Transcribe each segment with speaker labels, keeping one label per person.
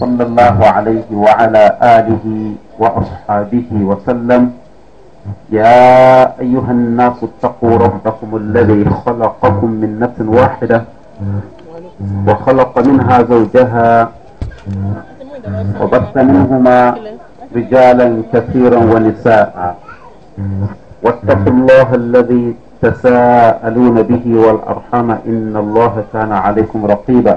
Speaker 1: صلى الله عليه وعلى آله وأصحابه وسلم يا أيها الناس اتقوا ربكم الذي خلقكم من نفس واحدة وخلق منها زوجها وبث منهما رجالا كثيرا ونساء واتقوا الله الذي تساءلون به والأرحام إن الله كان عليكم رقيبا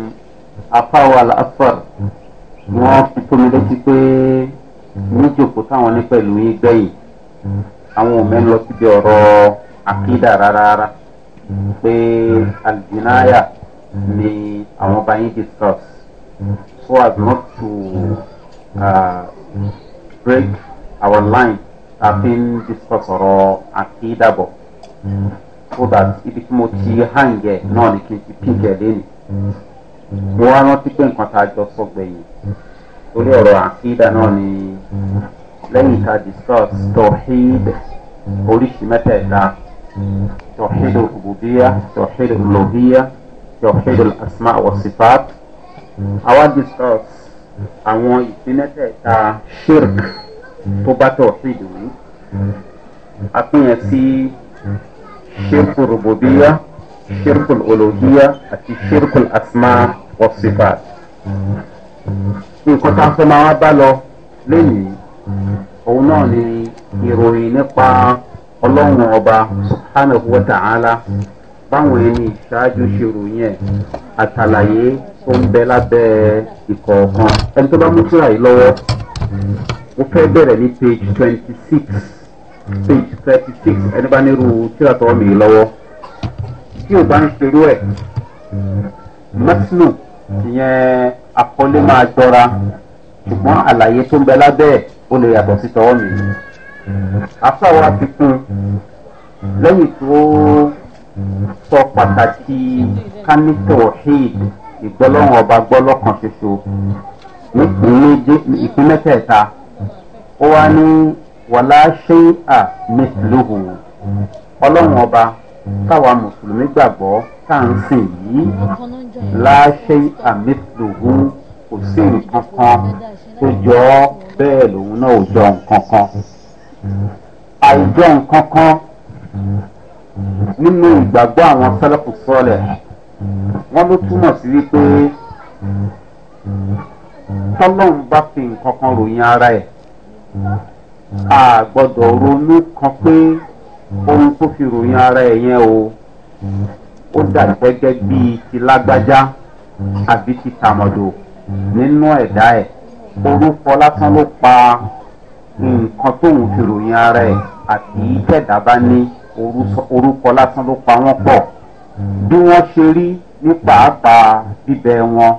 Speaker 1: afáwa làásàr ni mm-hmm. wọ́n fi tó mi létí pé níjòkó táwọn ní pẹ̀lú yín gbẹ̀yìn mm-hmm. àwọn ò mẹ́nu lọ síbi ọ̀rọ̀ àkídà rárá mm-hmm. pé aljinaya ni àwọn bá yín discuss so as not to uh, break our line àfi ń discuss ọ̀rọ̀ àkídà bọ̀ so that ibi tí mo ti hàn yẹ mo wá rántí pé nǹkan tá a jọ sọ gbẹ̀yìn torí ọ̀rọ̀ àkídà náà ni lẹ́yìn tá a discuss tohid oríṣi mẹ́tẹ̀ẹ̀ta tohid rububiya tohid lohiya tohid asma wa sifat àwa discuss àwọn ìpínlẹ̀tẹ̀ẹ̀ta shirk tó bá tohid wí a pín yẹn sí shirk rububiya ṣírkùl الألوهية، àti ṣírkùl asma wọ́sífà. nǹkan tá a fẹ́ máa bá lọ lẹ́yìn òun náà ni ìròyìn nípa ọlọ́run ọba subhanahu wa ta'ala báwọn ẹni ìṣáájú ṣe ròyìn ẹ̀ àtàlàyé tó ń bẹ lábẹ́ ìkọ̀ọ̀kan ẹni tó bá mú síra yìí lọ́wọ́ mo fẹ́ bẹ̀rẹ̀ ní page twenty six page thirty six ẹni bá nírú tíra tọ́ mi lọ́wọ́ tí ò bá ń ṣerú ẹ̀ mẹ́sìnù ìyẹn àkọlé máa jọra ṣùgbọ́n àlàyé tó ń bẹ lábẹ́ ẹ̀ ó lè yàtọ̀ sí tọwọ́ mi. afáwa ti kún lẹ́yìn tó sọ pàtàkì kánítọ̀ hìd ìgbọ́lọ́wọ́n ọba gbọ́lọ́kan ṣoṣo ìpín mẹ́tẹ̀ẹ̀ta ó wá ní wàlá ṣe à mẹ́sìlúhù ọlọ́run ọba táwa mùsùlùmí gbàgbọ́ tá à ń sìn yìí láṣẹ àmìtìlùhù kò sí nǹkan kan tó jọ ọ́ bẹ́ẹ̀ lòun náà ò jọ nǹkan kan àìjọ nǹkan kan nínú ìgbàgbọ́ àwọn sẹ́lẹ̀kù sọ́ọ̀lẹ̀ wọ́n ló túmọ̀ sí wípé tọ́lọ́run bá fi nǹkan kan ròyìn ara ẹ̀ a gbọ́dọ̀ ronú kan pé ohun tó fi ròyìn ara ẹ̀ yẹn o ó dà gẹ́gẹ́ bíi ti lágbájá àbí ti tàmọ̀dò nínú ẹ̀dá ẹ̀ orúkọ lásán ló pa nǹkan tóun fi ròyìn ara ẹ̀ àti ìtẹ̀dá bá ní orúkọ lásán ló pa wọ́n pọ̀ bí wọ́n ṣe rí ní pàápàá bíbẹ wọn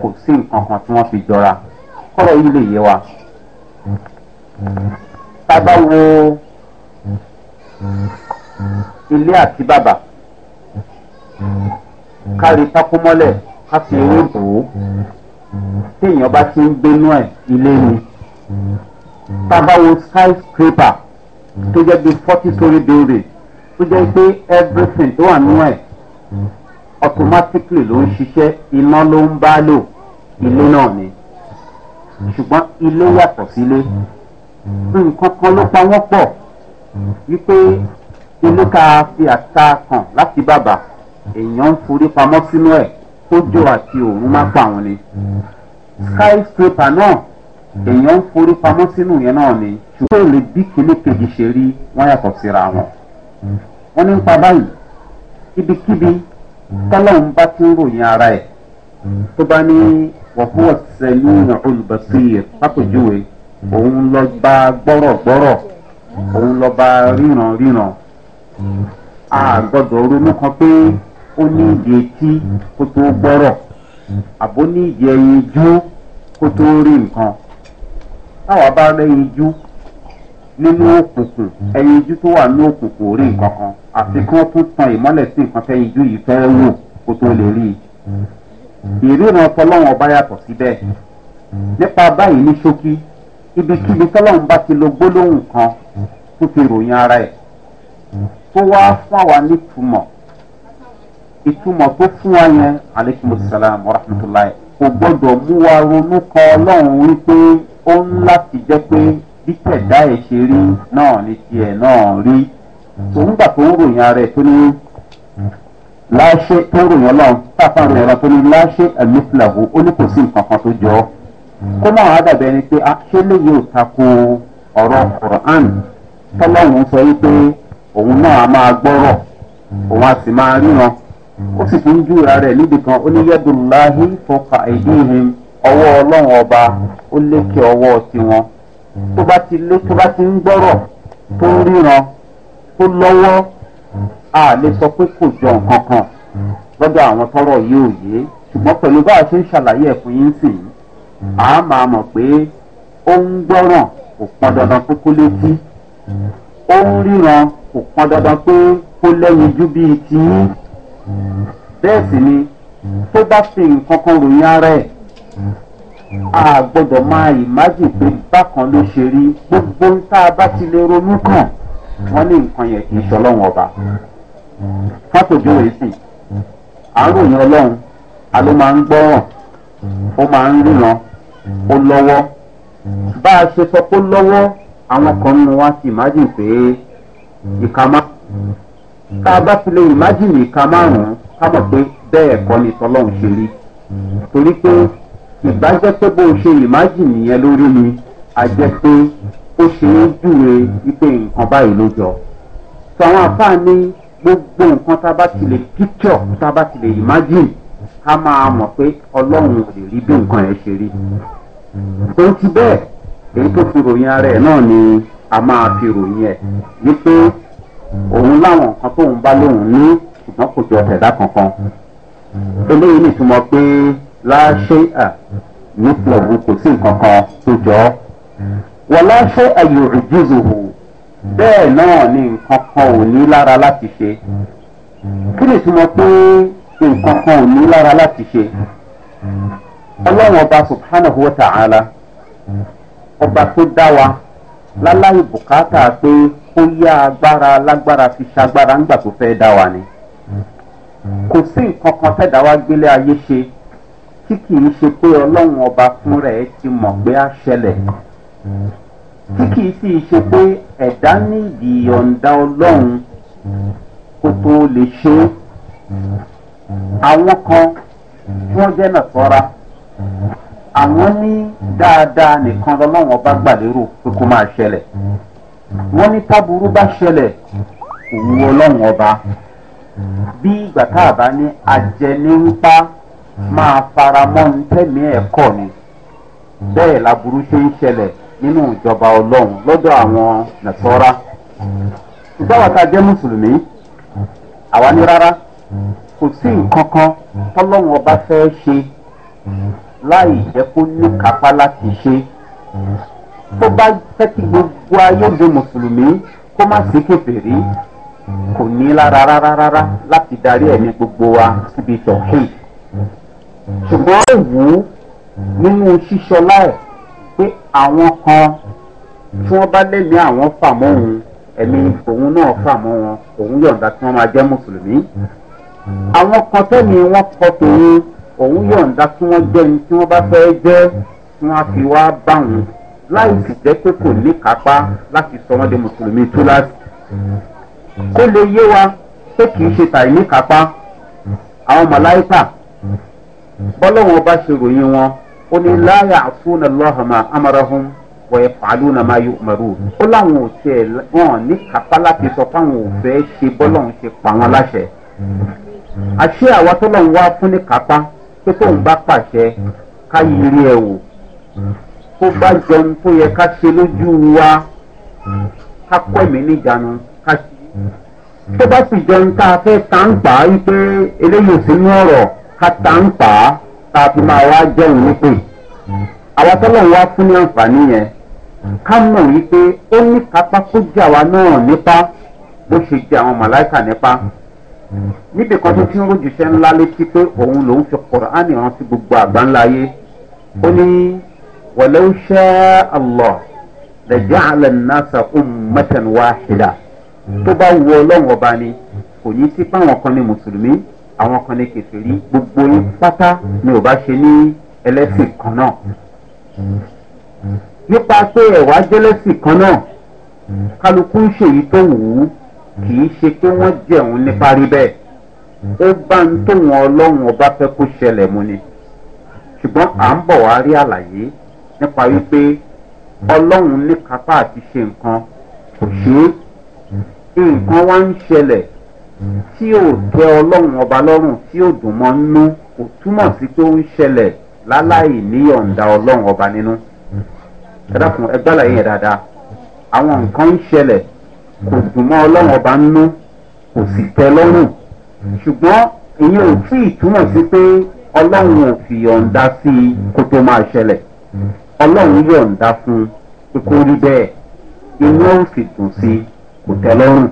Speaker 1: kò sí nǹkan kan tí wọ́n fi jọra kọ́rọ̀ yìí lè yé wa. tá a bá wo ilé àti bàbà kárí pákó mọ́lẹ̀ ká fi ewé bò ó téèyàn bá ti ń gbénú ẹ̀ ilé ni tábàwo skyscraper tó jẹ́ bíi forty story building tó jẹ́ pé everything tó wà nínú ẹ̀ automatically ló ń ṣiṣẹ́ iná ló ń bá lò ilé náà ni ṣùgbọ́n ilé yàtọ̀ sílé nǹkan kan ló pa wọ́n pọ̀ wípé ilé ká fi àṣà kàn láti bàbà èèyàn ń forí pamọ́ sínú ẹ̀ tó jò àti òun má pa àwọn ni skyscraper náà èèyàn ń forí pamọ́ sínú yẹn náà ni ṣùgbọ́n èlé bí kíní kejì ṣe rí wọ́n yàtọ̀ síra wọn. wọ́n ní ń pa báyìí kíbikíbi tọ́lọ́hún bá ti ń ròyìn ara ẹ̀ tó bá ní wọ̀fúwọ̀sẹ̀ yóò yàn olùbẹ̀sí ẹ̀ pápẹ̀júwe òun lọ gba gbọ́rọ̀ gbọ́rọ̀ òun lọba ríran ríran a gbọdọ̀ ronú kan pé ó ní ìdí etí kó tó gbọ́rọ̀ àbó ní ìdí ẹyin jú kó tó rí nǹkan táwa bá rẹ́yin jú nínú òkùnkùn ẹyin jú tó wà ní òkùnkùn rí nǹkan kan àfi kí wọ́n tún tan ìmọ́lẹ̀ sí nǹkan tẹ́yin jú yìí fẹ́ wò kó tó lè rí ìríran tọ́lọ́wọ́n ọba yàtọ̀ síbẹ̀ nípa báyìí ní ṣókí ibikíbi tọ́lọ́run bá ti lo gbólóhùn kan tó fi ròyìn ara ẹ̀ tó wá fún àwa nítumọ̀ ìtumọ̀ tó fún wa yẹn aleykum salaam wa rahmatulahi kò gbọ́dọ̀ mú wa ronú kan ọlọ́run wípé ó ń láti jẹ́ pé bítẹ̀dá ẹ̀ ṣe rí náà ní tiẹ̀ náà rí tòun gbà tó ń ròyìn ara ẹ̀ tó ní láṣẹ tó ń ròyìn ọlọ́run táfà ròyìn ọlọ́run tó ní láṣẹ ẹ̀mí fìlà ó ní kò sí nǹkan kan tó jọ ọ́. kó mọ̀ wá dàbẹ̀ ni pé akílẹ̀ yóò tako ọ̀rọ̀ quran tọ́lọ́run sọ wípé òun náà a máa gbọ́rọ̀ òun a sì máa ríran ó sì tún júra rẹ̀ níbi kan ó ní yẹ́dùnláhí fọkà ìdíhìn ọwọ́ ọlọ́run ọba ó lékè ọwọ́ tiwọn tó bá ti lé tó bá ti ń gbọ́rọ̀ tó ń ríran tó lọ́wọ́ a lè sọ pé kò jọ nǹkan kan lọ́dọ̀ àwọn tọ́rọ̀ yìí ò yé ṣùgbọ́n pẹ̀lú bá a ṣe ń ṣàlàyé ẹ̀kún yín sì yìí a máa mọ̀ pé ó ń gbọ́ràn kò pọn dandan pé kó létí ó ń ríran kò pọn dandan pé kó lẹ́yìn jú bíi tiyín bẹ́ẹ̀ sì ni tó bá fi nǹkan kan ròyìn ara ẹ̀ a gbọ́dọ̀ máa ìmájì pé bákan ló ṣe rí gbogbo ń tá a bá ti lè ronú kàn wọ́n ní nǹkan yẹn kì í ṣọlọ́run ọba fọ́tòjú rẹ̀ sì àárò yẹn ọlọ́run a ló máa ń gbọ́ràn ó máa ń ríran ó lọ́wọ́ bá a ṣe sọ pé ó lọ́wọ́ àwọn kan nínú wa ti imagine pé ìka márùn-ún tá a bá fi lè imagine ìka márùn-ún ká mọ̀ pé bẹ́ẹ̀ kọ́ ni tọ́lọ́hún ṣe rí torí pé ìbájẹ́ pé bó o ṣe imagine yẹn lórí ni a jẹ́ pé ó ṣe é júwe wípé nǹkan báyìí ló jọ sọ àwọn àfáà gbogbo nǹkan tá a bá ti lè picture tá a bá ti lè imagine ká máa mọ̀ pé ọlọ́run ò lè rí bí nǹkan ẹ̀ ṣe rí. tó ti bẹ́ẹ̀ èyí tó fi ròyìn ara ẹ̀ náà ni a máa fi ròyìn ẹ̀ wípé òun láwọn nǹkan tóun bá lóun ní ṣùgbọ́n kò jọ ẹ̀dá kankan. eléyìí nìtumọ̀ pé láṣẹ à nípò òun kò sí nǹkan kan tó jọ ọ́. wọ́n láṣẹ àyòrò jíjòhò bẹ́ẹ̀ náà ni nǹkan kan ò ní lára láti ṣe. kí nìtumọ̀ pé. nǹkan kan ò ní lára láti ṣe ọlọ́run ọba subhanahu wa ta'ala ọba tó dá wa láláyé bùkátà pé kó yá agbára lágbára fi ṣagbára ńgbà tó fẹ́ dá wa ni kò sí nǹkan kan tẹ́dá wa gbélé ayé ṣe tí kì í ọba fún rẹ̀ ti mọ̀ pé á ṣẹlẹ̀ tí kì í sì ṣe pé ẹ̀dá ní ọlọ́run kó àwọn kan tí wọ́n jẹ́ nàfọ́ra àwọn ní dáadáa nìkan lọ́wọ́n bá gbàlérò pé kó máa ṣẹlẹ̀ wọ́n ní táburú bá ṣẹlẹ̀ òun ọlọ́wọ́n ọba bí ìgbà tá a bá ní ajẹnipa máa fara mọ́ ntẹ́mi ẹ̀kọ́ ni bẹ́ẹ̀ laburú ṣe ń ṣẹlẹ̀ nínú ìjọba ọlọ́run lọ́dọ̀ àwọn nàfọ́ra ṣùgbọ́n wàtá jẹ́ mùsùlùmí àwa ní rárá. kò sí nǹkan kan tọ́lọ́wọ́n bá fẹ́ ṣe láì jẹ́ kó ní kápá láti ṣe tó bá fẹ́ kí gbogbo ayé de mùsùlùmí kó má sí kẹfẹ́rí kò ní lára rárá rárá láti darí ẹ̀mí gbogbo wa síbi tọ̀hí ṣùgbọ́n ó wù ú nínú ṣíṣọlá ẹ̀ pé àwọn kan tí wọ́n bá lẹ́mìí àwọn fà mọ́ òun ẹ̀mí òun náà fà mọ́ wọn òun yọ̀ǹda tí wọ́n máa jẹ́ mùsùlùmí àwọn kan tẹ́mi wọn kọ tòun òun yọ̀ǹda tí wọ́n jẹ́ ni tí wọ́n bá fẹ́ jẹ́ tí wọ́n á fi wá bá wọn láì sì jẹ́ pé kò ní kápá láti sọ wọ́n di mùsùlùmí túláàsì. kó lè yé wa pé kì í ṣe tàì ní kápá àwọn mọ̀láìkà bọ́lọ́wọ́n bá ṣe ròyìn wọn ó ní láyà àfúnà lọ́hàmà amárahùn wọ̀nyẹn fàálù náà máa yọ ọmọrú. ó láwọn ò tiẹ̀ hàn ní kápá láti sọ fáwọn òfẹ́ ṣe bọ́lọ́wọ́n ṣe pa wọn láṣẹ. àṣé àwa tọ́lọ̀ ń wá fún ní kápá pé tóun bá pàṣẹ ká yiri ẹ̀ wò kó bá jọun tó yẹ ká ṣe lójú wa ká kọ́ ẹ̀mí níjànú ká ṣe tó bá sì jẹun a fẹ́ tá ń pa eléyìí sínú ọ̀rọ̀ ká tá ń pa fi máa wá jẹun nípè àwa tọ́lọ̀ wá fún àǹfààní yẹn ká mọ̀ wípé ó ní nípa bó níbi kan tó ti ń rojúṣẹ́ ńlá létí pé òun lòún fi kọ̀rọ̀ánì hàn sí gbogbo àgbáńlá ayé ó ní wàlẹ́ ṣẹ́ àlọ́ lẹ́jà àlẹ́ náà sàkóso mẹ́tẹ̀ẹ̀ni wá ṣẹlẹ̀ tó bá wù ọlọ́run ọba ni kò ní sí pé àwọn kan ní mùsùlùmí àwọn kan ní kẹfìrí gbogbo yín pátá ni ò bá ṣe ní ẹlẹ́sìn kan náà nípa pé ẹ̀wá jẹ́lẹ́sìn kan náà kálukú ń ṣèyí tó wù ú kì í ṣe pé wọ́n jẹun ní parí bẹ́ẹ̀ ó bá ń tóun ọlọ́run ọba fẹ́ kó ṣẹlẹ̀ mu ni ṣùgbọ́n à ń bọ̀ wá rí àlàyé nípa wípé ọlọ́run ní kápá àti ṣe nǹkan kò ṣe é nǹkan wá ń ṣẹlẹ̀ tí ò tẹ ọlọ́run ọba lọ́rùn tí ò dùn mọ́ nínú kò túmọ̀ sí pé ó ń ṣẹlẹ̀ láláì níyọ̀ǹda ọlọ́run ọba nínú ẹ dákun ẹgbẹ́ àlàyé yẹn dáadáa àwọn nǹkan ń ṣẹlẹ̀ kò dùn mọ́ ọlọ́run ọba nínú kò sì tẹ lọ́rùn ṣùgbọ́n èyí ò tí ì túmọ̀ sí pé ọlọ́run ò fi yọ̀ǹda sí i kó tó máa ṣẹlẹ̀ ọlọ́run yọ̀ǹda fún ikú rí bẹ́ẹ̀ inú ò sì dùn sí i kò tẹ lọ́rùn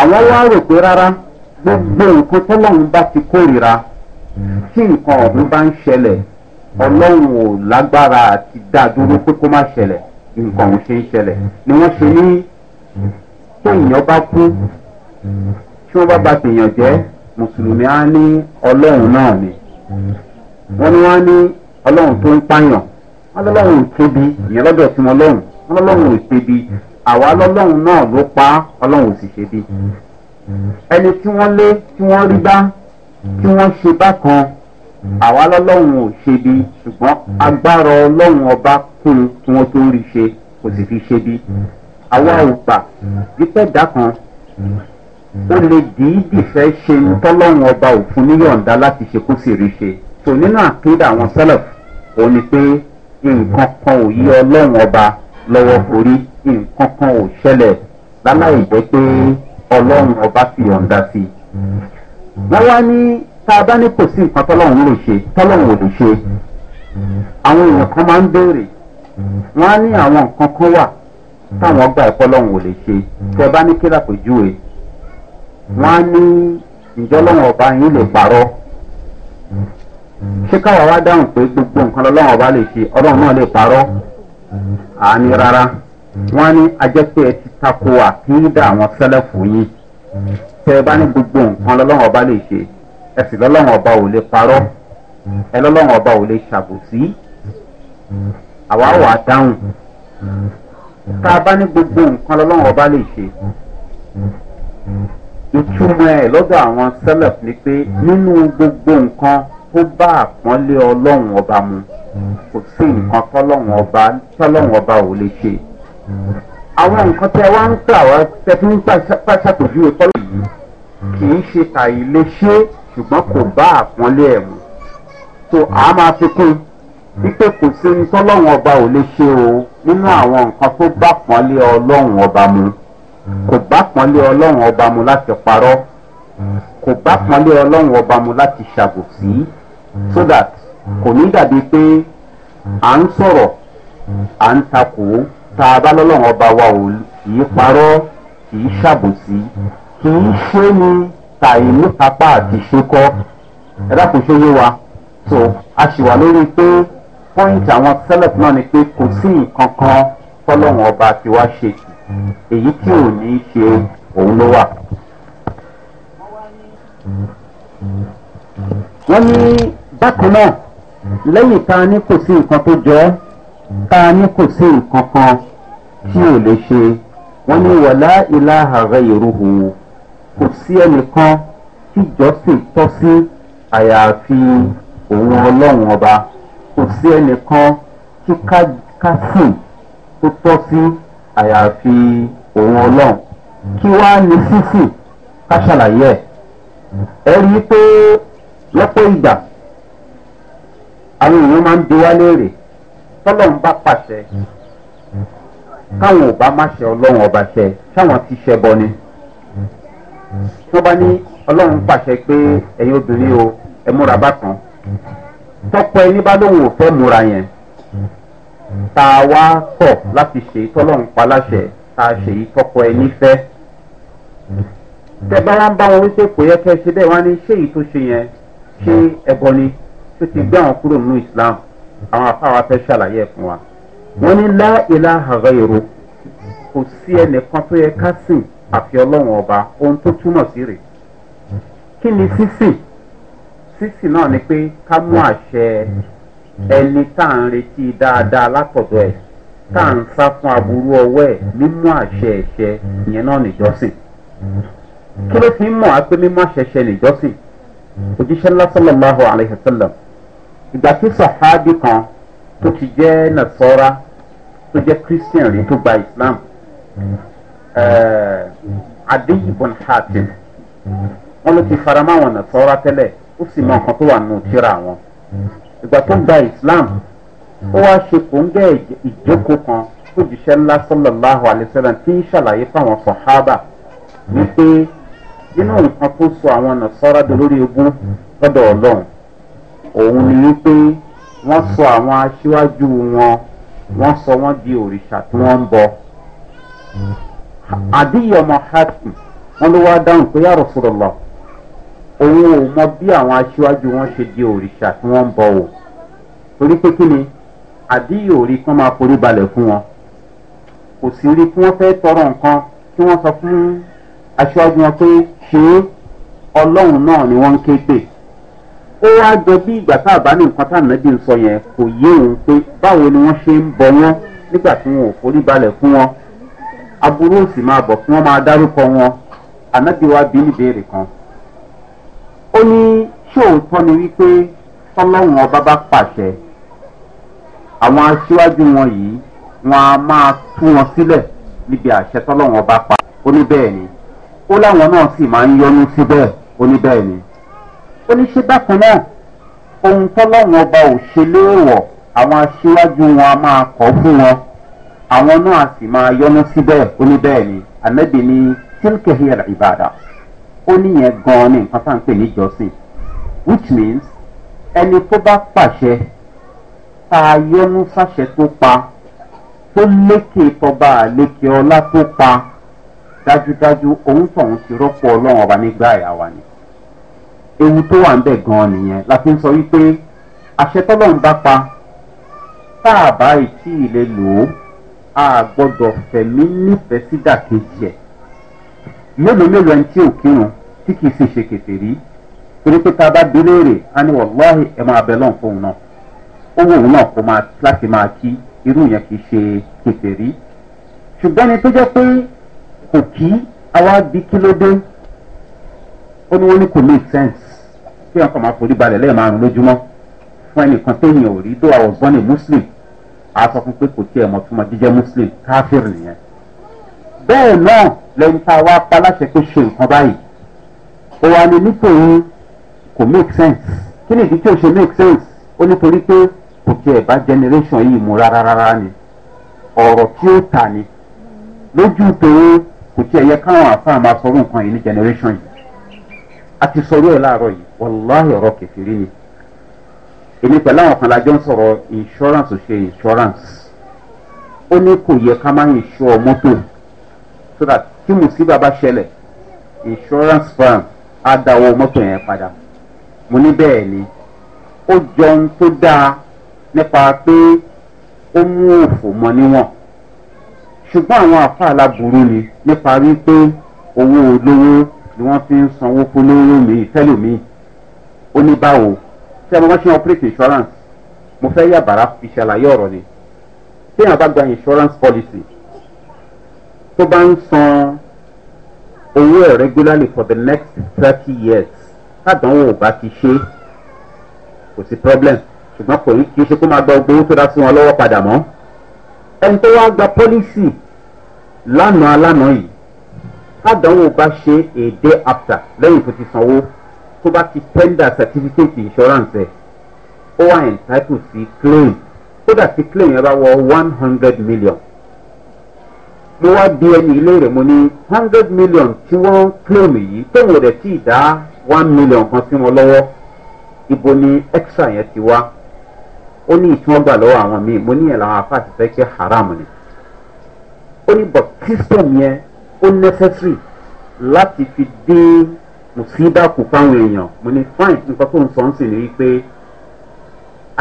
Speaker 1: àwọn wá rò pé rárá gbogbo nǹkan tọ́lọ́run bá ti kórìíra tí nǹkan ọ̀hún bá ń ṣẹlẹ̀ ọlọ́run ò lágbára àti dá dúró pé kó má ṣẹlẹ̀ nǹkan ọ̀hún ṣe ń ṣẹlẹ̀ ni wọ́n ṣe ní téèyàn bá kú tí wọ́n bá ba tèèyàn jẹ́ mùsùlùmí á ní ọlọ́run náà ni wọ́n ní wọ́n á ní ọlọ́run tó ń pààyàn wọ́n lọ́lọ́run tóbi ìyẹn lọ́dọ̀ sí wọn lọ́run wọ́n lọ́lọ́run tóbi àwa lọ́lọ́run náà ló pa ọlọ́run ò sì ṣe bí ẹni tí wọ́n lé tí wọ́n rí bá tí wọ́n ṣe bákan àwa lọ́lọ́run ò ṣe bí ṣùgbọ́n agbára ọlọ́run ọba kún un tí wọ́n tó rí ṣe kò sì fi ṣe bí àwa ò gbà mm. wípé ẹ̀dá kan
Speaker 2: mm.
Speaker 1: ó lè dìídì fẹ́ ṣe ń mm. tọ́lọ́run ọba òfun níyọ̀ǹda láti ṣe kó sì rí ṣe tò nínú àkéde àwọn sẹ́lẹ̀f òun ni pé nǹkan kan ò yí ọlọ́run ọba lọ́wọ́ orí nǹkan kan ò ṣẹlẹ̀ láláì jẹ́ pé ọlọ́run ọba fi yọ̀ǹda sí i. wọ́n wá ní tá a bá ní kò sí nǹkan tọ́lọ́run lè ṣe tọ́lọ́run ò lè ṣe àwọn èèyàn kan máa ń béèrè wọ́n á ní àwọn nǹkan kan wà táwọn gbà ẹ̀kọ́ lọ́hùn ò lè ṣe tẹ bá ní kí lápèjúwe wọn á ní ìjọ lọ́hùn ọba yín lè parọ́ ṣé káwa wá dáhùn pé gbogbo nǹkan lọ́hùn ọba lè ṣe ọlọ́run náà lè parọ́ àní rárá wọn á ní ajẹ́pẹ́ ẹ ti tako àkíńdà àwọn sẹ́lẹ̀fù yín tẹ bá ní gbogbo nǹkan lọ́hùn ọba lè ṣe ẹ sì lọ́lọ́run ọba ò lè parọ́ ẹ lọ́lọ́run ọba ò lè ṣàbòsí àwa wà dáhùn tá a bá ní gbogbo nǹkan lọ́lọ́run ọba lè ṣe ìtumọ̀ ẹ̀ lọ́dọ̀ àwọn sẹ́lẹ̀f ni pé nínú gbogbo nǹkan tó bá àpọ́nlé ọlọ́run ọba mu kò sí nǹkan tọ́lọ́run ọba tọ́lọ́run ọba ò lè ṣe. àwọn nǹkan tẹ wá ń gbà wá tẹ fi ń gbà ṣàpèjúwe tọ́lọ́ yìí kì í ṣe tàyí lè ṣe ṣùgbọ́n kò bá àpọ́nlé ẹ̀ mu. tó a máa fi kún wípé kò sí nǹkan tọ́lọ́run ọba ò lè ṣe o nínú àwọn nǹkan tó bá pọ́nlé ọlọ́run ọba mu kò bá pọ́nlé ọlọ́run ọba mu láti parọ́ kò bá pọ́nlé ọlọ́run ọba mu láti ṣàbòsí so that kò ní dàbí pé à ń sọ̀rọ̀ à ń takò tá a bá lọ́lọ́run ọba wa ò kì í parọ́ kì í ṣàbòsí kì í ṣe ni tàyè nípa pàtì ṣe kọ́ ẹ dákun ṣe yé wa so a sì wà lórí pé pọ́ìntì àwọn sẹ́lẹ̀t náà ni pé kò sí nǹkan kan fọlọ́run ọba ti wá ṣe jù èyí tí ò ní í ṣe òun ló wà. wọ́n ní bákan náà lẹ́yìn tá a ní kò sí nǹkan tó jọ ẹ́ tá a ní kò sí nǹkan kan tí ò lè ṣe wọ́n ní wàlá ìlàhà rẹ̀ ìrùhù kò sí ẹnìkan tíjọ́sìn tọ́ sí àyàfi òun ọlọ́run ọba sí ẹnìkan tí ká sìn tó tọ́ sí àyàfi òun ọlọ́run kí wá ní sísìn ká ṣàlàyé ẹ̀ ẹ rí i pé lọ́pọ̀ ìgbà àwọn èèyàn máa ń bi wá léèrè tọ́lọ́run bá pàṣẹ káwọn ò bá má ṣe ọlọ́run ọba ṣe ṣáwọn ti ṣẹbọ ni tí wọ́n bá ní ọlọ́run pàṣẹ pé ẹ̀yin obìnrin o ẹ múra bákan tọpọ ẹni bá lóun ò fẹ́ múra yẹn tá a wá tọ̀ láti ṣe tọ́lọ́run paláṣẹ tá a ṣe tọpọ ẹni fẹ́ tẹ bá wọn bá wọn wípé kò yẹ kẹ ṣe bẹ́ẹ̀ wọn ní ṣé èyí tó ṣe yẹn ṣé ẹbọ ni tó ti gbé àwọn kúrò nínú islam àwọn afáwa fẹ́ ṣàlàyé ẹ̀ fún wa wọn ní láìlà àgẹ́rò kò sí ẹnìkan tó yẹ ká sìn àfi ọlọ́run ọba ohun tó túmọ̀ sí rè kí ni sísìn. Si sísì náà ni pé ká mú àṣẹ ẹni tá à ń retí dáadáa látọ̀dọ̀ ẹ̀ tá à ń sá fún aburú ọwọ́ ẹ̀ mímú àṣẹ ẹ̀ṣẹ̀ ìyẹn náà nìjọ́sìn kí ló fi ń mọ̀ á pé mímú àṣẹ ẹ̀ṣẹ̀ nìjọ́sìn òjíṣẹ́ ńlá sọ́lọ́láhùn àlẹ́sẹ̀sẹ́lẹ̀ ìgbà tí sàhábì kan tó ti jẹ́ nàṣọ́ra tó jẹ́ christian rí tó gba islam eh, adéyìnbọn hàtìm wọn ló ti faramá wọn nàṣọ́ra tẹ́lẹ̀ ó sì mọ nǹkan tó wà nù tíra wọn ìgbà tó gba islam ó wá ṣe kóńgẹ́ ìjókòó kan tó jíṣẹ́ ńlá sọ́lọ́láhu alẹ́sẹ́lẹ̀ tí ń ṣàlàyé fáwọn sọ̀hábà wípé nínú nǹkan tó sọ àwọn nàṣọ́rọ́ dolórí ogun lọ́dọ̀ ọlọ́run òun ni wípé wọ́n sọ àwọn aṣíwájú wọn wọ́n sọ wọ́n di òrìṣà tí wọ́n ń bọ. àdìyẹ ọmọ hatim wọn ló wá dáhùn pé yàrá òfurufú òun ò mọ bí àwọn aṣíwájú wọn ṣe di òrìṣà tí wọ́n ń bọ̀ o torí pé kí ni àdíyè òrí kí wọ́n máa forí balẹ̀ fún wọn kò sí rí kí wọ́n fẹ́ tọrọ nǹkan kí wọ́n sọ fún aṣíwájú wọn pé ṣé ọlọ́run náà ni wọ́n ń ké pè ó wá jọ bí ìgbà tá a bá ní nǹkan tá a nàbí ń sọ yẹn kò yé òun pé báwo ni wọ́n ṣe ń bọ wọ́n nígbà tí wọn ò forí balẹ̀ fún wọn aburú òsì máa bọ̀ kí wọ́n máa dárúkọ wọn ànábìwá bí níbèrè kan ó ní ṣóòótọ́ ni wípé ọba bá pàṣẹ àwọn aṣíwájú wọn yìí wọn a máa tú wọn sílẹ̀ níbi àṣẹ ọba pa ó ní bẹ́ẹ̀ ni ó láwọn náà sì máa ń yọnu sí ó ní bẹ́ẹ̀ ni ó ní ṣe bákan náà ohun tọ́lọ́run ọba ò ṣe léèwọ̀ àwọn aṣíwájú wọn a máa kọ́ fún wọn àwọn náà sì máa yọnu si ó ní bẹ́ẹ̀ ni ànábì ní ó níyẹn gan-an ní nǹkan tá à ń pè ní ìjọsìn which means ẹni tó bá pàṣẹ tá a yọnu fàṣẹ tó pa tó lékè tọba àlékè ọlá tó pa dájúdájú òun tọ̀hún ti rọ́pò ọlọ́run ọba nígbà ẹ̀yà wa ni ewu tó wà ń bẹ̀ gan-an nìyẹn la ń sọ wípé àṣẹ tọ́lọ́run bá pa tá a bá ìtì ilé lò ó a gbọ́dọ̀ fẹ̀mí nífẹ̀ẹ́ sídàkejì ẹ̀ mélòó mélòó ẹni tí ò kírun tí kìí sì ṣe kèsè rí torí pé tá a bá béèrè á ní wàláhì ẹ máa bẹ lọ́n fóun náà ó wù òun náà kó máa láti máa kí irú yẹn kìí ṣe kèsè rí ṣùgbọ́n ẹni tó jẹ́ pé kò kí àwa bí kí ló dé ó ní wọ́n ní kò make sense kí wọn kàn máa forí balẹ̀ lẹ́yìn márùn lójúmọ́ fún ẹnìkan téèyàn ò rí dó àwọn ọ̀gbọ́n muslim a sọ fún pé kò tiẹ̀ mọ̀ tó máa jíjẹ́ muslim káfíìrì nìyẹn bẹ́ẹ̀ náà lẹ́yìn tá a wá pa láṣẹ pé ṣe nǹkan báyìí ó wá ní nítorí kò make sense kí ni ìdí tí ò ṣe make sense ó nítorí pé kò tiẹ̀ bá generation yìí mu rárá rárá ni ọ̀rọ̀ tí ó tà ni lójú tòun kò tiẹ̀ yẹ káwọn àfáà máa sọ̀rọ̀ nǹkan yìí ní generation yìí a ti sọ̀rọ̀ ẹ̀ láàárọ̀ yìí wàláhì ọ̀rọ̀ kẹfìrí ni èmi pẹ̀lú àwọn kan lájọ́ ń sọ̀rọ̀ insurance ṣe insurance ó ní kò yẹ ká máa insure mọ́tò so that tí mùsíbà bá ṣẹlẹ̀ insurance firm á dá owó mọ́tò yẹn padà mo ní bẹ́ẹ̀ ni ó jọ ohun tó dáa nípa pé ó mú òfò mọ níwọ̀n ṣùgbọ́n àwọn àfàlà burú ni nípa wípé owó olówó ni wọ́n fi ń sanwó fún lówó mi tẹ́lòmíì ó ní báwo tí a bá ṣe operate insurance mo fẹ́ yà bàrà fi ṣàlàyé ọ̀rọ̀ ni téèyàn bá gba insurance policy tó bá ń san owó ẹ̀ regularly for the next thirty years tádánwò bá ti ṣe kò sí problem ṣùgbọ́n kò ní kí ṣe kó máa gba ogbó tó dá sí wọn lọ́wọ́ padà mọ́ ẹni tó wá gba pọ́lísì lánàá lánàá yìí tádánwò bá ṣe a day after lẹ́yìn tó ti sanwó tó bá ti tender certificate insurance ẹ̀ ó wà entitled sí claim kódà tí claim yẹn bá wọ one hundred million mo wá bí ẹni ilé rẹ̀ mo ní hundred million tí wọ́n claim yìí tóun ò dẹ̀ tí dá one million kan sí wọn lọ́wọ́ ibo ni extra yẹn ti wá ó ní ìtumọ̀ gbà lọ́wọ́ àwọn míì mo ní yẹn làwọn afa àti fẹ́ kí haram ni ó ní but system yẹn ó necessary láti fi dé mùsíbà kù fáwọn èèyàn mo ní fine nǹkan tó ń sọ ń sìn ní wípé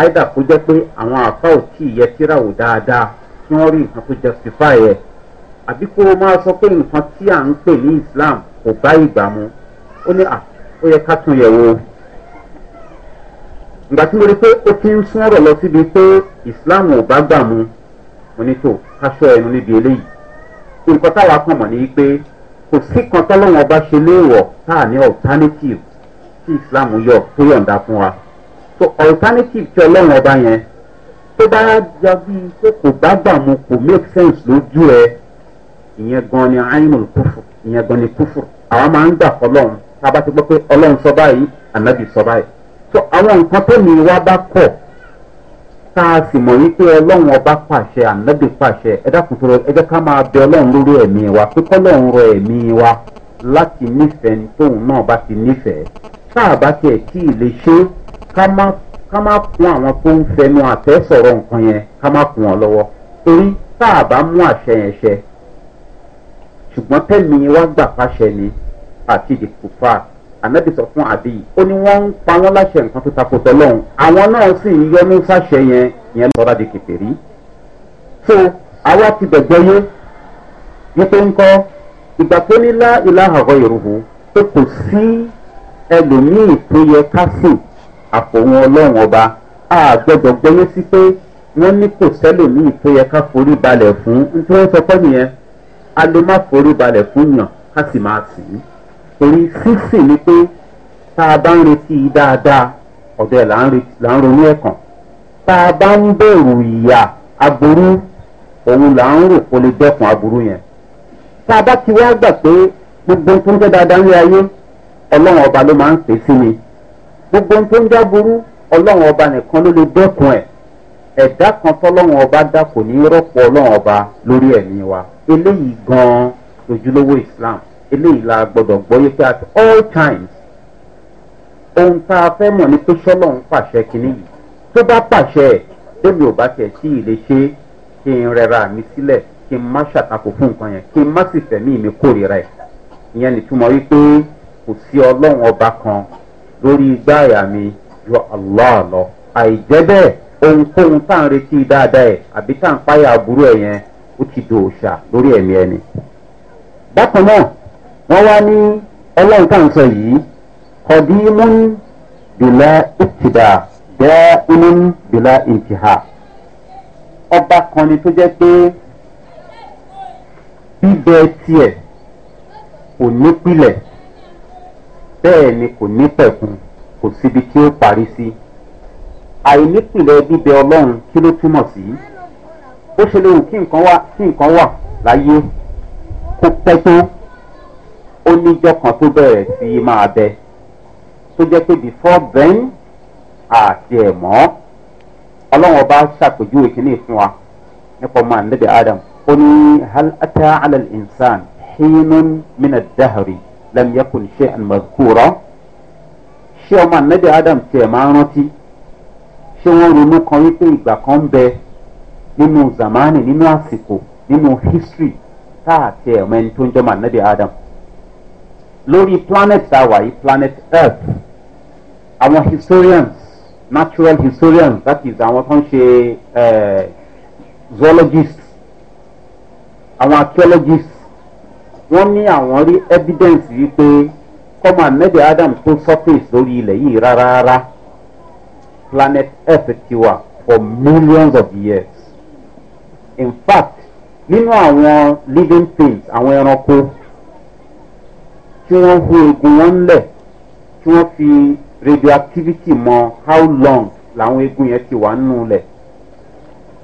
Speaker 1: either kó jẹ́ pé àwọn afa ò tí ì yẹ tíráwò dáadáa kí wọ́n rí nǹkan tó justify yẹn àbí kó o máa sọ pé nǹkan tí à ń pè ní islam kò bá ìgbà mu ó ní à ó yẹ ká tún yẹ̀ wò ìgbà tí mo rí pé ó ti ń sún ọ̀rọ̀ lọ síbi pé islam ò bá gbà mu mo ní tò káṣọ ẹnu níbi eléyìí nǹkan táwa kàn mọ̀ ní pé kò sí kan tọ́lọ́wọ́n bá ṣe léèwọ̀ tá à ní alternative tí islam yọ tó yọ̀ǹda fún wa so alternative tí ọlọ́wọ́n ọba yẹn tó bá yọ bíi kò bá gbà mu kò make sense lójú ẹ. ìyẹn gan ni kúfù ìyẹn gan ni kúfù àwọn máa ń gbà fọlọ́run tá a bá ti gbọ́ pé ọlọ́run sọ báyìí ànábì sọ báyìí so àwọn nǹkan tó ní wá bá pọ̀ tá a sì mọ̀ wípé ọlọ́run ọba pàṣẹ ànábì náà bá ti nífẹ̀ẹ́ tá a bá tiẹ̀ ṣe ká má àwọn tó ń fẹnu àtẹ́ sọ̀rọ̀ nǹkan yẹn ká má ọ lọ́wọ́ ṣùgbọ́n tẹ́mi wá gbà pàṣẹ ni àti ìdìkùfà ànábì sọ fún àbí ó ní wọ́n ń pa wọ́n láṣẹ nǹkan tó takò tọ́lọ́hún àwọn náà sì ń yọnú sáṣẹ yẹn yẹn lọ́ra di kẹfẹ́rí. so àwa ti gbẹ̀gbẹ́ yé wípé ńkọ́ ìgbà tó ní lá ìlàhàgọ́ ìrùhù pé kò sí ẹlòmíì tó yẹ ká sìn àfòun ọlọ́run ọba àgbẹ̀dọ̀ gbẹ́yé sí pé wọ́n ní kò sẹ́lòmíì tó yẹ ká forí balẹ̀ fún nítorí wọ́n sọ pé nìyẹn a ló má forí balẹ̀ fún yàn ká sì máa sìn torí sísìn ni pé tá a bá ń retí dáadáa ọ̀dọ̀ ẹ̀ là ń ronú ẹ̀kàn tá a bá ń bẹ̀rù ìyà aburú òun là ń rò kó lè dẹ́kun aburú yẹn tá a bá ti wá gbà pé gbogbo tó ń jẹ́ dáadáa ní ayé ọlọ́run ọba ló máa ń pè sí mi gbogbo tó ń jẹ́ aburú ọlọ́run ọba nìkan ló lè dẹ́kun ẹ̀ ẹ̀dá kan tọ́lọ́wọ́n ọba dá kò ní rọ́pò ọlọ́wọ́n ọba lórí ẹ̀mí wa eléyìí gan-an lójúlówó islam eléyìí la gbọ́dọ̀ gbọ́yé pé at all times ohun tá a fẹ́ mọ̀ ni pé sọ́lọ́ ń pàṣẹ kínní yìí tó bá pàṣẹ ẹ̀ tẹ́mi ò bá tẹ̀ sí ilé ṣe kí n rẹra mi sílẹ̀ kí n má ṣàtakò fún nǹkan yẹn kí n má sì fẹ̀mí mi kórìíra ẹ̀ ìyẹn nìtumọ̀ wípé kò sí ọlọ́run ọba kan lórí igbá àyà mi yọ allah lọ àìjẹ́ bẹ́ẹ̀ ohunkóhun tá à ń retí dáadáa ẹ̀ àbí tá à ń páyà aburú ẹ̀ yẹn ó ti do òòṣà lórí ẹ̀mí ẹni. bákan náà wọ́n wá ní ọlọ́run tá à ń sọ yìí kọ̀dí mún bìlà ìtìdá jẹ́ inú bìlà ìtìhà ọba kan ni tó jẹ́ pé bíbẹ tiẹ̀ kò nípìlẹ̀ bẹ́ẹ̀ ni kò nípẹ̀kun kò síbi tí ó parí sí. Si àìnípìlẹ̀ bíbẹ ọlọ́run kí ló túmọ̀ sí ó ṣe léwu kí nǹkan wà kí nǹkan wà láyé kó pẹ́ tó ó níjọ́ kan tó bẹ̀rẹ̀ sí í máa bẹ tó jẹ́ pé before then àti ẹ̀ mọ́ ọlọ́run ọba ṣàpèjúwe kínní fún wa nípa ọmọ àníbẹ̀ adam ó ní hal ata alal insan hinun mina dahari lam yakun ṣe an ṣé ọmọ àníbẹ̀ adam tiẹ̀ máa rántí ṣé wọ́n ronú kan wípé ìgbà kan ń bẹ nínú zamani nínú àsìkò nínú history tá a ti ẹ̀mọ ẹni tó ń jọ́ mànẹ́bí adam lórí planet tá a wà yìí planet earth àwọn historians natural historians that is àwọn tó ń ṣe eh, zoologists àwọn archaeologists wọ́n ní àwọn rí evidence wípé kọ́mọ mẹ́bí adam tó surface lórí ilẹ̀ yìí rárá rárá planet earth ti wà for millions of years in fact nínú àwọn living things àwọn ẹranko tí wọ́n hu egun wọn ńlẹ̀ tí wọ́n fi radioactivity mọ how long làwọn egun yẹn ti wà nínú lẹ̀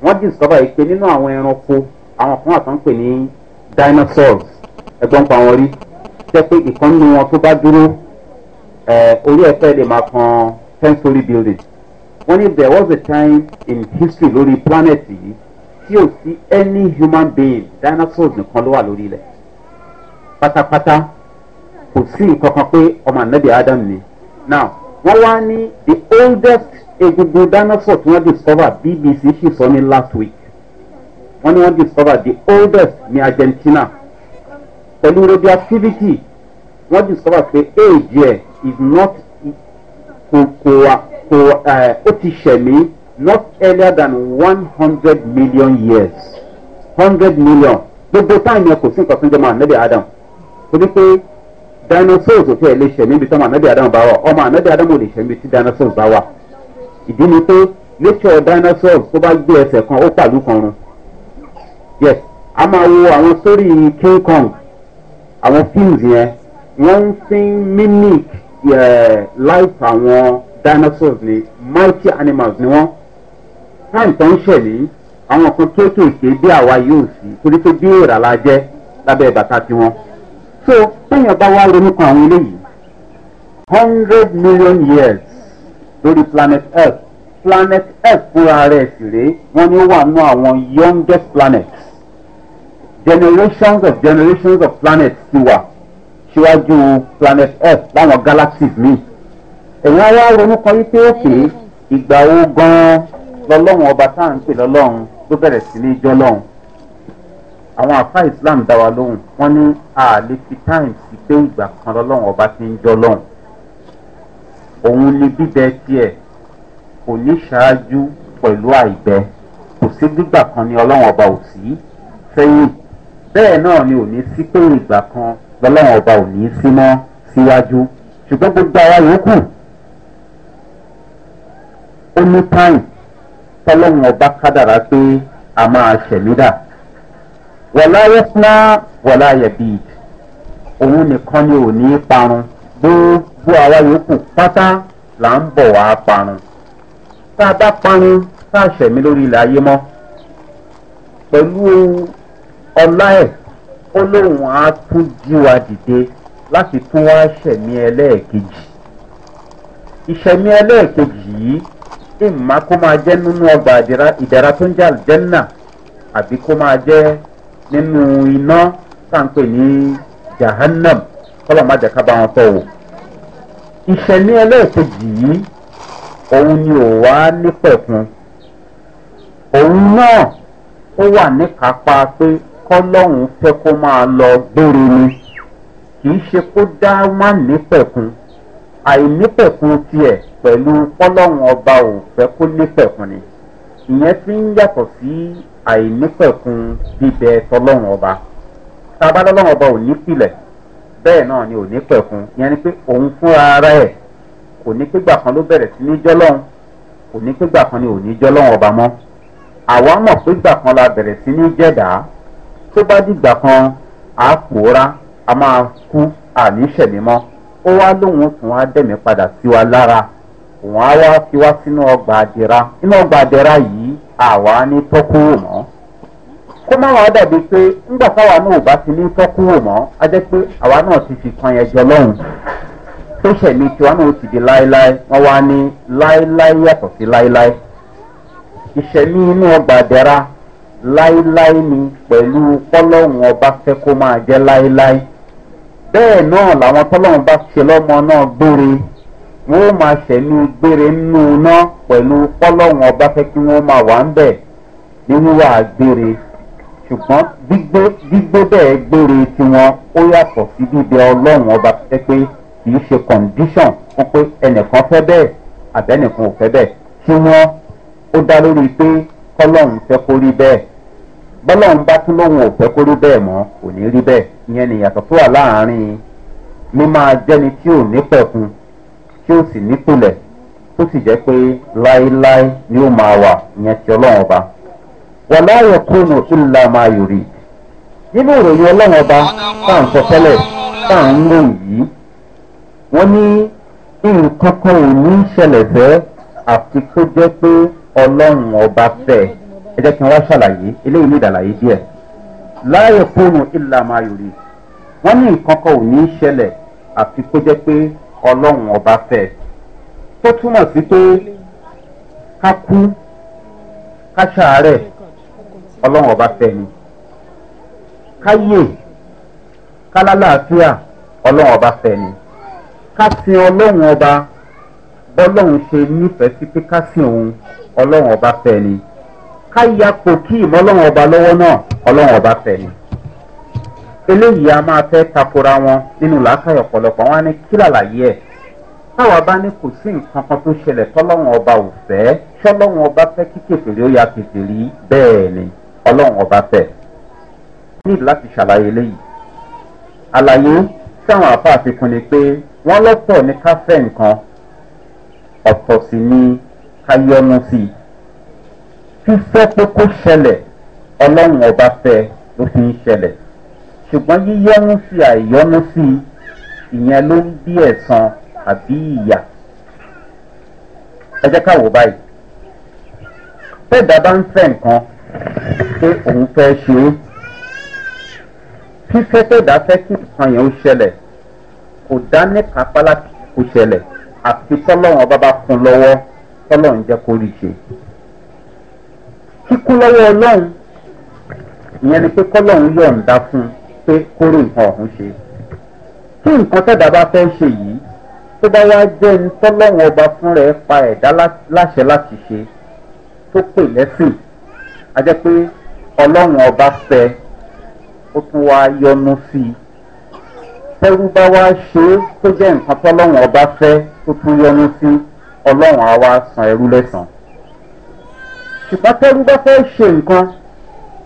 Speaker 1: wọ́n discover yìí pé nínú àwọn ẹranko àwọn kan àtàn pè ní dinosaurs ẹgbọ́n pa wọn rí jẹ́ pé ìkan nínú wọn tó bá dúró orí ẹ̀fẹ́ lè máa kan ten story building wọ́n ní there was a time in history lórí planet yìí tí ò sí any human being dinosaurs nìkan ló wà lórí ilẹ̀ pátápátá kò sí nǹkan kan pé ọmọ anabi adam ni now wọ́n wá ní the oldest egungun dinosaur tí wọ́n discover bbc sì sọ ní last week wọ́n ní wọ́n discover the oldest ní argentina pẹ̀lú radioactivity wọ́n discover pé age ẹ̀ is not kò kò wà kò uh, ó ti not earlier than one hundred million years hundred million gbogbo táìmù ẹ kò sí nǹkan tó ń jẹ́ mọ́ ànábì adam torí pé dinosaurs ò fẹ́ lè ṣẹ̀mí ibi tí ọmọ ànábì adam bá wà ọmọ ànábì adam ò lè ṣẹ̀mí ibi tí dinosaurs bá wà ìdí ni pé nature dinosaurs tó bá gbé ẹsẹ̀ kan ó pàlú kan run yes a máa wo àwọn sórí king kong àwọn films yẹn wọ́n ń fi mimic uh, life àwọn dinosaurs ni mighty animals ni wọ́n time tó ń ṣẹ̀lẹ̀ àwọn kan kéékèèké bí àwa yóò sí torí pé bí èrà la jẹ́ lábẹ́ bàtà tiwọn. so téèyàn bá wá ronú kan àwọn eléyìí hundred million years lórí planet earth planet earth fúnra rẹ̀ sì rèé wọ́n ní ó wà nú àwọn youngest planets. generations of generations of planets ti wà síwájú planet earth láwọn galaxies míì ẹ̀yin ará ronú kan wípé òkè ìgbà wo gan-an lọ́lọ́run ọba tá à ń pè lọ́lọ́run ló bẹ̀rẹ̀ sí ní ijọ́ lọ́run àwọn àfa islam dá wa lóhùn wọn ní ààlè fi time sí pé ìgbà kan lọ́lọ́run ọba ti ń jọ́ lọ́run òun ni bíbẹ tiẹ̀ kò ní ṣáájú pẹ̀lú àìbẹ kò sí gbígbà kan ní ọlọ́run ọba ò sí sẹ́yìn bẹ́ẹ̀ náà ni ò ní sí pé ìgbà kan lọ́lọ́run ọba ò ní sí mọ́ síwájú ṣùgbọ́n gbogbo ara yòókù ó ní táyì tọ́lọ́hún ọba kádàrá pé a máa ṣẹ̀mídà wọ̀láyé sná wọ̀láyé bíi òun nìkan ni ò ní í parun gbogbo àwa yòókù pátá là ń bọ̀ wá parun tá a bá parun tá a ṣẹ̀mí lórí ilẹ̀ ayé mọ́ pẹ̀lú ọlá ẹ̀ ó lóun á tún jí wa dìde láti tún wá ṣẹ̀mí ẹlẹ́ẹ̀kejì ìṣẹ̀mí ẹlẹ́ẹ̀kejì yìí ìmá kó máa jẹ́ nínú ọgbà ìdẹ̀ra tó ń jẹ́ àlùjẹ́nà àbí kó máa jẹ́ nínú iná tá à ń pè ní jahannam kọ́lọ̀ má jẹ́ ká bá wọn tọ̀ wò. ìṣẹ̀lẹ̀ ẹlẹ́ẹ̀kejì yìí òun ni ò wá nípẹ̀kun òun náà ó wà níkápá pé kọ́lọ́hún fẹ́ kó máa lọ gbére ni kì í ṣe kó dá má nípẹ̀kun àìnípẹ̀kun tiẹ̀ pẹ̀lú fọlọ́run ọba ò fẹ́ kó nípẹ̀kun ni ìyẹn ti ń yàtọ̀ sí àìnípẹ̀kun bíbẹ tọlọ́run ọba tábà lọ́lọ́run ọba ò ní pilẹ̀ bẹ́ẹ̀ náà ni ò ní pẹ̀kun ìyẹn ni pé òun fúnra ara ẹ̀ kò ní pígbà kan ló bẹ̀rẹ̀ sí ní jọ́lọ́run kò ní pígbà kan ni ò ní jọ́lọ́run ọba mọ́ àwa mọ̀ pígbà kan la bẹ̀rẹ̀ sí ní jẹ́dàá tó bá dìgbà kan à pòórá a máa kú àníṣẹ̀mí mọ́ ó wá lóun tún á dẹ̀mí padà sí wa lára òun á wá fi wá sínú ọgbà àdìrà ọgbà yìí àwa ní tọ́kúrò mọ́ kó má wàá dàbí pé ńgbà táwa náà ò bá ti ní tọ́kúrò mọ́ á jẹ́ pé àwa náà ti fi kan jẹ lọ́hùn tó ṣẹ̀mí tiwa náà ti di láéláé wá ní láéláé yàtọ̀ sí láéláé inú ọgbà láéláé ni pẹ̀lú pọ́lọ́hùn ọba fẹ́ kó máa jẹ́ láéláé bẹ́ẹ̀ náà làwọn tọ́lọ́hùn bá ṣe lọ́mọ náà gbére wọ́n máa ṣẹ̀nu gbére nínú iná pẹ̀lú kọ́lọ́hún ọba fẹ́ kí wọ́n máa wà ń bẹ̀ ní wíwà gbére ṣùgbọ́n gbígbé bẹ́ẹ̀ gbére tiwọn ó yàtọ̀ sí bíbẹ ọlọ́run ọba fẹ́ pé kì í ṣe kọ̀ǹdíṣàn fún pé ẹnìkan fẹ́ bẹ́ẹ̀ àbẹ́nìkan ò fẹ́ bẹ́ẹ̀ tí wọ́n ó dá lórí pé kọ́lọ́hún fẹ́ kó rí bẹ́ẹ̀ bọ́lọ́hún bá tún lóhun ò fẹ́ kó rí bẹ́ẹ̀ mọ́ kò ní rí bẹ́ẹ̀ ìyẹn nìyàtọ̀ tó wà láàárín mímáa jẹ́ni tí ò ní pẹ̀kun tí ó sì nípìnlẹ̀ tó sì jẹ́ pé láéláé ni ó máa wà ìyẹn ti ọlọ́run ọba wà láàyè kúnnù ìlà máa yòrì nínú ìròyìn ọlọ́run ọba tá à ń sọ tẹ́lẹ̀ tá à ń lò yìí wọ́n ní nǹkan kan ò ní ṣẹlẹ̀ fẹ́ àti kó jẹ́ pé ọlọ́run ọba fẹ́ ẹ jẹ́ kí n wá ṣàlàyé eléyìí ní ìdàlàyé díẹ̀ láàyè kúnnù ìlà máa yòrì wọ́n ní nǹkan kan ò ní ṣẹlẹ̀ àti kó jẹ́ pé ọlọ́run ọba fẹ́ tó túmọ̀ sí pé ká kú ká ṣàárẹ̀ ọlọ́run ọba fẹ́ ni ká yè ká lálàáfíà ọlọ́run ọba fẹ́ ni ká sin ọlọ́run ọba bọ́lọ́run ṣe nífẹ̀ẹ́ sí pé ká sin òun ọlọ́run ọba fẹ́ ni ká yapò kí ìmọ̀ ọlọ́run ọba lọ́wọ́ náà ọlọ́run ọba fẹ́ ni eléyìí a máa fẹ́ takora wọn nínú làákàyè ọ̀pọ̀lọpọ̀ wọn á ní kí làlàyé ẹ̀ táwa bá ní kò sí nǹkan kan tó ṣẹlẹ̀ tọ́lọ́run ọba ò fẹ́ tọ́lọ́run ọba fẹ́ kí kèfèrè ó ya kèfèrè bẹ́ẹ̀ ni ọlọ́run ọba fẹ́ ní láti ṣàlàyé léyìí àlàyé táwọn àpá àfikún ni pé wọ́n lọ́tọ̀ ní ká fẹ́ nǹkan ọ̀tọ̀ sí ni ká yọnu sí i fífẹ́ pé kó ṣẹlẹ̀ ọlọ́run ọba fẹ́ ló fi ń ṣẹlẹ̀ ṣùgbọ́n yíyọ́nú sí àìyọ́nú sí ìyẹn ló ń bí ẹ̀san àbí ìyà ẹ jẹ́ ká wò báyìí tẹ́ẹ̀dá bá ń fẹ́ nǹkan pé òun fẹ́ ṣe é fífẹ́ tẹ́ẹ̀dá fẹ́ kí nǹkan yẹn ó ṣẹlẹ̀ kò dá ní kápá láti ṣẹlẹ̀ àfi tọ́lọ́wọ́n bá bá kún lọ́wọ́ tọ́lọ́wọ́n jẹ́ kó rí ṣe kíkún lọ́wọ́ ọlọ́run ìyẹn ni pé kọ́lọ́run yọ̀ǹda fún un pé kóró nǹkan ọ̀hún ṣe tí nǹkan tẹ̀dá bá fẹ́ ṣe yìí tó bá wá jẹ́ ní tọ́lọ́wọ́n ọba fún rẹ̀ pa ẹ̀dá láṣẹ láti ṣe tó pè lẹ́sìn a jẹ́ pé ọlọ́run ọba fẹ́ ó tún wá yọnu sí i tẹ́rú bá wá ṣe é tó jẹ́ nǹkan tọ́lọ́run ọba fẹ́ tó tún yọnu sí ọlọ́run á san ẹrú lẹ́sàn-án ṣùgbọ́n tẹ́rú bá fẹ́ ṣe nǹkan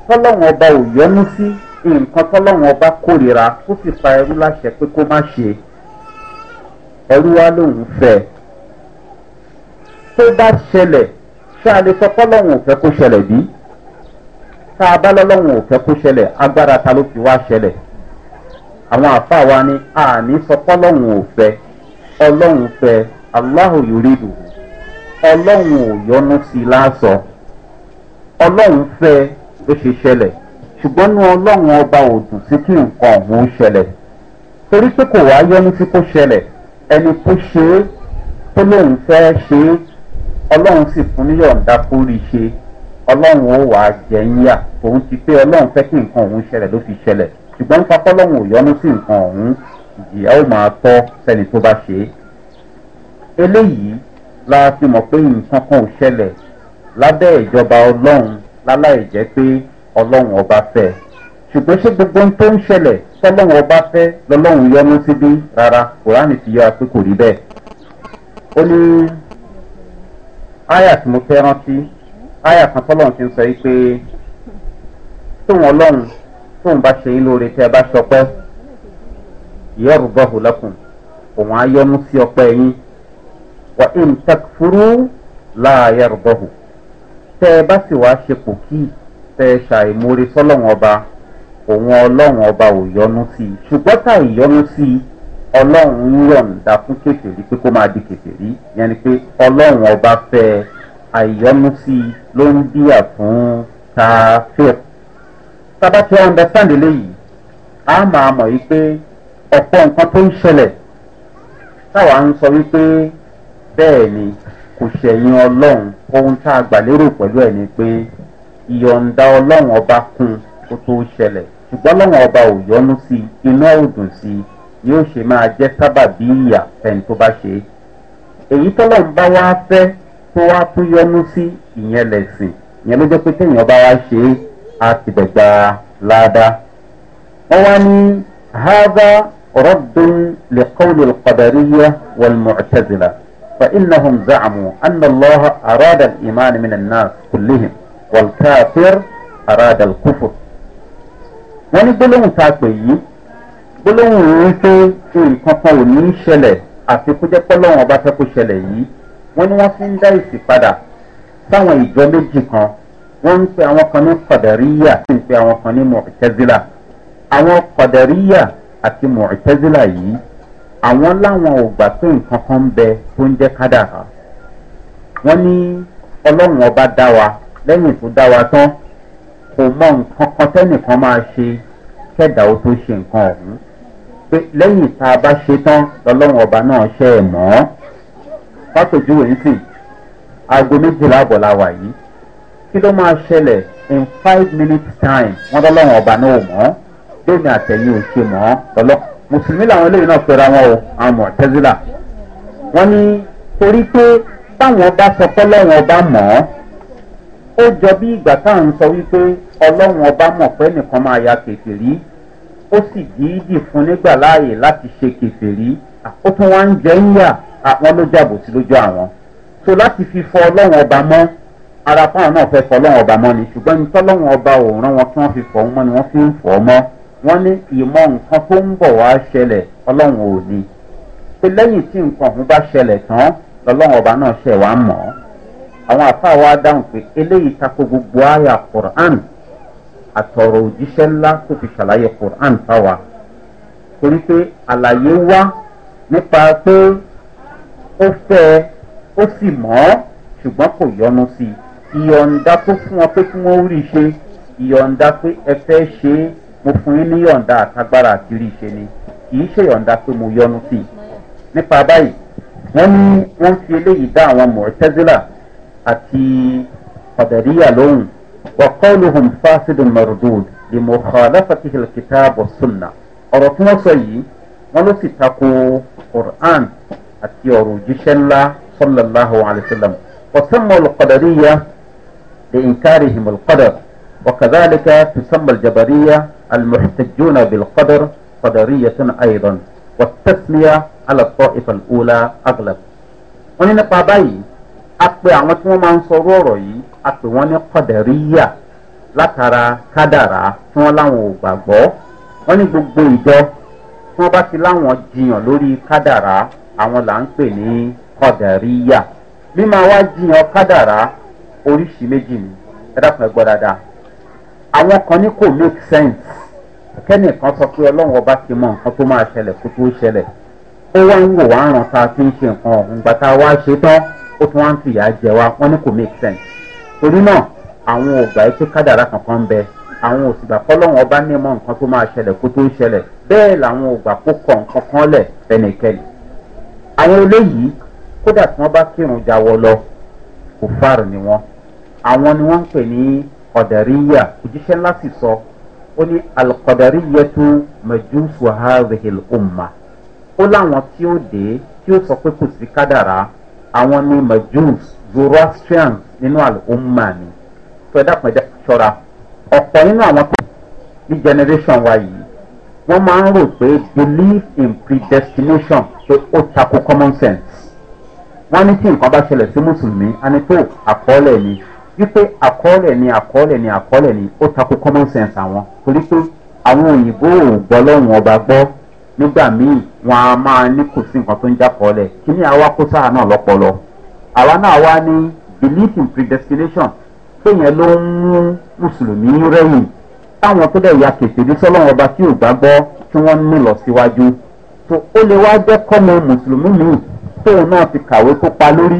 Speaker 1: tọ́lọ́run ọba ò yọnu sí nǹkan tọ́lọ́wọ́n ọba kórìíra tó sì fa ẹrú láṣẹ pé kó má ṣe ẹrú wa lòun fẹ́ tó bá ṣẹlẹ̀ ṣé a lè sọ tọ́lọ́wọ́n ò fẹ́ kó ṣẹlẹ̀ bí tá a bá lọ́lọ́wọ́n ò fẹ́ kó ṣẹlẹ̀ agbára ta ló fi wá ṣẹlẹ̀ àwọn àfa wa ni àní sọ tọ́lọ́wọ́n ò fẹ́ ọlọ́run fẹ́ aláhùn yorùbá ọlọ́run ò yọnu sí i láàsọ ọlọ́run fẹ́ ó ṣe ṣẹlẹ̀ ṣùgbọ́n ní ọlọ́run ọba ò dùn sí kí nǹkan ọ̀hún ṣẹlẹ̀ torí pé kò wá yọ́nú sí kó ṣẹlẹ̀ ẹni tó ṣe é tó lóun fẹ́ ṣe é ọlọ́run sì fún níyọ̀ǹda kó rí ṣe ọlọ́run ó wàá jẹ ń yà òun ti pé ọlọ́run fẹ́ kí nǹkan ọ̀hún ṣẹlẹ̀ ló fi ṣẹlẹ̀ ṣùgbọ́n nípa kọ́lọ́run ò yọ́nú sí nǹkan ọ̀hún ìjìyà ó máa tọ́ sẹ́ni tó bá ṣe é eléyìí la fi mọ̀ pé nǹkan kan ò ṣẹlẹ̀ lábẹ́ ìjọba ọlọ́run láláì jẹ́ pé ọlọ́run ọba fẹ́ ṣùgbọ́n ṣé gbogbo ohun tó ń ṣẹlẹ̀ tọ́lọ́run ọba fẹ́ lọ́lọ́run yọnu síbí rárá kùránì ti yọ apé kò rí bẹ́ẹ̀. ó ní àyà tí mo fẹ́ rántí àyà kan tọ́lọ́run ti ń sọ yìí pé tóun ọlọ́run tóun bá ṣe yín lóore tẹ́ ẹ bá ṣọpẹ́ yẹ́rù bọ́ọ̀hù lọ́kùn òun á yọnu sí ọpẹ́ yín wà ń takfuru láàyẹ̀rù bọ́ọ̀hù tẹ́ ẹ bá sì wá ṣe pò kíì fẹ́ ṣàìmórí sọ́lọ́wọ́n ọba òun ọlọ́run ọba ò yọnu sí i ṣùgbọ́n tá ìyọnu sí i ọlọ́run ń yọ̀ǹda fún kẹfẹ́rí pé kó máa di kẹfẹ́rí yẹn ni pé ọlọ́run ọba fẹ́ àìyọnu sí i ló ń bíyà fún káfíẹ̀. sábà tí wọ́n ń a máa mọ̀ yí pé ọ̀pọ̀ nǹkan tó ń ṣẹlẹ̀ táwa ń sọ wípé bẹ́ẹ̀ ni kò ṣẹ̀yìn ọlọ́run ohun tá a gbà lérò pẹ̀lú ẹ̀ ni pé ìyọ̀ǹda ọlọ́run ọba kún kó tó ṣẹlẹ̀ ṣùgbọ́n ọlọ́run ọba ò yọnu sí iná ò dùn sí yóò ṣe máa jẹ́ sábàbí ìyà ẹni tó bá ṣe é èyí tọ́lọ́run bá wá fẹ́ tó wá tún yọnu sí ìyẹn lẹ̀sìn ìyẹn ló jẹ́ pé téèyàn bá wá ṣe é á ti dẹ̀gbà ládàá wọ́n wá ní hádà rọ́dùn lẹ́kọ́ọ̀lù kọ̀dàríyà wọ̀lmọ̀ọ́tẹ́zìlà fa innahum zaamu anna allaha arada al-iman wọ̀lkáfíìr àràdàl kúfù. wọ́n ní gbólóhùn tá a pè yìí gbólóhùn rí pé nǹkan kan ò ní í ṣẹlẹ̀ àti kó jẹ́ pọ́lọ́hùn ọba fẹ́ kó ṣẹlẹ̀ yìí wọ́n ní wọ́n fi ń dá ìsì padà sáwọn ìjọ méjì kan wọ́n ń pe àwọn kan ní kọ̀dàríyà sì ń pe àwọn kan ní mọ̀ọ́tẹ́zílà àwọn kọ̀dàríyà àti mọ̀ọ́tẹ́zílà yìí àwọn láwọn ò gbà pé nǹkan kan ń bẹ tó ń jẹ́ kádàrá wọ́n ní ọlọ́run ọba dá wa lẹ́yìn tó dá wa tán kò mọ nǹkan kan tẹ́nìkan máa ṣe kẹ́dà ó tó ṣe nǹkan ọ̀hún pé lẹ́yìn tá a bá ṣe tán lọ́lọ́run ọba náà ṣe é mọ́ fàpèjúwe nsìn aago méjìlá àbọ̀ wà yìí kí ló máa ṣẹlẹ̀ in five minutes time wọ́n lọ́lọ́run ọba náà mọ́ lónìí àtẹ̀yìn ò ṣe mọ́ lọ́lọ́ mùsùlùmí làwọn eléyìí náà pera wọn o àwọn mọ̀tẹ́sílà wọ́n ní torí pé táwọn bá sọ pé ọba mọ́ ó jọ bí ìgbà tá à ń sọ wípé ọlọ́run ọba mọ̀ pé nìkan máa ya kẹfìrí ó sì dídì fún nígbà láàyè láti ṣe kẹfìrí ó tún wá ń jẹ́ ń yà àwọn ló jàbò sí lójú àwọn so láti fi fọ ọlọ́run ọba mọ́ ara fáwọn náà fẹ́ fọ ọlọ́run ọba mọ́ ni ṣùgbọ́n ní tọ́lọ́run ọba ò rán wọn kí wọ́n fi fọ mọ́ ni wọ́n fi ń fọ mọ́ wọ́n ní ìmọ̀ nǹkan tó ń bọ̀ wá ṣẹlẹ̀ ọlọ́run ò ní pé lẹ́yìn tí nǹkan ọ̀hún bá ṣẹlẹ̀ tán lọ́lọ́run ọba náà ṣẹ̀ wá mọ̀ ọ́ àwọn àfa wa dáhùn pé eléyìí tako gbogbo àyà quran àtọ̀rọ̀ òjíṣẹ́ ńlá tó fi ṣàlàyé quran fáwa torí pé àlàyé wá nípa pé ó fẹ́ ó sì mọ́ ṣùgbọ́n kò yọnu sí i ìyọ̀ǹda tó fún wọn pé kí wọ́n rí i ṣe ìyọ̀ǹda pé ẹ fẹ́ ṣe é mo fún yín ní yọ̀ǹda àtagbára àti rí i ṣe ni kì í ṣe yọ̀ǹda pé mo yọnu sí i nípa báyìí wọ́n ní wọ́n fi eléyìí dá àwọn mọ̀ọ́tẹ́sílà àti ọ̀dàríyà lóhùn wàkọ́ọ̀lùhùn fásidùn mardud lè mọ̀ kọ́láfàtì hìlkìtà bọ̀sùnà ọ̀rọ̀ tí wọ́n sọ yìí wọ́n ló sì tako quran àti ọ̀rọ̀ òjíṣẹ́ ńlá sallallahu alayhi wa sallam وسموا القدرية لإنكارهم القدر وكذلك تسمى الجبرية المحتجون بالقدر قدرية أيضا والتسمية على الطائفة الأولى أغلب ونحن a àwọn tí wọ́n máa ń sọrú ọ̀rọ̀ yìí a pè wọ́n ní kọ̀dẹ̀ríyà látara kádàrá tí wọ́n láwọn ò gbàgbọ́ wọ́n ní gbogbo ìjọ tí wọ́n bá ti láwọn jiyàn lórí kádàrá àwọn là ń pè ní kọ̀dẹ̀ríyà mímọ wá jiyàn kádàrá oríṣi méjì ni ẹ dákun ẹ gbọ́ dáadáa àwọn kan ní kò make sense kẹ́nìkan sọ pé ọlọ́run ọba ti mọ nǹkan tó máa ṣẹlẹ̀ kó tó ṣẹlẹ̀ ó wá ń wò wá ń ràn ta fi ń ṣe nǹkan ọ̀hún gbàtà wá ṣe tán ó tún wá ń fìyà jẹ wa wọn ní kò make sense torí náà àwọn ògbà ẹ pé kádàrá kankan ń bẹ àwọn òsìgbà kọlọ́wọ́n ọba ní mọ nǹkan tó máa ṣẹlẹ̀ kó tó ṣẹlẹ̀ bẹ́ẹ̀ làwọn ògbà kó kọ̀ nǹkan kan lẹ̀ fẹnìkẹ́ni àwọn eléyìí kódà tí wọ́n bá kírun jáwọ́ lọ kò fáàrù ni wọ́n àwọn ni wọ́n ń pè ní ọ̀dàríyà òjíṣẹ́ ńlá sì sọ ó ní alkọ̀dàríyà tó mẹjúsùn ha rèhìl ọ̀ma ó láwọn tí ó dé tí ó sọ pé kò sí kádàrá àwọn ní majus zoroastrians nínú àlùkùnmá ni tó ẹ̀dá pẹ̀jẹ́ ṣọ́ra ọ̀pọ̀ nínú àwọn tó ní generation wa yìí wọ́n máa ń rò pé belief in predestination pé ó takò common sense wọ́n ní tí nǹkan bá ṣẹlẹ̀ sí mùsùlùmí àní tó àkọọ́lẹ̀ ni wípé àkọọ́lẹ̀ ni àkọọ́lẹ̀ ni àkọọ́lẹ̀ ni ó takò common sense àwọn torí pé àwọn òyìnbó ò gbọ́ lọ́rùn ọba gbọ́ nígbà míì wọn a máa ní kò sí nǹkan tó ń jákọọlẹ̀ kí ni àwa kó sáà náà lọ́pọ̀lọ́ àwa náà wá ní belief in predestination pé yẹn ló ń mú mùsùlùmí rẹ́yìn táwọn tó dẹ̀ ya kèsìrí sọ́lọ́wọ́n ọba tí ò gbàgbọ́ tí wọ́n ní lọ síwájú tó ó lè wá jẹ́ kọ́mọ mùsùlùmí míì tóun náà ti kàwé tó pa lórí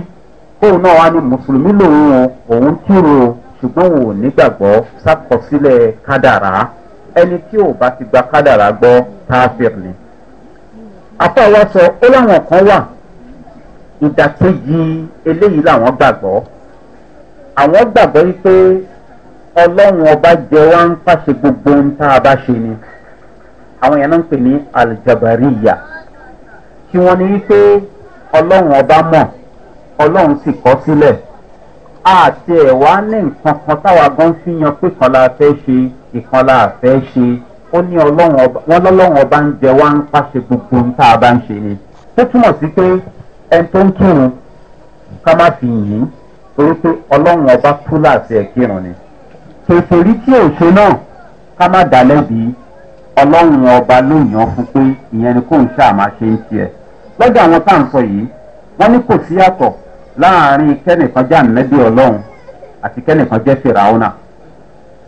Speaker 1: tóun náà wá ní mùsùlùmí lòun o òun kírò o ṣùgbọ́n ò nígbàgbọ́ sákọsílẹ̀ kádàrá ẹni tí ò bá ti gba kádàrá gbọ́ káfíìn ni apá wa sọ ó láwọn kan wà ìdàkejì eléyìí làwọn gbàgbọ́ àwọn gbàgbọ́ wípé ọlọ́run ọba jẹ wá ń pàṣẹ gbogbo ohun tá a bá ṣe ni àwọn yẹn náà ń pè ní aljabariya tí wọ́n ní wípé ọlọ́run ọba mọ̀ ọlọ́run sì kọ́ sílẹ̀ àti ẹ̀wá ní nǹkan kan táwa gan fi yan pé kan la fẹ́ ṣe ìkan la fẹ́ ṣe ó ní ọlọ́run ọba wọ́n lọ́lọ́run ọba ń jẹ wá ń pàṣẹ gbogbo ń tá a bá ń ṣe ni tó túmọ̀ sí pé ẹni tó ń kírun ká má fi yìn torí pé ọlọ́run ọba tú láti ẹ̀ kírun ni kèfèrí tí ò ṣe náà ká má ọlọ́run ọba ló yàn fún pé ìyẹn ni kò ń ṣáà máa ṣe ń tiẹ̀ lọ́dọ̀ àwọn tá à ń sọ yìí wọ́n ní kò sí yàtọ̀ láàrin kẹ́nìkan jẹ́ ànẹ́bí ọlọ́run àti kẹ́nìkan jẹ́ fèrè àwọn náà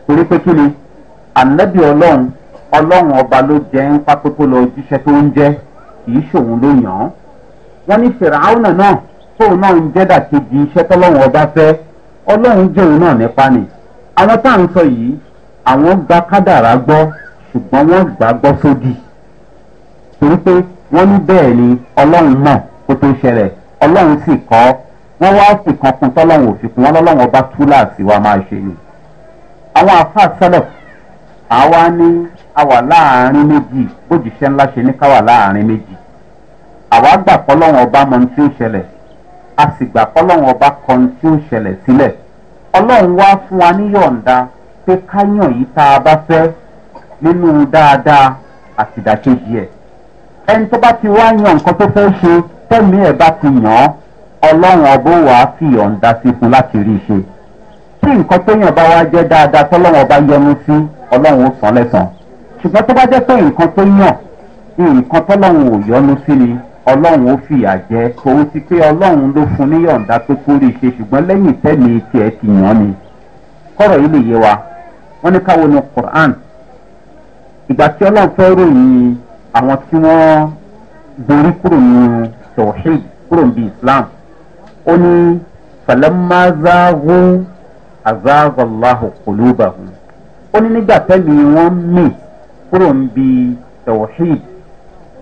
Speaker 1: torí pé kí ni ànẹ́bí ọlọ́run ọlọ́run ọba ló jẹ́ ń pápákó lọ jíṣẹ́ tó ń jẹ́ kì í ṣòun ló yàn án. wọ́n ní fìràhánà náà tóun náà ń jẹ́ dàkejì iṣẹ́ tọ́lọ́run ọba fẹ́ ọlọ́run jẹ́ òun náà nípa nì. àwọn tá à ń sọ yìí àwọn gba kádàrá gbọ́ ṣùgbọ́n wọ́n gbà gbọ́ sódì. torí pé wọ́n ní bẹ́ẹ̀ ni ọlọ́run mọ̀ kó tó ṣẹlẹ̀ ọlọ́run sì kọ́ wọ́n wá sì kan kun tọ́lọ́run òfìkún wọn lọ́lọ́run ọba túláàsì wa máa ṣe ni. àwọn àfáà sẹ́lẹ̀ àwa ní a wà láàrin méjì bójúṣẹ́ ńlá ṣe ní ká wà láàrin méjì àwa gbà kọ́lọ́wọ́n ọba mọ tí ó ṣẹlẹ̀ a sì gbà kọ́lọ́wọ́n ọba kan tí ó ṣẹlẹ̀ sílẹ̀ ọlọ́run wá fún wa níyọ̀ǹda pé káyàn yìí tá a bá fẹ́ nínú dáadáa àti ìdàkejì ẹ̀ ẹni tó bá ti wá yan nǹkan tó fẹ́ ṣe tẹ́mi ẹ̀ bá ti yàn án ọlọ́run ọba wà á fi yọ̀ǹda sí fún láti rí i ṣe tí nǹkan tó yàn bá wá jẹ́ dáadáa tọ́lọ́run ọba yọnu sí ọlọ́run ó sàn lẹ́sàn-án ṣùgbọ́n tó bá jẹ́ pé nǹkan tó yàn nǹkan tọ́lọ́run ò yọnu sí ni ọlọ́run ó fìyà jẹ́ tòun ti pé ọlọ́run ló fún níyọ̀ǹda pé kó rí ṣe ṣùgbọ́n lẹ́yìn tẹ́mi tiẹ̀ ti yàn ni kọ́rọ̀ yìí lè yé wa wọ́n ní káwọn ní quran ìgbà tí ọlọ́run fẹ́ ròyìn àwọn tí wọ́n borí kúrò ní tawhid kúrò ní islam ó ní falamazahu azazallahu kulubahu ó ní nígbà tẹ́mi wọ́n mìí. kúrò ń bi tawhid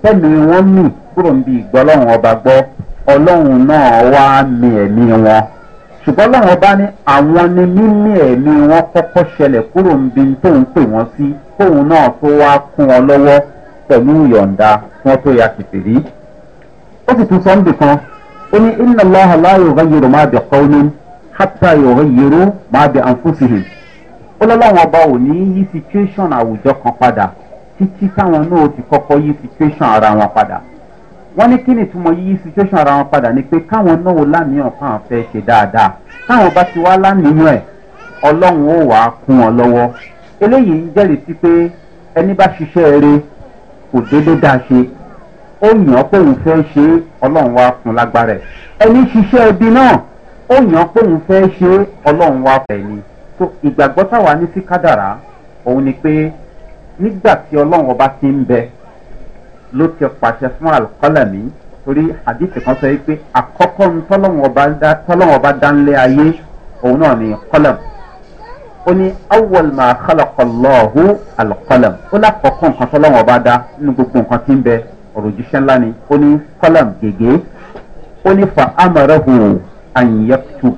Speaker 1: tẹ́mi wọ́n mì kúrò ń bi ọba gbọ́ ọlọ́hun náà wá mi ẹ̀mí wọn ṣùgbọ́n ọlọ́hun ọba ní àwọn ni mímí ẹ̀mí wọn kọ́kọ́ ṣẹlẹ̀ kúrò ń tóun pè wọ́n sí tóun náà tó wá kún ọ lọ́wọ́ wọn tó kan ó ní iná bẹ̀ kọ́ ní ó lọ́lọ́wọ́n ọba ò ní yí situation àwùjọ kan padà títí táwọn náà ti kọ́kọ́ yí situation ara wọn padà wọ́n ní kí ni túmọ̀ yíyí situation ara wọn padà ni pé káwọn náà lánìyàn káwọn fẹ́ ṣe dáadáa káwọn bá ti wá lánìyàn ẹ̀ ọlọ́run ó wàá kún ọ lọ́wọ́ eléyìí ń jẹ́rìí sí pé ẹni bá ṣiṣẹ́ eré kò déédé dáa ṣe ó yàn pé òun fẹ́ ṣe ọlọ́run wá fún lágbára ẹ̀ ẹni ṣiṣẹ́ ẹbí náà ó yàn pé òun fẹ́ ṣe ọlọ́run wá fẹ́ ni so ìgbàgbọ́ táwa ní sí kádàrá òun ni pé nígbà tí ọlọ́run ọba ti ń bẹ ló ti pàṣẹ fún àlùkọ́lẹ̀mí torí àdìsí kan sọ wípé àkọ́kọ́ ń tọ́lọ́run ọba dánlé ayé òun náà ní kọ́lẹ̀m ó ní awọ́l máa kọ́lọ̀kọ́lọ́ọ̀hù àlùkọ́lẹ̀m ó lákọ̀ọ́kọ́ nǹkan tọ́lọ́run ọba dá nínú gbogbo nǹkan tí ń bẹ ọ̀rọ̀ jíṣẹ́ ńlá ni ó ní kọ́lẹ̀m gègé ó ní fa amọ̀rẹ́hù àyìnyẹ́kùtù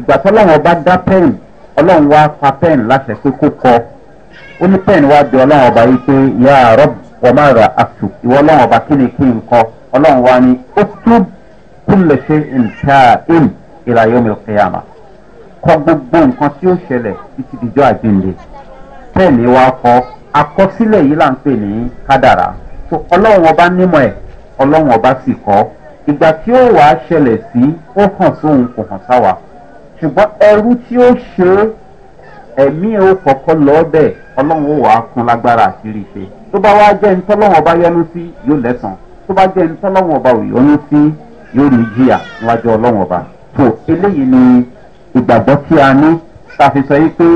Speaker 1: ìgbà tọ́lọ́run ọba dá pẹ́yìn ọlọ́run wá pa pẹ́ẹ̀n láṣẹ pé kó kọ ó ní pẹ́ẹ̀n wá bí ọlọ́run ọba yìí pé yà á rọ́b wọ́n má ra àtù ìwọ ọlọ́run ọba kí ni kí n kọ ọlọ́run wá ní ó tún kúlẹ̀ ṣe nǹkan ìm ìlàyé omi ọ̀kẹ́yàmà kọ gbogbo nǹkan tí ó ṣẹlẹ̀ títí dìjọ́ àjíǹde pẹ́ẹ̀n wá kọ àkọsílẹ̀ yìí là ń pè ní kádàrà so ọlọ́run ọba nímọ̀ ẹ̀ ọlọ́run ọba sì kọ́ ìgbà tí ó wàá ṣẹlẹ̀ sí ó hàn sóhun kò hàn sáwàá ṣùgbọ́n ẹrú tí ó ṣe ẹ̀mí ò kọ̀kọ́ lọ bẹ̀ ọlọ́run ó wàá kun lágbára àṣírí ṣe tó bá wá jẹ́ ntọ́lọ́wọ̀n ọba yẹnu sí yóò lẹ́sàn tó bá jẹ́ ntọ́lọ́wọ̀n ọba òyọ́nu sí yóò ní jìyà níwájú ọlọ́run ọba tó eléyìí ni ìgbàgbọ́ tí a ní ta fi sọ yìí pé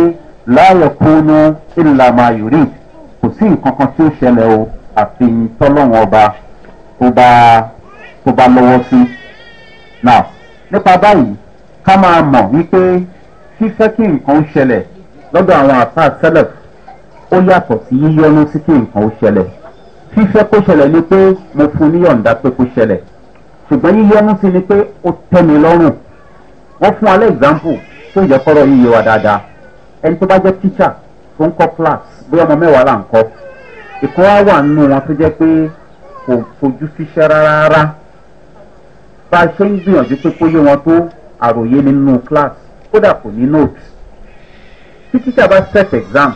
Speaker 1: láàyè kúnú ìlànà yorì kò sí nǹkan kan tí ó ṣẹlẹ̀ o àfi ntọ́lọ́wọ̀n ọba tó bá tó bá lọ́wọ́ sí. now nípa báyìí ká máa mọ̀ wípé fífẹ́ kí nǹkan ó ṣẹlẹ̀ lọ́dọ̀ àwọn àfa sẹ́lẹ̀ ó yàtọ̀ sí yíyọnu sí kí nǹkan ó ṣẹlẹ̀ fífẹ́ kó ṣẹlẹ̀ ni pé mo fún níyọ̀ǹda pé kó ṣẹlẹ̀ ṣùgbọ́n yíyọnu sí ni pé ó tẹ́ mi lọ́rùn wọ́n fún alẹ́ example tó yẹ kọ́rọ̀ yíyẹ wa dáadáa ẹni tó bá jẹ́ teacher tó ń kọ́ class bóyá ọmọ mẹ́wàá là ń kọ́ ìkan wá wà nínú wọn tó jẹ́ pé kò fojú síṣẹ́ rárá bá a ṣe ń gbìyànjú pé kó yé wọn tó àròyé nínú class kódà kò ní notes tí tíṣà bá stress exam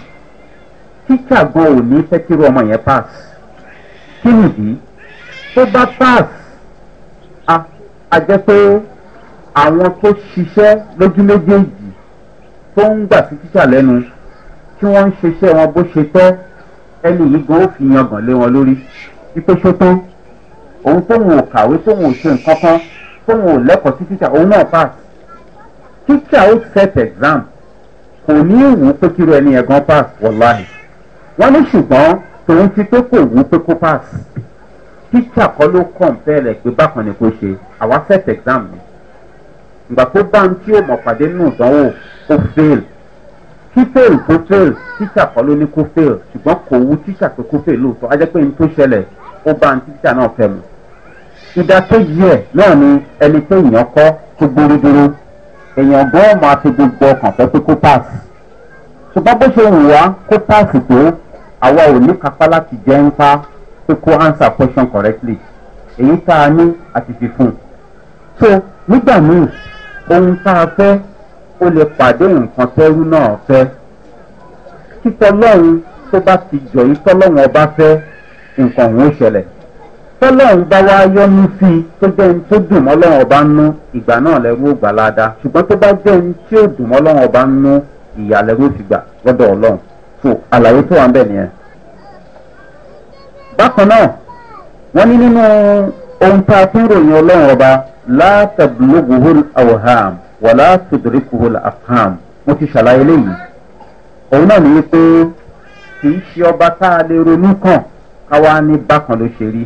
Speaker 1: tíṣà gan ò ní fẹ́ kí irú ọmọ yẹn pass kí nìdí tó bá pass a a jẹ́ pé àwọn tó ṣiṣẹ́ lójú méjèèjì tó ń gbà sí tíṣà lẹ́nu tí wọ́n ń ṣiṣẹ́ wọn bó ṣe tọ́ ẹni yìí gan ó fi yangàn lé wọn lórí wípé ṣó tán òun tóun ò kàwé tóun ò ṣe nǹkan kan fóun ò lẹ́kọ̀ọ́ sí tíṣà òun náà pass tíṣà ó set exam kò ní í wù ú pé kíru ẹni yẹn gan pass wọláhì wọ́n ní ṣùgbọ́n tòun ti pé kò wù ú pé kó pass tíṣà kọ́ ló kàn bẹ́ẹ̀ rẹ̀ pé bákan ni kò ṣe àwa set exam ni ìgbà tó bá ń tí ò mọ̀ pàdé nù ìdánwò ó fail kí fail tó fail tíṣà kọ́ ló ní kó fail ṣùgbọ́n kò wù tíṣà pé kó fail lóòótọ́ á jẹ́ pé ní tó ṣẹlẹ̀ ó bá ń tíṣà náà fẹ́ mu ìdàkejì ẹ̀ náà ni ẹni pé èèyàn kọ́ tó gbórígbóró èèyàn gan máa fi gbogbo ọkàn fẹ́ pé kó páàsì ṣùgbọ́n bó ṣe wù wá kó páàsì tó àwa ò ní kápá láti jẹ́ ń pa pé kó answer question correctly èyí tá a ní àti fi fún un. so nígbà míì ohun tá a fẹ́ ó lè pàdé nǹkan tẹ́rú náà fẹ́ títọ́ lọ́run tó bá ti jọ yìí tọ́lọ́run ọba fẹ́ nǹkan òun ṣẹlẹ̀ tọ́lọ́run bá wá yọ́nú sí i tó jẹ́ ní tó dùn mọ́ lọ́wọ́ ọba nú ìgbà náà lẹ́rú ògbà ládàá ṣùgbọ́n tó bá jẹ́ ní tí ò dùn mọ́ lọ́wọ́ ọba nú ìyá lẹ́rú ti gbà lọ́dọ̀ ọlọ́run so àlàyé tó wà ń bẹ̀ nìyẹn. bákan náà wọ́n ní nínú ohun tá a tún ròyìn ọlọ́run ọba látàbùlógùhùl awham wàlá tòdòríkùhùl afham mo ti ṣàlàyé léyìí òun náà nìyí pé kì í ṣe ọba tá a lè ronú kàn káwa ní bákan ló ṣe rí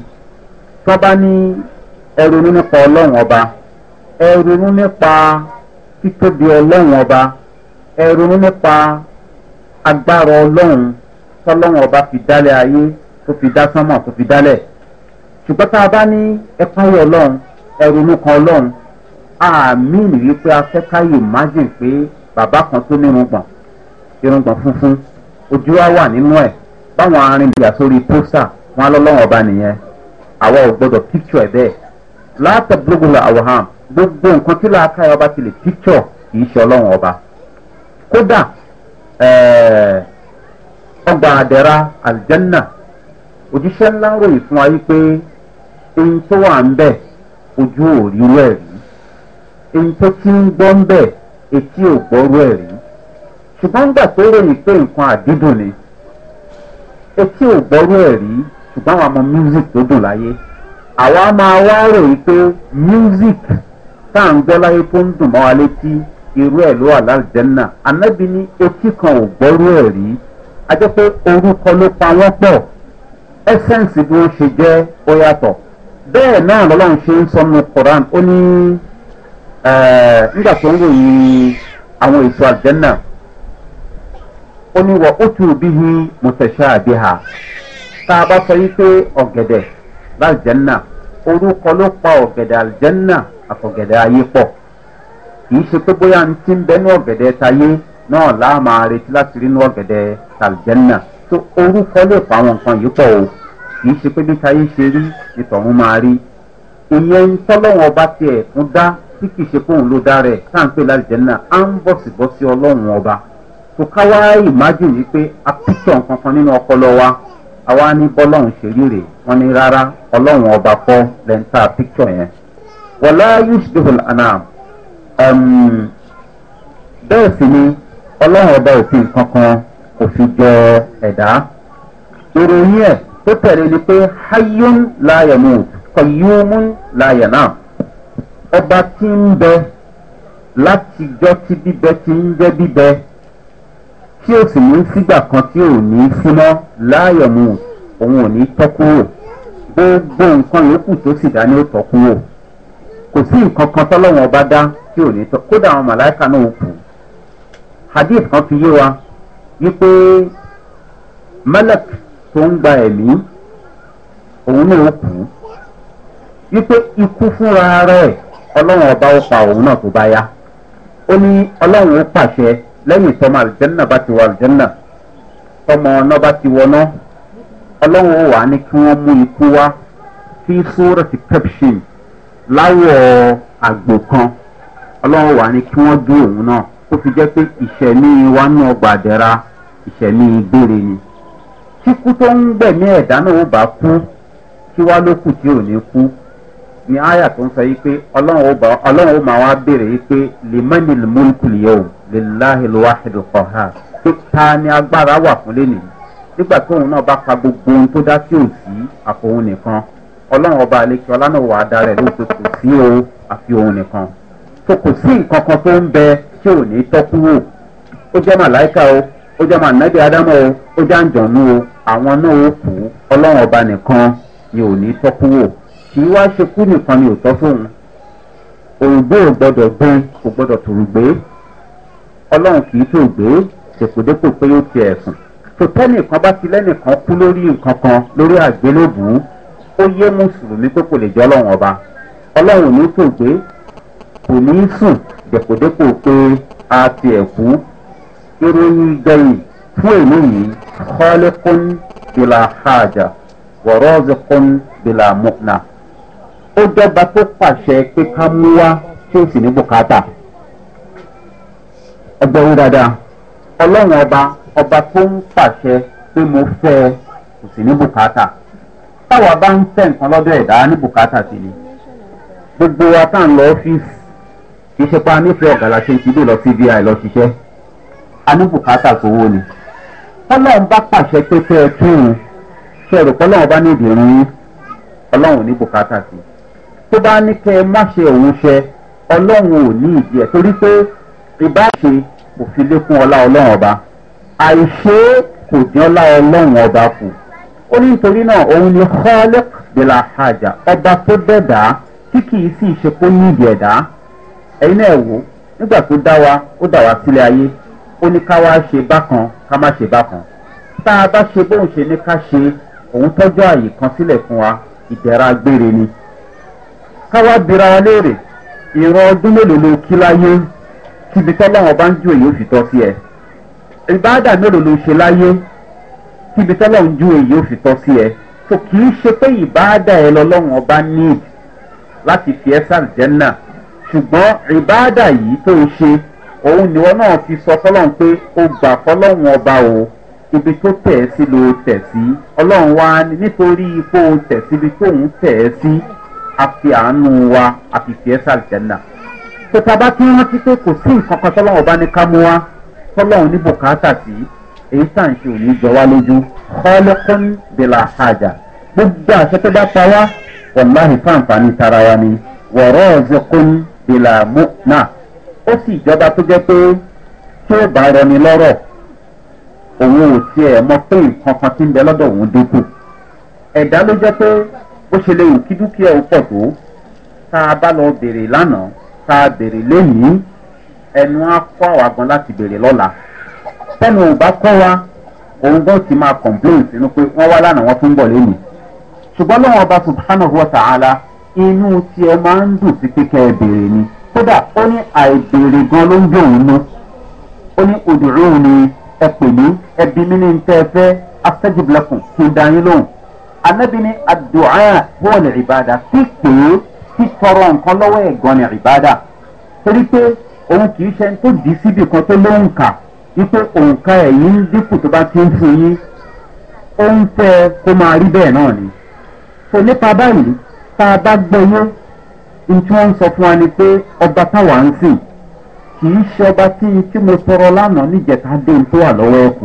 Speaker 1: tọ́ba ní ẹrunú nípa ọlọ́run ọba ẹrunú nípa títóbi ọlọ́run ọba ẹrunú nípa agbára ọlọ́run tọ́lọ́run ọba fi dálẹ̀ ayé tó fi dá sánmọ̀ tó fi dálẹ̀ ṣùgbọ́n tá a bá ní ẹ̀páyé ọlọ́run ẹrunú kan ọlọ́run àmì nìyí pé afẹ́káyè májìn pé bàbá kan tó ní irungbọ̀n irungbọ̀n funfun ojú wa wà nínú ẹ̀ báwọn arìnrìn àsórí pósà wọn á lọ́lọ́run ọba nìyẹn. àwa ò gbọdọ̀ picture ẹ̀ bẹ́ẹ̀ látàbúlógúnlá àwòhàn gbogbo nǹkan tí làákàyè ọba ti lè picture kì í ṣe ọlọ́run ọba kódà eh, ọgbà àdẹ̀ra aljanna òjíṣẹ́ ńlá ń ròyìn fún wa yí pé eyín tó wà ń bẹ̀ ojú ò rí rú ẹ̀ rí tó ti ń gbọ́ ń bẹ̀ etí ò gbọ́ rú ẹ̀ rí ṣùgbọ́n tó ni etí ò gbọ́ ṣùgbọ́n àwọn ọmọ music tó dùn láyé àwa máa wá rò yìí pé music tá à ń gbọ́ láyé tó ń dùn mọ́ wa létí irú ẹ̀ ló wà lálùjẹ́nà anábì ní etí kan ò gbọ́rú ẹ̀ rí a jẹ́ pé orúkọ ló pa wọ́n pọ̀ ẹ́sẹ̀nsì bí wọ́n ṣe jẹ́ ó yàtọ̀ bẹ́ẹ̀ náà lọ́lọ́run ṣe ń sọ nu koran ó ní eh, nígbà tó ń ròyìn àwọn èso àlùjẹ́nà ó ní wọ́n ó tù bí hi mùtẹ̀ṣà àbí ha tá a bá sọ yí pé ọ̀gẹ̀dẹ̀ lálìjẹ́nà orúkọ ló pa ọ̀gẹ̀dẹ̀ àlìjẹ́nà àfọ̀gẹ̀dẹ̀ ayé pọ̀ kì í ṣe pé bóyá ní ti ń bẹnu ọ̀gẹ̀dẹ̀ tayé náà láà máa retí láti rí inú ọ̀gẹ̀dẹ̀ tàlìjẹ́nà tó orúkọ lè pa àwọn nǹkan yìí pọ̀ o kì í ṣe pé bí tayé ṣe rí ni tọ̀hún máa rí ìyẹn ń tọ́lọ́wọ́n ọba tiẹ̀ fún dá tí kì í ṣe fóun ló dá rẹ̀ tá à ń pè lálìjẹ́nà á ń bọ̀sibọ́sí ọlọ́run ọba tòkáwá ìmájì yìí pé a nǹkan kan nínú ọpọlọ wa àwa ní bọ́lọ́run ṣe ríre wọ́n ní rárá ọlọ́run ọba kọ́ lẹ́ńtà píkṣọ̀ yẹn wọ̀lá yusuf anam bẹ́ẹ̀ sì ni ọlọ́run ọba òfin kankan kò fi jọ ẹ̀dá ìròyìn ẹ̀ tó tẹ̀lé ni pé hayun láyẹ̀mú kọ̀yúmún láyẹ̀nà ọba tí ń bẹ látijọ́ tí bíbẹ ti ń jẹ́ bíbẹ tí o sì ní sígbà kan tí ò ní sí mọ́ láàyò mu òun ò ní tọ́ kúrò gbogbo nǹkan yòókù tó sì dá ní ó tọ́ kúrò kò sí nǹkan kan tọ́lọ́wọ́n ọba dá tí ò ní tọ́ kódà àwọn màláìka náà ò kù hadith kan fi yé wa wípé malak tó ń gba ẹ̀mí òun náà ó kù wípé ikú fúnra rẹ̀ ọlọ́run ọba ó pa òun náà tó bá yá ó ní ọlọ́run ó pàṣẹ lẹ́yìn tọ́mọ àlùjẹ́nà bá ti wọ àlùjẹ́nà tọ́mọ ọ̀nà bá ti wọná ọlọ́run wà ní kí wọ́n mú ikú wá sí sóòrò ti pepsin láwọ̀ àgbò kan ọlọ́run wà ní kí wọ́n dún òun náà ó fi jẹ́ pé ìṣẹ̀mí wa ọgbà àdẹ́ra ìṣẹ̀mí gbére ni kíkú tó ń gbẹ̀mí ẹ̀dá náà ó bá kú kí wá ló kù tí ò ní kú ni àyà tó ń sọ yìí pé ọlọ́run ó máa wá béèrè yìí pé lèmọ́nì lèmọ́nì kùlìyẹ́ òun lillahi luwahidu kọha pé ta ni agbára wà fún lẹ́nu nígbà tí òun náà bá pa gbogbo ohun tó dá sí òsì àfòun nìkan ọlọ́run ọba àlekí ọlánàwọ̀ adarẹ̀ ló pe kò sí o àfi òun nìkan tó kò sí nǹkan kan tó ń bẹ tí ò ní tọ́kú wò ó jẹ́ màláìka o ó jẹ́ mànàbí ádámọ̀ o ó jẹ́ àǹjọ̀nú o àwọn náà ó kú ọlọ́run ọba nìkan ni ò ní tọ́kú wò kì í wá ṣe kú nìkan ni ò tọ́ fóun òrùgbó ò gbọ́dọ̀ gbé kò gbọ́dọ̀ tòrùgbé ọlọ́run kì í tó gbé dèpòdépò pé ó ti ẹ̀sùn tòtẹ́nì kan bá ti lẹ́nìkan kú lórí nǹkan kan lórí àgbélébùú ó yé mùsùlùmí pé kò lè jẹ́ ọlọ́run ọba ọlọ́run ní tó gbé kò ní sùn dèpòdépò pé a ti ẹ̀kú ìròyìn gbẹ̀yìn fún èmi yìí kọ́lékún bìlà hajà wọ̀rọ́ọ̀zẹ̀kún bìlà mọ́nà ó dọ́gba tó pàṣẹ pé ká mú wá tí ó sì ní bùkátà. ẹgbẹ́ wí ọlọ́run ọba ọba tó ń pàṣẹ pé mo fẹ́ ẹ kò sí ní bùkátà táwa bá ń fẹ́ nǹkan lọ́dọ̀ ẹ̀dá ní bùkátà ni gbogbo wa tá à ń lọ ọ́fíìsì kì í ṣe pa nífẹ̀ẹ́ ṣe ti dé lọ sí vi lọ ṣiṣẹ́ a ní bùkátà sówó ni bá pàṣẹ pé kẹ́ ẹ tún un ṣe rò bá ní yín ọlọ́run ní bùkátà sí tó bá ní kẹ́ ìbáṣe kò fi lékún ọlá ọlọ́run ọba àìṣe kò dín ọlá ọlọ́run ọba kù ó ní nítorí náà òun ni holic bela haja ọba tó dẹ̀dá tí kìí sì ṣe kó níbi ẹ̀dá ẹ̀yin náà wò nígbà tó dá wa ó dà wá sílé ayé ó ní ká wá ṣe bákan ká má ṣe bákan tá a bá ṣe bóun ṣe ní ká ṣe òun tọ́jú àyè kan sílẹ̀ fún wa ìdẹ̀ra gbére ni ká wá bira wa léèrè ìran ọdún mélòó ló kí láyé síbi tọ́lọ́wọ́n bá ń ju èyí ó fi tọ́ sí ẹ ìbáàdà mélòó ló ṣe láyé síbi tọ́lọ́wọ́n ju èyí ó fi tọ́ sí ẹ so kì í ṣe pé ìbáàdà ẹ lọ́lọ́wọ́n bá need láti fi ẹ sàlìjẹ́nà ṣùgbọ́n ìbáàdà yìí tó ṣe òun ni wọn náà fi sọ fọlọ́run pé ó gbà fọlọ́run ọba o ibi tó tẹ̀ ẹ́ sí ló tẹ̀ sí ọlọ́run wa nítorí ipò tẹ̀ síbi tóun tẹ̀ ẹ́ sí àfi àánú wa àfi fi ẹ́ sàlìjẹ́nà tọ́ta bá tún rántí pé kò sí nǹkan kan tọ́lọ́wọ́n bá ní ká mú wá tọ́lọ́wọ́n ní bùkátà sí èyí tá ṣe òní jọ wá lójú kọ́lẹ́kọ́n bìlà àjà gbogbo àṣẹ tó bá pa wá wàláhì fáǹfààní tara wa ni wọ̀rọ̀ ọ̀zọ́kọ́n bìlà mọ́nà ó sì ìjọba tó jẹ́ pé tí ó bá rọni lọ́rọ̀ òun ò tiẹ̀ mọ pé nǹkan kan ti ń bẹ lọ́dọ̀ òun dínkù ẹ̀dá ló jẹ́ pé bó ṣe lè wù kí dúkìá ó pọ̀ tó tá a bá lọ bèrè lánàá tá a béèrè lónìí ẹnu á kọ́ àwa gan láti béèrè lọ́la tẹnu ò bá kọ́ wa òun gan ti máa complain sínú pé wọ́n wá lánàá wọ́n tún ń bọ̀ lẹ́nu ṣùgbọ́n lọ́wọ́n ọba subhanahu wa ta'ala inú tiẹ̀ máa ń dùn sí pé kẹ́ ẹ béèrè ni kódà ó ní àìbèrè gan ló ń jó òun nú ó ní òdùrún ni ẹ pè mí ẹ bí mi ní tẹ́ ẹ fẹ́ afẹ́jìbìlẹ̀kùn kí n dá yín lóhùn anábì ní àdùá wọ́ọ̀lì ìbàdàn sí pé títọrọ nǹkan lọ́wọ́ ẹ̀gbọ́n ni ìbádà torí pé òun kì í ṣe tó dì í síbi kan tó lóhùn kà wípé òǹkà ẹ̀yìn ń dínkù tó bá ti ń fún yín ó ń fẹ́ kó máa rí bẹ́ẹ̀ náà ni. so nípa báyìí tá a bá gbọ́yé ní tí wọ́n ń sọ fún wa ni pé ọba táwa ń sìn kì í ṣe ọba tí tí mo tọrọ lánàá níjẹta dé tó wà lọ́wọ́ ẹ̀kú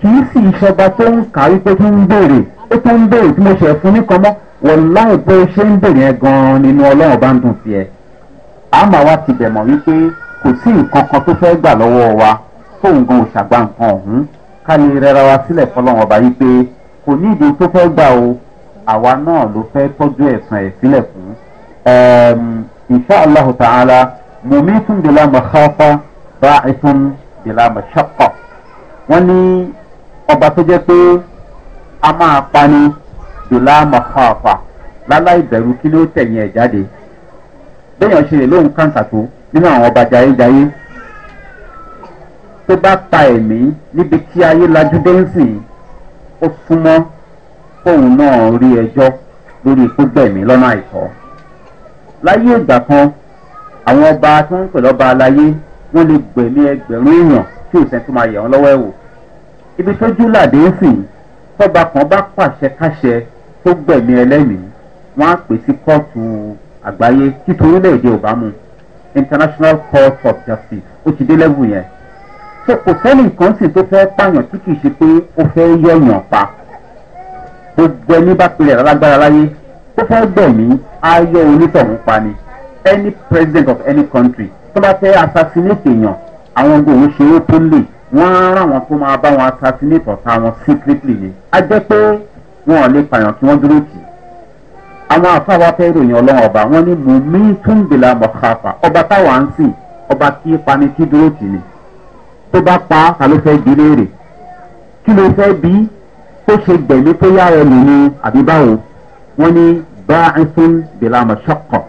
Speaker 1: kì í sì ṣọba tó ń kà wípé tó ń béèrè ó tó ń béèrè tí mo ṣẹ̀ fún nìkan mọ́ wọláì pé ṣé ń bèrè yẹn gan-an nínú ọlọ́run bá ń dùn sí ẹ àmọ́ wa ti bẹ̀ mọ̀ wípé kò sí nǹkan kan tó fẹ́ gbà lọ́wọ́ wa fóun gan òṣàgbà nǹkan ọ̀hún ká lè rẹra wa sílẹ̀ fọlọ́run ọba yìí pé kò ní ìdí tó fẹ́ gbà o àwa náà ló fẹ́ tọ́jú ẹ̀sùn ẹ̀ sílẹ̀ fún ìṣá aláhùn tààlà mùmí tún de la mọ̀ṣáfá bá ìtún de la mọ̀ṣáfá wọ́n ní ọba tó jẹ́ pé a máa pa dòlámà fàáfà láláì bẹ̀rù kí ló tẹ̀yìn ẹ̀ jáde bẹ́yàn ṣe lè lóhùn kàǹsà tó nínú àwọn ọba jayéjayé tó bá pa ẹ̀mí níbi tí ayé lajú dé ń sìn ó súnmọ́ fóun náà rí ẹjọ́ lórí ìkógbẹ̀mí lọ́nà àìtọ́ láyé ìgbà kan àwọn ọba tó ń pè lọ́ba aláyé wọ́n lè gbẹ̀mí ẹgbẹ̀rún èèyàn tí ò sẹ́ni tó máa yẹ̀ wọ́n lọ́wọ́ ẹ̀ wò ibi tójú làdé ń sìn tọ́ba kan bá pàṣẹ káṣẹ tó gbẹ̀mí ẹlẹ́mìí wọ́n á pè sí kóòtù àgbáyé títorí lẹ́ẹ̀dẹ́ ò bá mu international court of justice ó ti dé lẹ́wù yẹn so kò sẹ́ni nǹkan sì tó fẹ́ pààyàn tí kìí ṣe pé ó fẹ́ yọ̀yàn pa gbogbo ẹni bá pilẹ̀ lálágbára láyé tó fẹ́ gbẹ̀mí á yọ onítọ̀hún pa ni any president of any country tó bá fẹ́ assassinate èèyàn àwọn ọgbọ̀n òun ṣe é tó lè wọ́n á rán àwọn tó máa bá wọn assassinate ọ̀tá wọn secretly ni a jẹ́ pé wọn ò lè pààyàn kí wọ́n dúró tì í. àwọn àfáwa fẹ́ ròyìn ọlọ́run ọba wọn ní mò ń mí túnbìlà mọ̀káfà ọba táwa ń sìn ọba kí pani kí dúró tì ní. tó bá pa á ló fẹ́ bí léèrè kí ló fẹ́ bí tó ṣe gbẹ̀mí tó yára lò ní àbí báwo wọn ní bá ń mọ̀ṣọ́kọ̀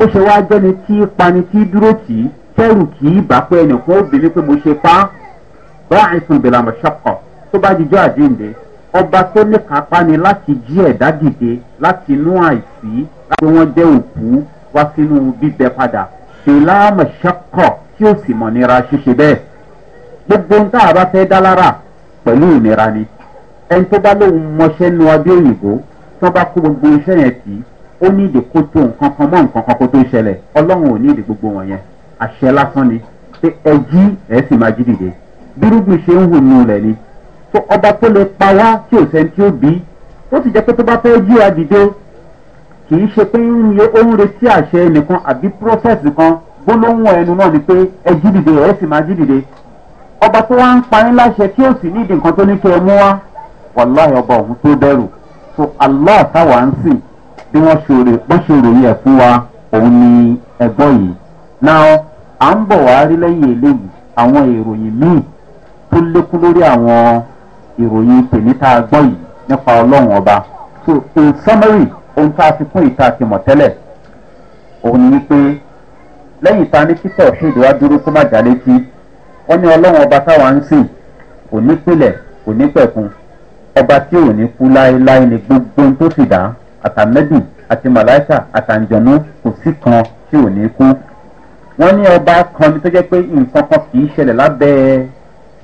Speaker 1: ó ṣe wá jẹ́ni tí pani kí dúró tì í kẹ́rù kì í bá pé ẹnìkan ó bèmí pé mo ṣe pa á bá mọ̀ṣọ́kọ̀ tó bá dijọ́ àjíǹde ọba tó lè kápá ni láti jí ẹ̀dá dìde láti inú àìsí láti wọ́n jẹ́ òkú wá sínú bíbẹ padà ṣèlámà ṣẹ́kọ̀ tí ó sì mọ̀ nira ṣíṣe bẹ́ẹ̀ gbogbo ń tá a bá fẹ́ dá lára pẹ̀lú ìnira ni ẹni tó bá lóun mọṣẹ́ nu abẹ́ òyìnbó tó bá kó gbogbo iṣẹ́ yẹn tì í ó ní ìdè kó tó nǹkan kan mọ́ nǹkan kan kó tó ṣẹlẹ̀ ọlọ́run ò ní ìdè gbogbo wọn yẹn àṣẹ lásán ni pé ẹ jí ẹ sì máa jí dìde bírúgbìn ṣe ń hù nù lẹ̀ ni tó ọba tó lè pa wá tí ò sẹ́ni tí ó bí ó sì jẹ́ pé tó bá fẹ́ yí wa dìde kì í ṣe pé ó ń retí àṣẹ nìkan àbí prọ́fẹ̀sì kan gbólóhùn ẹnu náà ni pé ẹ jí dìde ẹ sì ọba tó wá ń parí láṣẹ kí ó sì nǹkan tó ní kí ọba ọ̀hún tó bẹ̀rù so allah táwa ń bí wọ́n ṣòro wa òun ni ẹgbọ́n yìí à ń bọ̀ wá rí àwọn ìròyìn míì tó àwọn ìròyìn tèmi tá a gbọ́ yìí nípa ọlọ́run ọba so in summary ohun tá a fi kún ìta àti mọ̀tẹ́lẹ̀ òun ni wípé lẹ́yìn tá a ní títẹ̀ òṣèlú wa dúró tó má já létí wọ́n ní ọlọ́run ọba táwa ń sìn kò ní pilẹ̀ kò ní pẹ̀kun ọba tí ò ní kú láéláé ni gbogbo ohun tó sì dá àtàmẹ́bì àti màláìkà àtàǹjọ̀nú kò sí kan tí ò ní kú wọ́n ní ọba kan ní tó jẹ́ pé nǹkan kan kì í ṣẹlẹ̀ lábẹ́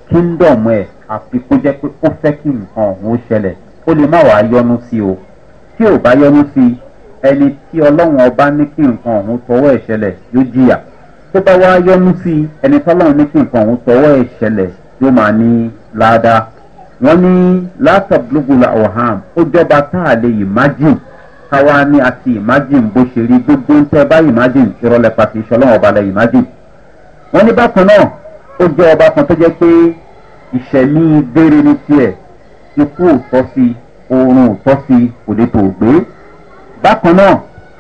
Speaker 1: kíndọ̀mù ẹ̀ àfi kó jẹ́ pé ó fẹ́ kí nǹkan ọ̀hún ó ṣẹlẹ̀ ó lè má wàá yọnu sí o tí ò bá yọnu sí ẹni tí ọlọ́run ọba ní kí nǹkan ọ̀hún tọwọ́ ẹ̀ ṣẹlẹ̀ yóò jìyà tó bá wàá yọnu sí ẹni tọ́lọ́run ní kí nǹkan ọ̀hún tọwọ́ ẹ̀ ṣẹlẹ̀ yóò máa ní ládàá wọ́n ní látàbùlùbùlà ọ̀hán ó jọba tá a lè imagine káwa ní a ti imagine bó ṣe rí gbogbo ń tẹ́ bá imagine ìrọ̀lẹ́ pàtì ìṣọ́lọ́run ọba lẹ imagine wọ́n ní bákan náà ó jẹ́ ọba kan tó jẹ́ pé ìṣẹ̀mí gbére ní tiẹ̀ ikú ò tọ́ sí oorun ò tọ́ sí òde tó gbé. bákan náà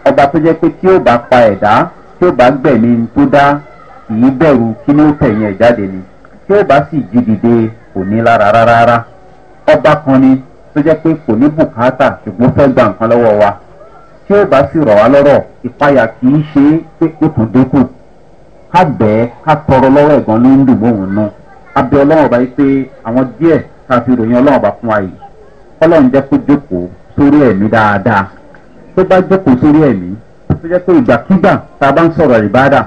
Speaker 1: ọba tó jẹ́ pé tí ó bá pa ẹ̀dá tí ó bá gbẹ̀mí tó dá kì í bẹ̀rù kí ni ó tẹ̀yìn ẹ̀ jáde ni tí ó bá sì jí dìde kò ní lára rárá ọba kan ni tó jẹ́ pé kò ní bùkátà ṣùgbọ́n fẹ́ gba nǹkan lọ́wọ́ wa tí ó bá sì rọ̀ wá lọ́rọ̀ ìpayà kì ṣe é pé ó tún dínkù ká bẹ́ẹ̀ ká tọrọ lọ́wọ́ ẹ̀gbọ́n ló ń dùn bóun náà abẹ ọlọ́run ọba yìí pé àwọn díẹ̀ tá a fi ròyìn ọlọ́run ọba fún wa yìí ọlọ́run jẹ́ kó jókòó sórí ẹ̀mí dáadáa tó bá jókòó sórí ẹ̀mí tó jẹ́ pé ìgbàkígbà tá a bá ń sọ̀rọ̀ ìbáàdà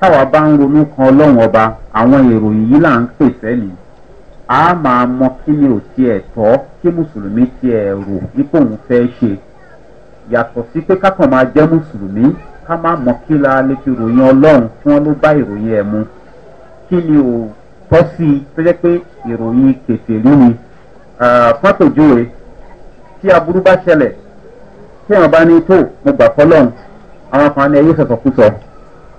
Speaker 1: táwa bá ń ronú kan ọlọ́run ọba àwọn ìròyìn yìí là ń pèsè ni a máa mọ kí ni ò tiẹ̀ tọ́ kí mùsùlùmí tiẹ̀ rò nípò òun fẹ́ ṣe yàtọ̀ sí pé kákan máa jẹ́ mùsùlùmí ká má mọ kí la lè fi ròyìn ọlọ́run tí wọ́n ló bá ìròyìn ẹ̀ mu kí ni ò tọ́ sí i tó jẹ́ pé ìròyìn kẹfìrí ni fọ́tòjúwe tí aburú bá ṣẹlẹ̀ tí àwọn bá ní tó mo gbà fọlọ́n àwọn kan ní ẹyẹ sọ̀tọ̀ kú sọ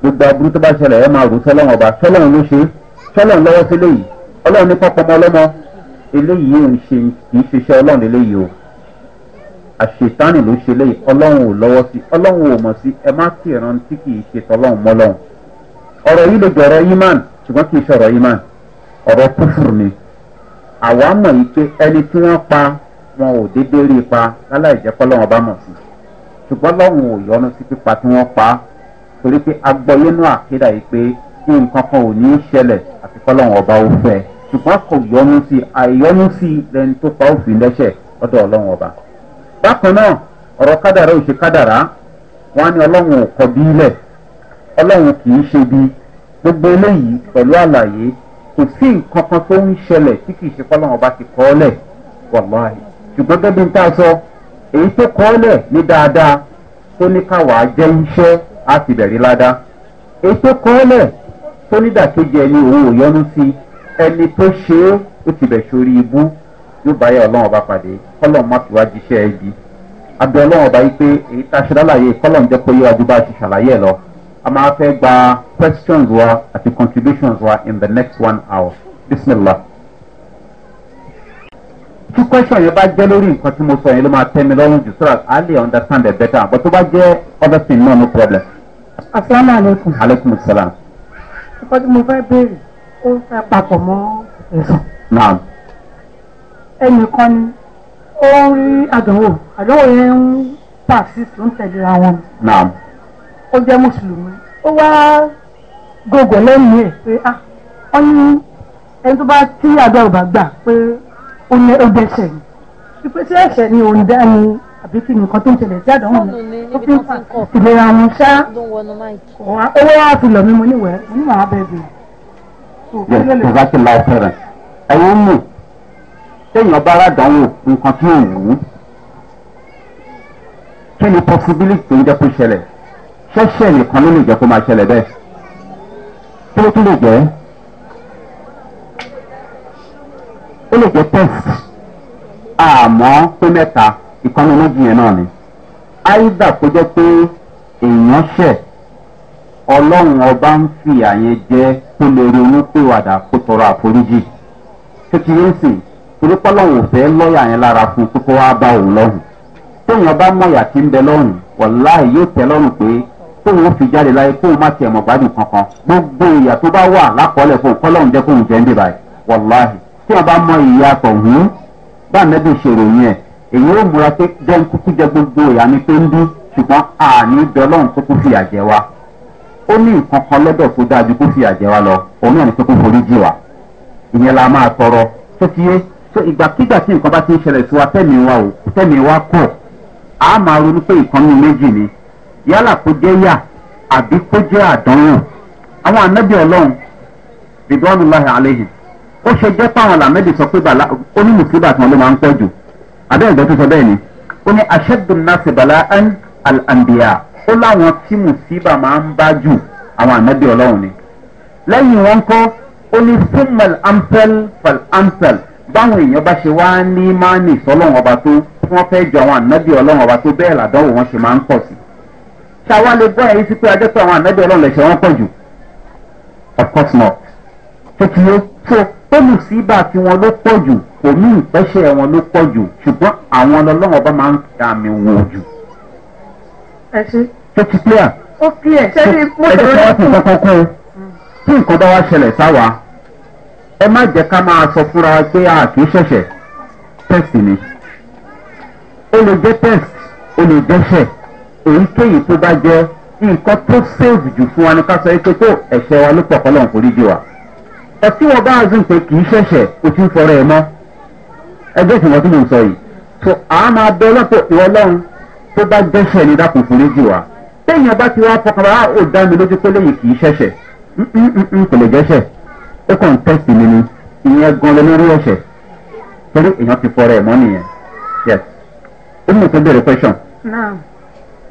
Speaker 1: gbogbo aburú tó bá ṣẹlẹ̀ ẹ máa rò sọlọ́n ọba sọlọ́n ló ṣe sọlọ́n lọ́wọ́ sí léyìí ọlọ́run ní pọ́pọ́mọ ọlọ́mọ eléyìí ò ń ṣe kì í ṣiṣẹ́ ọlọ́run eléyìí o àṣetánì ló ṣe léyìí ọlọ́run ò lọ́wọ́ sí ọlọ́run ò mọ̀ sí ẹ má sì rántí kì í ṣe tọ́lọ́run mọ́lọ́run ọ̀rọ̀ yìí lè jọ̀rọ̀ yìí ṣùgbọ́n kì í ṣọ̀rọ̀ yìí ọ̀rọ̀ kúfùrù ni àwa mọ̀ wípé ẹni tí wọ́n pa wọn ò déédéé rí ipa láláì jẹ́ kọ́ lọ́wọ́n bá mọ̀ sí ṣùgbọ́n lọ́wọ́n ò yọnu sí pípa tí wọ́n pa torí pé agbọ́yénú àkédà yìí pé nǹkan kan ò ní í ṣẹlẹ̀ àti kọ́ lọ́wọ́n ọba ó fẹ́ ṣùgbọ́n kò yọnu sí àìyọnu sí lẹni tó pa òfin lẹ́sẹ̀ lọ́dọ̀ ọlọ́wọ́n ọba. bákan náà ọ̀rọ̀ kádàrá ò ṣe kádàrá wọn á ní ọlọ́wọ́n ò kọ bí ilẹ̀ ọlọ́wọ́n kì í ṣe bí gbogbo eléyìí pẹ̀lú àlàyé kò sí nǹkan kan tó ń ṣẹlẹ̀ tí kì í ṣe kọ́lọ́wọ́n bá ti kọ́ lẹ̀ wàláhì ṣùgbọ́n gẹ́gẹ́ bí n ta sọ èyí tó kọ́ lẹ̀ ní dáadáa tó ní káwàá jẹ́ iṣẹ́ á ti bẹ̀rẹ̀ ládá èyí tó kọ́ lẹ̀ tó ní dàkejì ẹni òun ò yọnu sí ẹni tó ṣe é ó ti bẹ̀ sórí ibú yóò bá ọlọ́wọ́n bá pàdé kọ́lọ́wọ́n má fi wá jíṣẹ́ ibi abẹ́ ọlọ́wọ́n bá yí pé èyí tá a ṣe lálàyé kọ́lọ́wọ́n jẹ́ pé yóò wájú bá ti ṣàlàyé ẹ̀ lọ a máa fẹ́ gba questions wa àti contributions wa in the next one hour bismillah. tí question yẹn bá jẹ́ lórí nǹkan tí mo sọ yẹn ló máa tẹ́ mi lọ́rùn jù so that i lè understand it better but tó bá jẹ́ other thing náà no problem.
Speaker 2: asalaamualeykum.
Speaker 1: aleykum salaam.
Speaker 2: ọkọ tí mo fẹ́ béèrè ó fẹ́ papọ̀ mọ́ ẹ̀sùn. naam. ẹnìkan ni ó ń rí àdánwò àdánwò yẹn ń pàṣẹ tó ń tẹ̀lé ra wọn. naam. ó jẹ́ mùsùlùmí ó wá gògò lẹ́yìn ẹ̀ pé ah wọ́n ní ẹni tó bá tí àdúrà bá gbà pé ó ní ó dẹ́ṣẹ̀ ni wípé tí ẹ̀ṣẹ̀ ni òun dá ni àbí kí nìkan tó ń ṣẹlẹ̀ sí àdánwò ni ó fi ń fa ìlera wọn ṣá owó wa fi lọ̀ mí mo níwẹ̀ẹ́ mo ní màá bẹ̀ẹ̀ bẹ̀ẹ̀. yẹ kí bá
Speaker 1: ti la ọpẹ ẹ̀yin mú téèyàn bá ràdánwò nǹkan tí ò wù ú kí ni possibility ń jẹ́ kó ṣẹlẹ̀ ṣẹ́ṣẹ́ nìkan ló lè jẹ́ kó máa ṣẹlẹ̀ bẹ́ẹ̀. tó tún lè jẹ́ ó lè jẹ́ test àmọ́ pé mẹ́ta ìkànnì méjì náà ni áìdà kó jẹ́ pé èèyàn ọlọ́run ọba ń fi yẹn jẹ kó lè ronú pé kó tọrọ àforíjì kékeré ń sìn torí pọ́lọ́hún ò fẹ́ lọ́ọ̀yà yẹn lára fún kókó wá bá òun lọ́hùn kóun ó fi jáde láyé kóun má tiẹ̀ mọ̀ gbádùn kankan gbogbo ìyà tó bá wà lákọọ́lẹ̀ fún kọ́lọ́hún jẹ́ kóun jẹ́ ń dè báyìí wàláhì tí wọn bá mọ ìyá tọ̀hún bá nẹ́bí ṣèrò yẹn èyí ó múra pé jẹun kúkú jẹ gbogbo ìyá ni pé ń dún ṣùgbọ́n àní bẹ ọlọ́run tó kú fìyà jẹ wa ó ní nǹkan kan lọ́dọ̀ tó dáa ju kó fìyà jẹ wa lọ òun náà ní pé kó forí jì wá ìyẹn la máa tọrọ tó ti yé so ìgbàkigbà tí nǹkan bá ti ń ṣẹlẹ̀ sí wa tẹ́mi wa kọ̀ á máa ronú pé ìkànnì méjì ni yálà kó jẹ́ yà àbí kó jẹ́ àdánwò àwọn anábì ọlọ́run ridwanu lahi alayhi ó ṣe jẹ́ pàwọn làmẹ́dì sọ pé bàlá onímùsíbà tí wọn ló máa ń pẹ́ jù àbẹ́rẹ́ ìgbẹ́ tó sọ bẹ́ẹ̀ ni ó ní aṣẹ́dùn náà ṣe bàlá ẹn àlàǹdíyà ó láwọn tí mùsíbà máa ń bá jù àwọn anábì ọlọ́run ni lẹ́yìn wọn kọ́ ó ní fúnmẹ̀l amsel fẹ̀l amsel báwọn èèyàn bá ṣe wá ní máa nì sọ́lọ́run ọba tó wọ́n fẹ́ jọ àwọn anábì ọlọ́run ọba tó bẹ́ẹ̀ làdánwò wọn ṣe máa ń pọ̀ sí táwa lè bọ́ ẹ̀yìn sí pé ajẹ́ pé àwọn ànábẹ́ ọlọ́run lẹ̀ṣẹ̀ wọn pọ̀ of course not tó ti yé tó olùsíbà tí wọn ló pọ̀ jù òmí ìpẹ́ṣẹ̀ wọn ló pọ̀ jù ṣùgbọ́n àwọn ọlọ́run ọba máa ń fi àmì wò jù.
Speaker 2: ẹ ṣe. tó ti clear. ó clear ṣé ní mo tẹ̀lé. ẹ jẹ́
Speaker 1: kí wọ́n ti kọ́kọ́ kún un tí nǹkan bá má jẹ́ ká máa sọ fúnra pé a kì í ṣẹ̀ṣẹ̀ test ni ó lè jẹ́ test ó lè jẹ́ ṣẹ̀ èyíkéyìí tó bá jẹ́ nǹkan tó sèèvù jù fún wa ni ká sọ pé tó ẹ̀ṣẹ̀ wa ló pọ̀ kọ́ lọ́n foríjì wa ọtí wọn bá azùn pé kì í ṣẹ̀ṣẹ̀ o ti ń fọrọ ẹ̀ mọ́ ẹgbẹ́ ìsìn wọn tí sọ yìí tó a máa bẹ ọlọ́pọ̀ ìwọ ọlọ́run tó bá dẹ́ṣẹ̀ ní dákun foríjì wa téèyàn bá ti wá fọkàn bá ò dá mi lójú pé lẹ́yìn kì í ṣẹ̀ṣẹ̀ mm, mm, mm, kò lè jẹ́ṣẹ̀ ó kàn tẹ́sì mi ni ìyẹn gan lọ lórí ẹ̀ṣẹ̀ torí èèyàn ti fọrọ ẹ̀ mọ́ nìyẹn yes ó mú un tó bẹ̀rẹ̀ question.
Speaker 2: No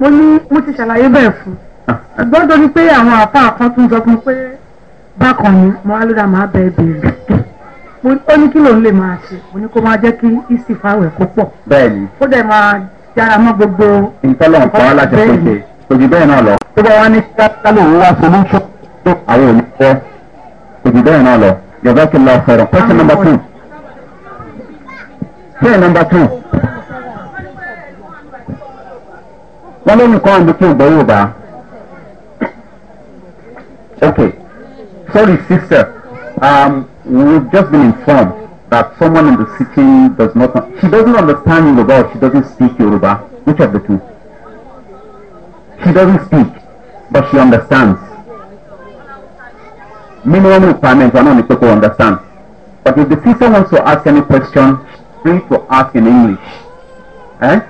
Speaker 2: mo ní mo ti ṣàlàyé bẹ́ẹ̀ fún ah, ah. ṣùgbọ́n torí pé àwọn àáfàá kan tún sọ fún pé bákan ni mo wá lóra máa bẹ bèrè ó ní kí lòun lè máa ṣe mo ní kó máa jẹ́ kí isi fáwẹ̀ kó pọ̀ bẹ́ẹ̀ni ó dẹ̀ máa jára mọ́ gbogbo
Speaker 1: ìtọ́lọ̀ nǹkan aláṣẹ tó ṣe òjì bẹ́ẹ̀ náà lọ tó bá wá ní kálọ̀ owó wá solúṣọ́ tó àwọn ò ní fẹ́ òjì bẹ́ẹ̀ náà lọ yọ̀bá kí n lọ fẹ̀rọ̀ two question number two. wọ́n lé nìkan àbí kí n gbọ́ okay sorry sister um, we've just been informed that someone in the city does not she doesn't understand Yoruba or she doesn't speak Yoruba which of the two? she doesn't speak but she understands minimum requirements are not the people understand but if the sister wants to ask any question free to ask in English eh?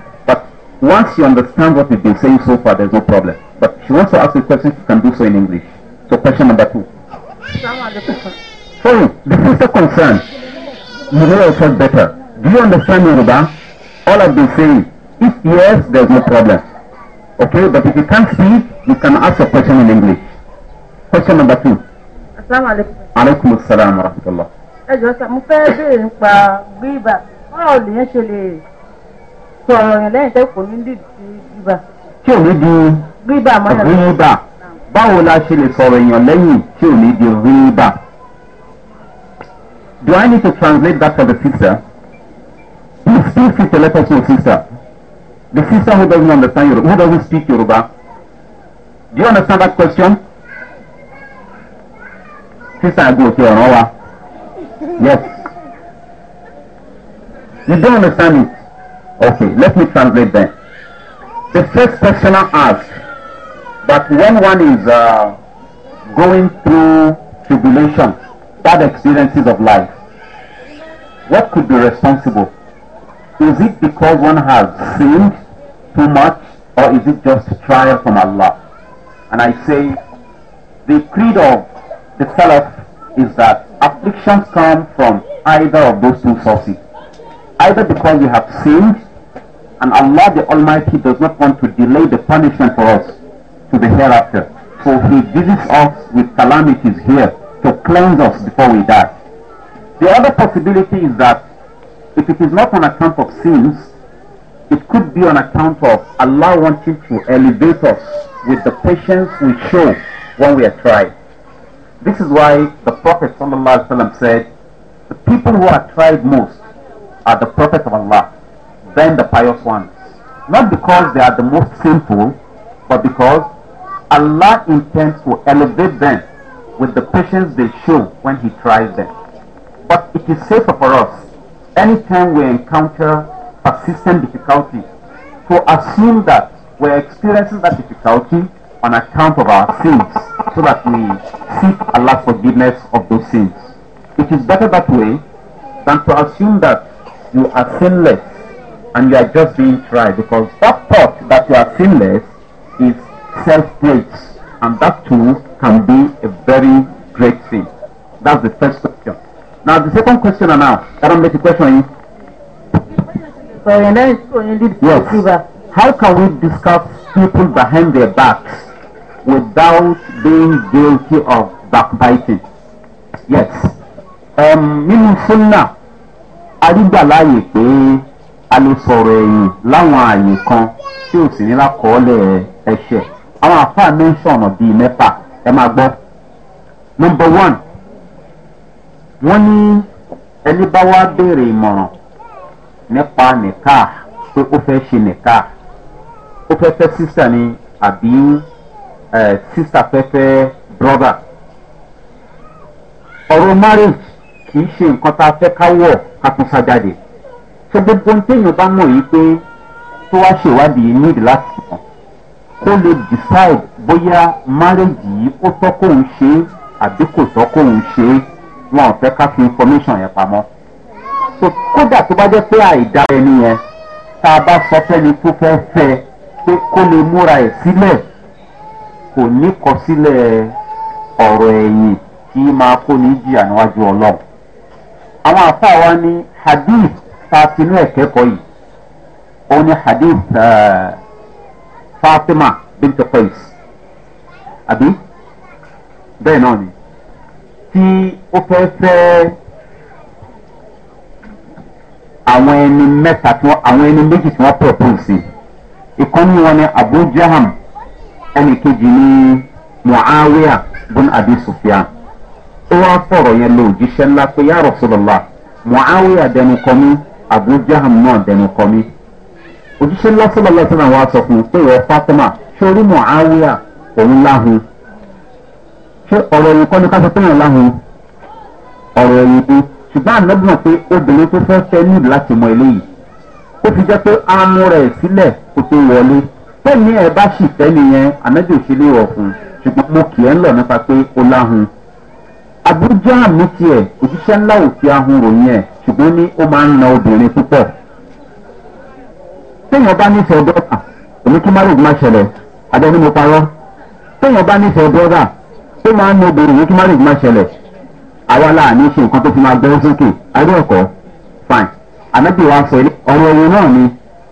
Speaker 1: Once you understand what we've been saying so far, there's no problem. But if she wants to ask a question, she can do so in English. So question number two. Sorry, the sister concerned. You know yourself better. Do you understand Yoruba? All I've been saying. If yes, there's no problem. Okay, but if you can't speak, you can ask a question in English. Question number two. Asalaamualeykum. Aleykum wa rahmatulah
Speaker 2: sọ ọ̀rọ̀ yẹn lẹ́yìn tẹ́ kò ní dì sí
Speaker 1: tí ò ní di rìbá mọ́yàn báwo la ṣe lè sọ̀rọ̀ èèyàn lẹ́yìn tí ò ní di rìbá. do i need to translate that for the sister? please feel free to let us know sister. the sister who doesn't understand Yoruba who doesn't speak Yoruba. do you understand that question? sister agboke ọ̀ràn wa. yes. you don't understand it. Okay, let me translate then. The first person asked that when one is uh, going through tribulation, bad experiences of life, what could be responsible? Is it because one has sinned too much or is it just trial from Allah? And I say the creed of the Salaf is that afflictions come from either of those two sources. Either because you have sinned And Allah the Almighty does not want to delay the punishment for us to the hereafter. So He visits us with calamities here to cleanse us before we die. The other possibility is that if it is not on account of sins, it could be on account of Allah wanting to elevate us with the patience we show when we are tried. This is why the Prophet ﷺ said, the people who are tried most are the prophets of Allah than the pious ones. Not because they are the most sinful, but because Allah intends to elevate them with the patience they show when He tries them. But it is safer for us, anytime we encounter persistent difficulty, to assume that we're experiencing that difficulty on account of our sins so that we seek Allah's forgiveness of those sins. It is better that way than to assume that you are sinless and you are just being tried because that thought that you are sinless is self-praise and that too can be a very great sin. That's the first question. Now the second question now, I don't make a question is Sorry, yes. How can we discuss people behind their backs without being guilty of backbiting? Yes. Um, nínú súnà arígbàláyè a lè sọ̀rọ̀ ẹ̀yìn láwọn ààyè kan tí ò sì ní lákọọ́lẹ̀ ẹ̀ṣẹ̀ àwọn àfáà mẹ́ńṣọ̀ ọ̀nà bíi mẹ́fà ẹ máa gbọ́. nọmba one wọ́n ní ẹni bá wá béèrè ìmọ̀ràn nípa nìka pé ó fẹ́ ṣe nìka ó fẹ́ fẹ́ sísà ni àbí sísà fẹ́ fẹ́ brọ́dà ọ̀rọ̀ marriage kì í ṣe nǹkan tá a fẹ́ ká wọ̀ ká tún sá jáde so gbogbo téèyàn bá mọ̀ yìí pé tó wá ṣèwádìí need láti mọ̀ kó lè decide bóyá marriage yìí ó tọ́ kóun ṣe é àbí kò tọ́ kóun ṣe é wọn ò fẹ́ ká fi information yẹn pamọ́ so kódà tó bá jẹ́ pé àìdá ẹni yẹn tá a bá sọ fẹ́ni tó fẹ́ fẹ́ pé kó lè múra ẹ̀ sílẹ̀ kò ní kọ sílẹ̀ ọ̀rọ̀ ẹ̀yìn kí máa kó ní jìyà níwájú ọlọ́run àwọn àfáà wa ní hadith ta tinú ẹ̀ kẹ́kọ̀ọ́ yìí òun ni hadith fatima bintu qais àbí bẹ́ẹ̀ náà ni tí ó fẹ́ fẹ́ àwọn ẹni mẹ́ta tí wọ́n àwọn ẹni méjì tí wọ́n pẹ̀ pọ̀ sí ìkànnì wọn ni abu jaham ẹnì kejì ní muawiya bun abi sufyan ó wá fọ̀rọ̀ yẹn lò ńlá pé yàrá sọlọ́lá muawiya dẹnu kọ́ abujaham náà dẹnu kọ mi ojúṣe lọ́sọ̀lọ́lọ́ tí wọn wá sọ fún un pé ìwọ fatima sórí mọ̀ áwíà òun láhùn ṣé ọ̀rọ̀ ẹ̀yìn kọ́ ni ká sọ pé èèyàn láhùn ọ̀rọ̀ ẹ̀yìn ni ṣùgbọ́n ànágbọ̀n pé obìnrin tó fẹ́ fẹ́ nílùú láti mọ eléyìí ó fi jẹ́ pé ámú rẹ̀ sílẹ̀ kó tó wọlé tẹ́ni ẹ̀ bá sì fẹ́ nìyẹn ànájò ṣe lè wọ̀ fún un ṣùgbọ́n mo kì í lọ nípa pé ó láhùn àbújá àmì tiẹ̀ òṣìṣẹ́ ńlá òfin ahun ròyìn ẹ̀ ṣùgbọ́n ní ó máa ń na obìnrin púpọ̀ téèyàn bá nífẹ̀ẹ́ dọ́là èmi kí má lè má ṣẹlẹ̀ àjọ ni mo parọ́ téèyàn bá nífẹ̀ẹ́ dọ́là tó máa ń na obìnrin èmi kí má lè má ṣẹlẹ̀ àwa láàánú ṣe nǹkan tó fi máa gbẹ́rẹ́ sókè ayé ẹ̀kọ́ fine ànábì wa sọ ọ̀rọ̀ ẹ̀rọ náà ni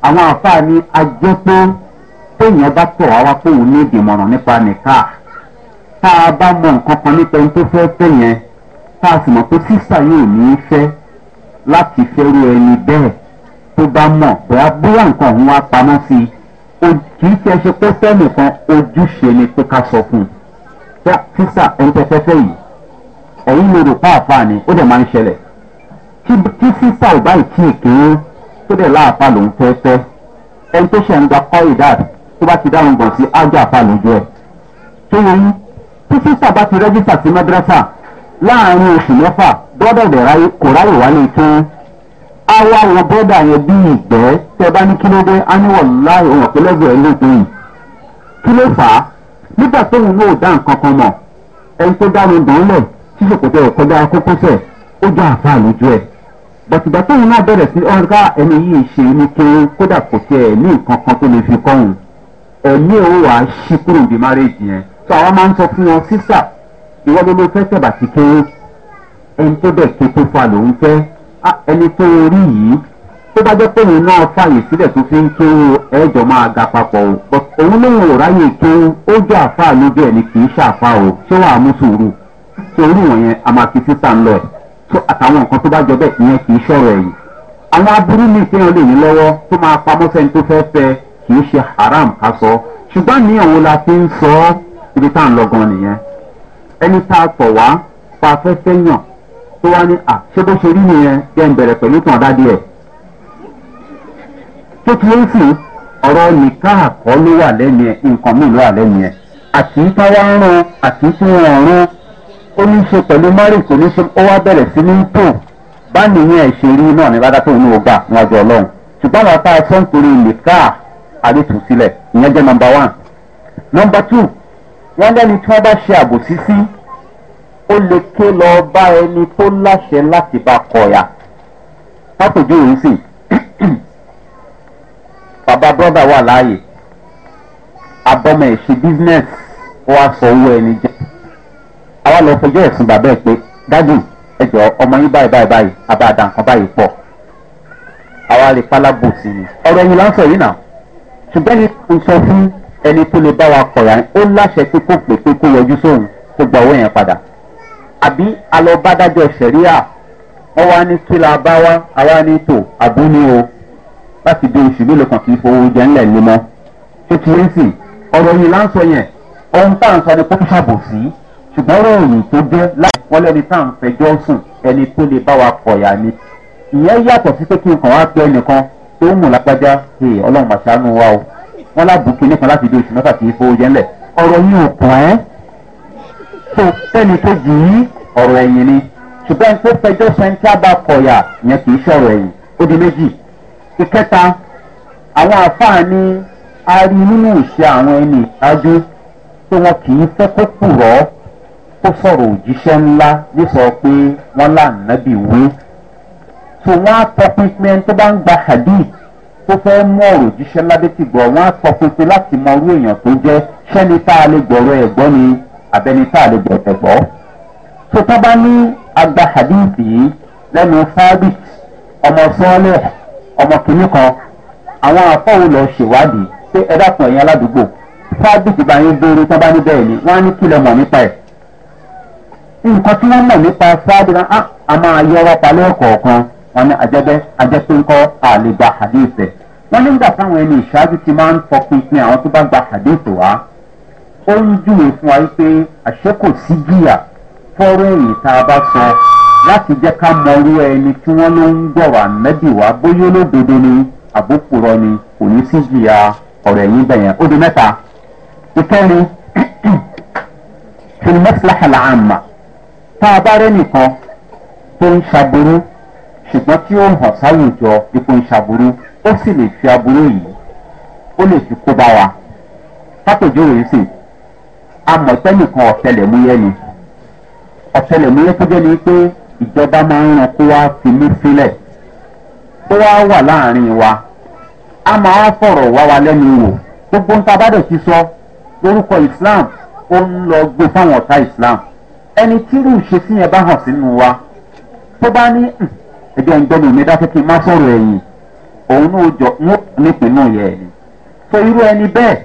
Speaker 1: àwọn àfáà ni a jẹ́ pé téèyàn bá tọ̀ àwa pé òun ní ìdìmọ̀ràn nípa nìka tá a bá mọ nǹkan kan nípa ẹni tó fẹ́ fẹ́ yẹn tá a sì mọ̀ pé sísà yóò ní í fẹ́ láti fẹ́rù ẹni bẹ́ẹ̀ tó bá mọ̀ bóyá bóyá nǹkan òun wá pamọ́ sí i kì í ṣe ṣe pé sẹ́nìkan ojúṣe ni pé ká sọ fún un sísà ẹni tẹ́ fẹ́fẹ́ yìí ẹ̀yìn lè rò pa àfa ni ó dẹ̀ máa ń ṣẹlẹ̀ tí sísà ò báyìí tí èké tó dẹ̀ láàfa lòún fẹ́ fẹ́ ẹni tó ṣe ń gba kọ́rì dáàbì tó bá ti dáhùn gbọ̀n sí ájá àfa lójú ẹ̀ tó yẹ yín tí sísà bá ti rẹ́jísà sí mẹ́dírẹ́sà láàrin oṣù mẹ́fà bọ́dà dẹ̀ kò ráyè wálé tán á wá wọn bọ́dà yẹn bí ìgbẹ́ tẹ bá ní kí ló dé á ní wọ̀ láì ohun ọ̀pẹ́lẹ́gbẹ̀ ẹ̀ lóògùn yìí kí ló fà á nígbà tóun náà dá nǹkan kan mọ̀ ẹni tó dá wọn dán lẹ̀ tí ṣòkòtò ẹ̀ kọjá kókósẹ̀ ó jọ àfa lójú ẹ̀ bàtìgbà tóun náà bẹ̀rẹ̀ sí ọ̀gá ẹni yìí ṣe ní kéré kódà kò tiẹ̀ ní nǹkan kan tó lè fi kọ́hùn ẹ̀mí òun wàá ṣí kúrò bí ìwọ ló ló fẹ́ sẹ̀bà sí kéré ẹni tó bẹ̀ ké tó fa lòún fẹ́ ẹni tó rí yìí tó bá jẹ́ pé òun náà fààyè sílẹ̀ tó fi ń tó ẹ̀jọ̀ máa ga papọ̀ o òun lóun ò ráyè tó ó jẹ́ àfa lójú ẹ̀ ni kì í ṣàfa o ṣé wàá mú sùúrù sùúrù wọ̀nyẹn a máa fi sísà ń lọ ẹ̀ àtàwọn nǹkan tó bá jọ bẹ́ẹ̀ ìyẹn kì í ṣọ̀rọ̀ ẹ̀yìn àwọn aburú mi téèyàn lè ní lọ́wọ́ tó máa pamọ́ fẹ́ni tó fẹ́ fẹ́ kì í ṣe haram ká sọ ṣùgbọ́n ní òun la fi ń sọ ibi tá à ń lọ gan nìyẹn ẹni tá a tọ̀ wá pa afẹ́fẹ́ yàn tó wá ní à ṣé bó ṣe rí nìyẹn jẹ́ ń bẹ̀rẹ̀ pẹ̀lú tàn dá díẹ̀. tó ti ń sìn ọ̀rọ̀ nìkan àkọ́ ló wà lẹ́nu ẹ̀ nǹkan míì ló wà lẹ́nu ẹ̀ àti táwa ń ran àti tí wọ́n ń ran ó ní ṣe pẹ̀lú mari kò ní ṣe ó wá bẹ̀rẹ̀ sí ní tò bá nìyẹn ṣe rí náà ní bàdá tó ní ọgbà níwájú ọlọ́run ṣùgbọ́n àwọn apá ẹ̀fọ́ nítorí nìkan àdètù sílẹ̀ ìyẹn jẹ́ nọmba one nọmba two wọ́n lẹ́ni tí wọ́n bá ṣe àbòsí sí ó lè ké lọ bá ẹni tó láṣẹ láti bá kọ̀ọ̀yà pápẹ̀jọ́ òun sì bàbá brọ́dà wà láàyè abọ́mọ ẹ̀ ṣe bísínẹ́sì ó wá sọ owó ẹni jẹ́ àwa lọ fẹjọ́ ẹ̀sùn bàbá ẹ̀ pé dájú ẹjọ́ ọmọ yín báyìí báyìí báyìí abáàdá nǹkan báyìí pọ̀ àwa lè pálábòsí ni ọ̀rọ̀ ẹ̀yìn là yìí náà ṣùgbọ́n ní kò sọ fún ẹni tó lè bá wa kọ̀yà ó láṣẹ pé kó pè pé kó yọjú sóhun kó gba owó yẹn padà àbí alọ́bádájọ́ sẹ̀ríà wọ́n wá ní kí la bá wá àwa ní tò àbú ni o láti di oṣù mélòó kan kì í fowó jẹ ńlẹ̀ ní mọ́ tuntun yìí sì ọ̀rọ̀ yìí là ń sọ yẹn ohun tá à ń sọ ni pọ́n ṣàbòsí ṣùgbọ́n ọ̀rọ̀ òyìn tó jẹ́ láti wọ́n lẹ́ni tá à ń fẹjọ́ sùn ẹni tó lè bá wa kọ̀yà ni ìyẹn yàtọ̀ sí pé kí n kàn wá pé ẹnìkan tó ń mú lápájá ọlọ́run màṣánú wa o wọn láti kíní kan láti di oṣù mẹ́fà tí ìfowó jẹ́ ńlẹ̀ ọ̀rọ̀ yìí ò kàn ẹ́ tó fẹ́ni tó jù yí ọ̀rọ̀ ẹ̀yìn ni ṣùgbọ́n tó fẹjọ́ sẹ́ńtà bá kọ̀yà yẹn kì í ṣọ̀rọ̀ ẹ̀yìn ó di méjì ìkẹta àwọn àfáà ni a rí nínú ìṣe àwọn ẹni ìṣáájú pé wọn kì í fẹ́ kó kùrọ̀ kó sọ̀rọ̀ òjíṣẹ́ ńlá nísọ pé wọ́n là nàbì wí. wọ́n á tọpinpin tó bá ń gba hadith tó fẹ́ mú ọ̀rọ̀ jíṣẹ́ ládétì gbọ́ wọ́n á sọ pépé láti mọ orú èèyàn tó jẹ́ sẹ́ni tá a lè gbọ̀rọ̀ ẹ̀ gbọ́ ni abẹ́ni tá a lè gbọ̀ ẹ̀ gbọ́. tó tá bá ní agba hadithi yìí lẹ́nu fábit ọmọ sọ́ọ́lẹ̀ ọmọ kìnnì kan àwọn àfọwò lọ ṣèwádìí pé ẹ dákun ẹ̀yìn aládùúgbò fábit bá yín béèrè tó bá ní bẹ́ẹ̀ ni wọ́n á ní kílẹ̀ mọ̀ nípa ẹ̀. nǹkan tí wọ́n mọ̀ nípa fábit á wọn ni ajẹ́bẹ́ ajẹ́pẹ́ńkọ́ àlè gba hadith ẹ̀ nígbà táwọn ẹni ìṣáájú ti máa ń fọpinpin àwọn tó bá gba hadith wá ó ń júwe fún wa wípé àṣẹ sí jìyà fọ́rọ̀ tá a bá sọ láti jẹ́ ká mọrú ẹni tí wọ́n ló ń gbọ̀rọ̀ ànẹ́bì wá bóyá ni àbókùrọ̀ ni kò ní sí ọ̀rọ̀ ẹ̀yìn ó di mẹ́ta tá a bá rẹ́ nìkan tó ṣùgbọ́n tí ó hàn sáwùjọ ipò ìṣàbùrú ó sì lè fi aburú yìí ó lè fi kó bá wa fàpèjúwe sì amọ̀tẹ́nìkan ọ̀tẹlẹ̀múyẹ́ ni ọ̀tẹlẹ̀múyẹ́ tó jẹ́ ni pé ìjọba máa ń ran kó wá fi mí sílẹ̀ ó wá wà láàrin wa a máa fọ̀rọ̀ wá wa lẹ́nu wò gbogbo ń tabádọ̀ ti sọ lórúkọ islam ó ń lọ gbé fáwọn ọ̀tá islam ẹni tírú ìṣesí yẹn bá hàn sínú wa tó bá ní hmm, ẹjọ́ ń gbẹ́nu mi dákẹ́ kí n má sọ̀rọ̀ ẹ̀yìn òun ní òjò ń nípinnu yẹ ẹ̀yìn. so irú ẹni bẹ́ẹ̀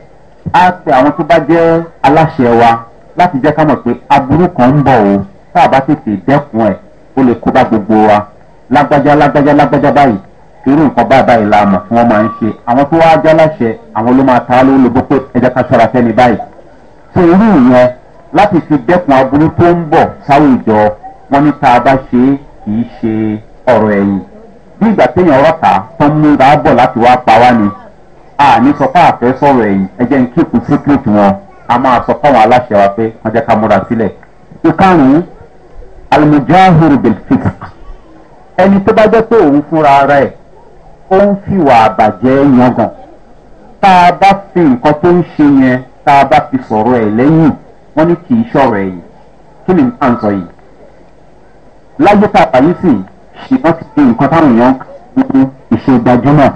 Speaker 1: á pe àwọn tó bá jẹ́ aláṣẹ wa láti jẹ́ ká mọ̀ pé aburú kan ń bọ̀ o tá a bá tètè dẹ́kun ẹ̀ ó lè kó bá gbogbo wa lágbájá lágbájá lágbájá báyìí irú nǹkan báyìí báyìí la mọ̀ fún wọn máa ń ṣe àwọn tó wáá jáláṣẹ àwọn ló máa ta ló lóbó pé ẹjẹ ká ṣọra fẹ́ni báyìí so irú ìyẹn láti fi dẹ́kun aburú tó ń bọ̀ sáwùjọ wọn ní tá bá ṣe kì í ṣe ọ̀rọ̀ ẹ̀yìn bí ìgbà téèyàn ọ̀rọ̀ ta tó ń bọ̀ láti wá pa wá ni a ní sọ fún àfẹ́ sọ̀rọ̀ ẹ̀yìn ẹjẹ́ ń kíkù síkírìtì wọn a máa sọ fáwọn aláṣẹ wa pé wọ́n jẹ́ ká múra sílẹ̀. ìkarùn-ún alimujahiru bilfix ẹni tó bá jẹ́ pé òun fúnra ara ẹ̀ ó ń wà àbàjẹ́ yangàn tá a bá fi nǹkan tó ń ṣe yẹn tá a bá fi sọ̀rọ̀ ẹ̀ lẹ́yìn wọ́n ní kì í sọ̀rọ̀ ẹ̀yìn kí ni à ń sọ yìí. láyé tá a sí yìí ṣùgbọ́n ti di nǹkan táwọn èèyàn ní ìṣe gbajúmọ̀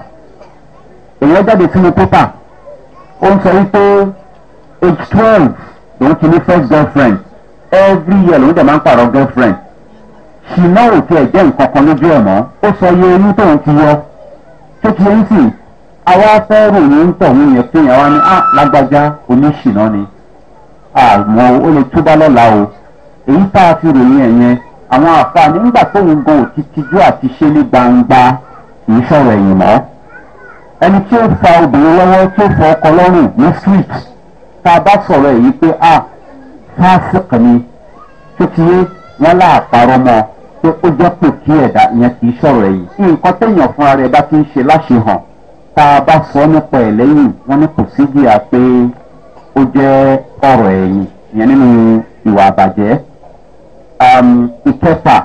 Speaker 1: èèyàn jáde sínú pépà ó ń sọ wípé age twelve lòun ti ní first girlfriend every year lòun dẹ̀ máa ń pààrọ̀ girlfriend ṣìnà ò tiẹ̀ jẹ́ nǹkan kan lójú ẹ̀ mọ́ ó sọ iye oyún tóun ti yọ tó ti ń sìn àwa fẹ́ ròyìn ń tọ̀ wọ́n yẹn pé àwa ní à ah, lágbájá oníṣìnà ni àmọ́ ó lè túbá lọ́la o èyí tá a fi ròyìn ẹ̀ yẹn àwọn àfààní ńgbà tóun gan òtí tijú àti ṣe ní gbangba kì í sọ̀rọ̀ ẹ̀yìn mọ́ ẹni tí ó fa obìnrin lọ́wọ́ tí ó fọ ọkọ lọ́rùn ní street tá a bá sọ̀rọ̀ èyí pé a fásitì ni tó ti yé wọn láàparọ́ mọ́ pé ó jẹ́ pò kí ẹ̀dá yẹn kì í sọ̀rọ̀ ẹ̀yìn nǹkan téèyàn fúnra rẹ̀ bá ti ń ṣe láṣehàn tá a bá sọ nípa ẹ̀ lẹ́yìn wọn ní kò sí jìyà pé ó jẹ́ ọ̀rọ̀ ẹ̀yìn ìyẹn nínú ìwà àbàjẹ́ Um, ìkẹfà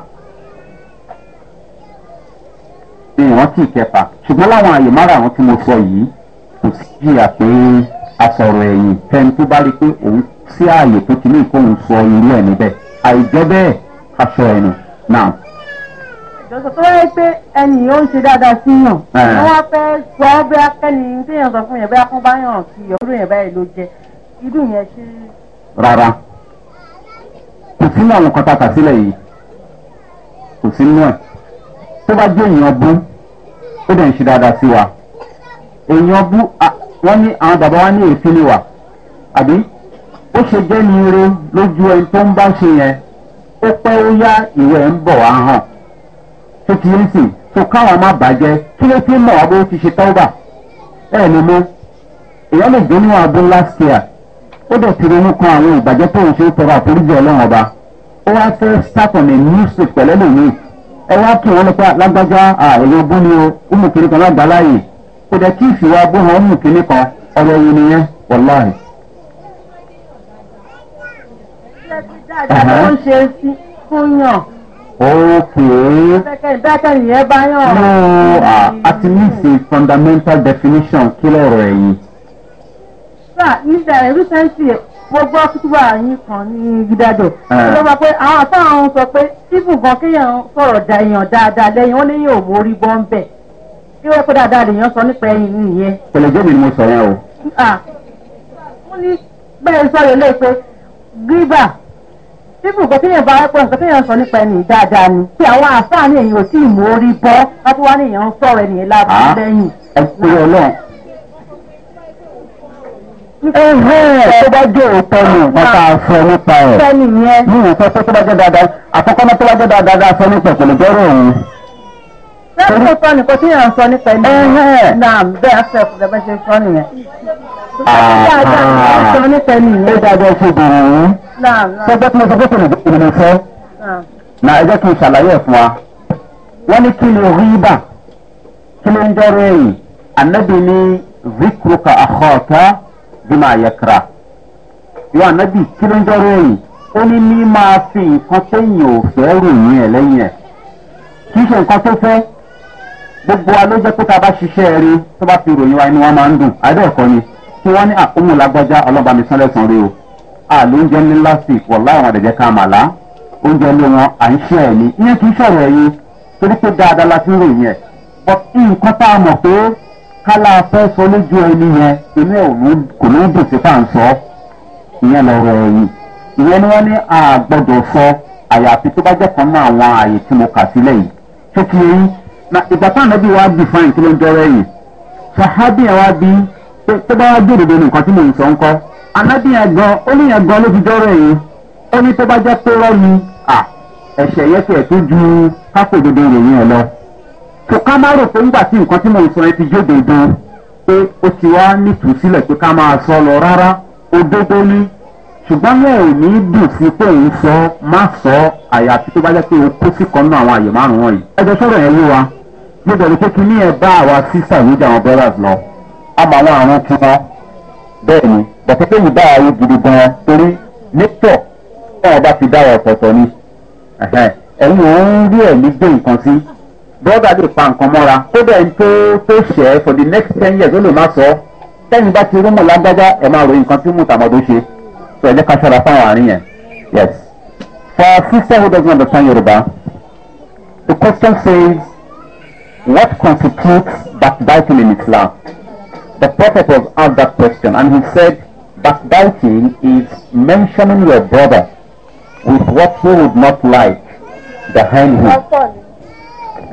Speaker 1: ìrántí ìkẹfà ṣùgbọ́n láwọn àyè márààrún tí mo sọ yìí kò sí jìyà pé asọ̀rọ̀ ẹ̀yìn fẹ́ni tó bá rí pé òun sí ààyè tó ti ní ìkóhùn sọ irú ẹ̀ níbẹ̀ àìjẹ́ bẹ́ẹ̀ aṣọ ẹ̀nu náà.
Speaker 2: ìjọsọ tó yẹ pé ẹnì yóò ń ṣe dáadáa sí yàn wọn wá fẹ́ sọ ọ́ bí akẹ́ni téèyàn sọ fún yẹn bí akọ́ bá yàn kí ọdún yẹn báyìí ló jẹ irú yẹn ṣe.
Speaker 1: rárá kò sínú àwọn kan tá a kà sílẹ̀ yìí kò sínú ẹ̀ tó bá jẹ́ èèyàn bú ó dẹ̀ ń ṣe dáadáa sí wa èèyàn bú wọ́n ní àwọn bàbá wa ní èéfín lè wà àbí ó ṣe jẹ́ ní ire lójú ẹni tó ń bá ṣe yẹn ó pẹ́ ó yá ìwé ń bọ̀ wá hàn tó ń sìn tó káwọn má bàjẹ́ kí ló ti mọ̀ wá bó ti ṣe tọ́wọ́ bà ẹ̀ mú last year. ó dẹ̀ ti ronú kan àwọn ìbàjẹ́ tó ń ṣe tọrọ àforíjì ọlọ́run ọba ó wá fẹ́ sàkànnì níṣe pẹ̀lẹ́ lòmíì ẹ wá kí wọn lọ́pẹ́ lágbájá àìyàn bú ni o ó mú kiri kan lágbá láàyè kò dẹ̀ kí ìfìwà bú wọn ó mú kiri kan ọ̀rọ̀ yìí nìyẹn wọláì.
Speaker 2: dáadáa ló ń ṣe fún yàn. Okay. Bẹ́ẹ̀kẹ́ ìyẹn bá yàn. No, a ti ní ṣe
Speaker 1: fundamental definition kí lọ́rọ̀ ẹ̀yìn
Speaker 2: recently mo gbọ́ kútúbà yín kan ní gidado. Ah. ló bá pé àwọn àtàwọn sọ pé ibù gan kéèyàn sọ̀rọ̀ da èèyàn dáadáa lẹ́yìn ó léyìn òwò orí bọ́ ń bẹ̀. bí wọ́n pé dáadáa lèèyàn sọ nípa ẹyin nìyẹn.
Speaker 1: pẹ̀lẹ́ jẹ́ ni mo sọ yẹn o.
Speaker 2: mo ní bẹ́ẹ̀ sọ̀rọ̀ lé pé gíbà ibù gan kéèyàn bá pọ̀ nǹkan kéèyàn sọ nípa ẹni dáadáa ni. pé àwọn àfáàní èèyàn ò tí ì mú orí bọ́ wọ́n tún wá ní tó
Speaker 1: bá jẹ́ òótọ́ ni wọ́n ká sọ nípa ẹ̀ ní ìfẹ́ pé tó bá jẹ́ dáadáa àkọ́kọ́ náà tó bá
Speaker 2: jẹ́ dáadáa sọ nípa
Speaker 1: ẹ̀ kò lè jọ́rọ̀ òun.
Speaker 2: bẹ́ẹ̀ ni sọ nìkan tí yàrá sọ nípa ẹni náà bẹ́ẹ̀ afẹ́ ọ̀kùnrin bẹ́ẹ̀ ṣe sọ nìyẹn. sọ nípa ẹni yìí. ó dájọ́ ṣe bèrè yín. sọ bẹ́ẹ̀ tí mo sọ pé kò lè jẹ́ ìrìn fẹ́. nà
Speaker 1: ẹ jẹ́ kí n ṣàlàyé ẹ̀ fún wa. wọ́n ní bímọ àyẹkẹrà ìwà nábì kí ló ń jọrọ èyí ó ní ní máa fi nǹkan téèyàn ò fẹ́ ròyìn ẹ̀ lẹ́yìn ẹ̀ kì í ṣe nǹkan tó fẹ́ gbogbo wa ló jẹ́ pé tá a bá ṣiṣẹ́ rí tó bá fi ròyìn wa inú wa máa ń dùn àdéhùkọ́ ni kí wọ́n ní àkóhùn lágbájá ọlọ́ba mi sán lẹ́sàn-án rí o àlò oúnjẹ ní lásìkò ọ̀la àwọn àdẹ̀jẹ̀ ká màlá oúnjẹ ló wọn à ń ṣe ẹ̀ ní ìyẹn kì í ṣọ̀rọ̀ ẹ̀yìn torí pé dáadáa la ti ń ròyìn ẹ̀ but nǹkan tá a mọ̀ pé kálá afẹ́fọ́ lójú ẹni yẹn inú ẹ̀ kò ní dùn sí fàǹsọ́ ìyẹn lọ́rọ̀ ẹ̀yìn ìyẹn ni wọ́n ní àgbọ̀dọ̀ sọ àyàfi tó bá jẹ́ kan náà àwọn ààyè tí mo kà sílẹ̀ yìí tó na ìgbà táwọn ẹbí wa bì fáyìn kí ló ń jọrọ ẹ̀yìn wá bí tó bá wá òdodo nìkan tí ń sọ anábì yẹn gan ó ní yẹn gan ló tó ká má rò pé ńgbà tí nǹkan tí mo sọ yẹn ti yé dandan pé ó ti wá nítòsílẹ̀ pé ká máa sọ lọ rárá òdodo ni ṣùgbọ́n yẹn ò ní dùn sí pé òun sọ má sọ àyàfi tó bá jẹ́ pé o kó sí kan náà àwọn àyè márùn-ún wọ̀nyí. ẹjọ́ sọ̀rọ̀ yẹn yé wa mo bẹ̀rù pé kí ní ẹ bá àwa sísà méjì àwọn brothers lọ àmọ́ àwọn àrùn tí wọ́n bẹ́ẹ̀ ni bàtà pé ìbá ààyè gidi gan-an torí nítọ̀ náà bá ti dá ọ̀tọ̀ọ̀tọ̀ ni ẹ̀yin ò ń rí ẹ̀mí gbé nǹkan sí brọ́dà lè pa nǹkan mọ́ra kódà ẹni tó tó ṣẹ́ for the next ten years ó lè má sọ tẹ́yìn bá ti rúmù lágbájá ẹ̀ máa ròyìn nǹkan tí mú tàmọ́dó ṣe so ẹ jẹ́ ká ṣọ́ra fáwọn àárín yẹn yes. For sister who doesn't understand Yoruba, the question says, what constitutes backbiting in Islam? The Prophet was asked that question and he said, backbiting is mentioning your brother with what he would not like behind him.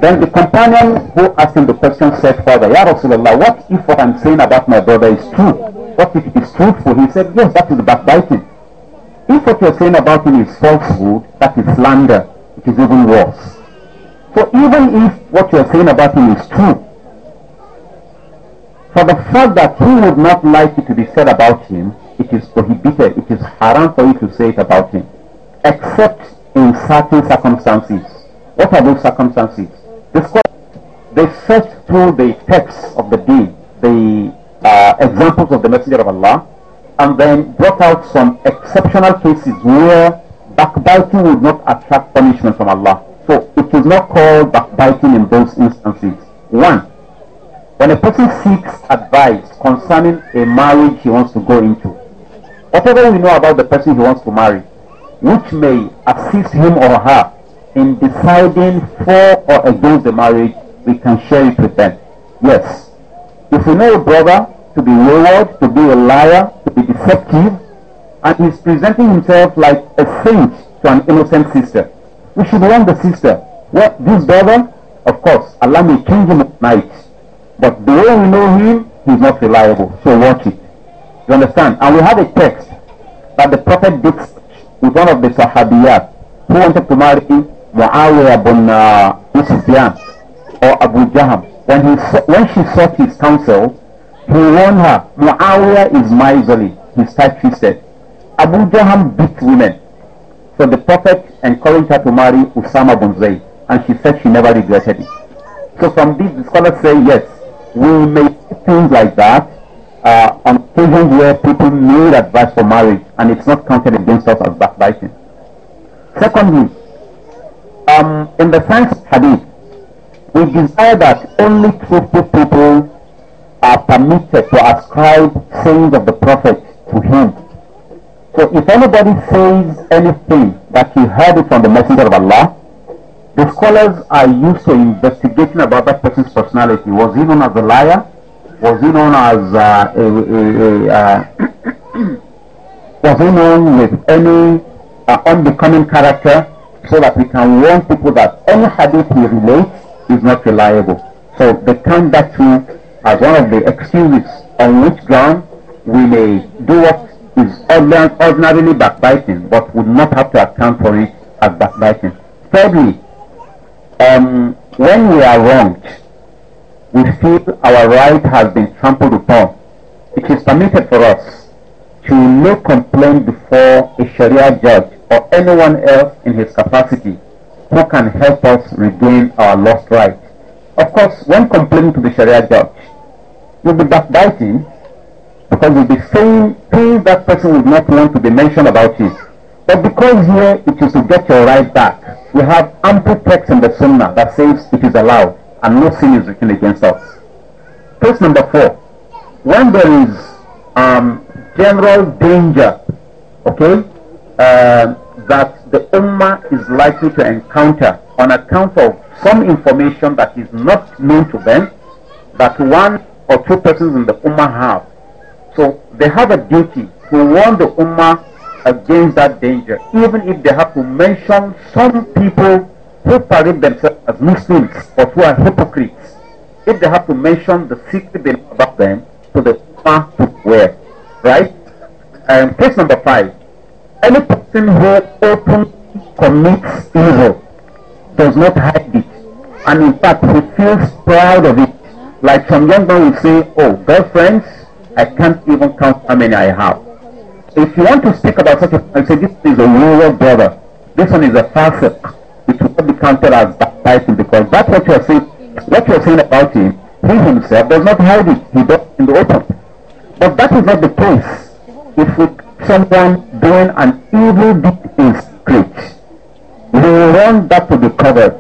Speaker 1: Then the companion who asked him the question said "Father, Ya Rasulullah, what if what I'm saying about my brother is true? What if it is truthful? He said, yes, that is backbiting. If what you're saying about him is falsehood, that is slander. It is even worse. So even if what you're saying about him is true, for the fact that he would not like it to be said about him, it is prohibited, it is haram for you to say it about him, except in certain circumstances. What are those circumstances? They searched, they searched through the texts of the deed, the uh, examples of the Messenger of Allah, and then brought out some exceptional cases where backbiting would not attract punishment from Allah. So it is not called backbiting in those instances. One, when a person seeks advice concerning a marriage he wants to go into, whatever we know about the person he wants to marry, which may assist him or her in deciding for or against the marriage, we can share it with them. Yes. If we know a brother to be wayward, to be a liar, to be deceptive, and he's presenting himself like a saint to an innocent sister, we should warn the sister. What this brother, of course, allow me to change him at night, but the way we know him, he's not reliable. So watch it. You understand? And we have a text that the Prophet did with one of the Sahabiyat who wanted to marry Muawiya bin uh, Sufyan or Abu Jaham, when, he, when she sought his counsel, he warned her, Muawiyah is miserly, he's tight said. Abu Jaham beat women. So the Prophet encouraged her to marry Usama bin Zayd, and she said she never regretted it. So from this, the scholars say, yes, we may things like that uh, on occasions where people need advice for marriage, and it's not counted against us as backbiting. Secondly, um, in the first hadith, we desire that only truthful people are permitted to ascribe sayings of the Prophet to him. So if anybody says anything that he heard it from the Messenger of Allah, the scholars are used to investigating about that person's personality. Was he known as a liar? Was he known as uh, a, a, a, uh, was he known with any uh, unbecoming character? so that we can warn people that any hadith he relates is not reliable. So they count that to as one of the excuses on which ground we may do what is ordinarily backbiting but would not have to account for it as backbiting. Thirdly, um, when we are wronged, we feel our right has been trampled upon. It is permitted for us to make complaint before a Sharia judge or anyone else in his capacity who can help us regain our lost right. Of course, when complaining to the Sharia judge, you'll be backbiting because you'll be saying things that person would not want to be mentioned about you. But because here it is to get your right back, we have ample text in the Sunnah that says it is allowed and no sin is written against us. Case number four, when there is um, general danger, okay, uh, that the Ummah is likely to encounter on account of some information that is not known to them that one or two persons in the Ummah have. So they have a duty to warn the Ummah against that danger, even if they have to mention some people who parade themselves as Muslims or who are hypocrites. If they have to mention the secret they know about them to the Ummah to does not hide it and in fact he feels proud of it. Like some young man will say, oh, girlfriends, I can't even count how many I have. If you want to speak about such a person, say this is a rural brother. This one is a fasiq. It will not be counted as baptizing because that's what you are saying. What you are saying about him, he himself does not hide it. He does in the open. But that is not the case. If we someone doing an evil deed in secret, we want that to be covered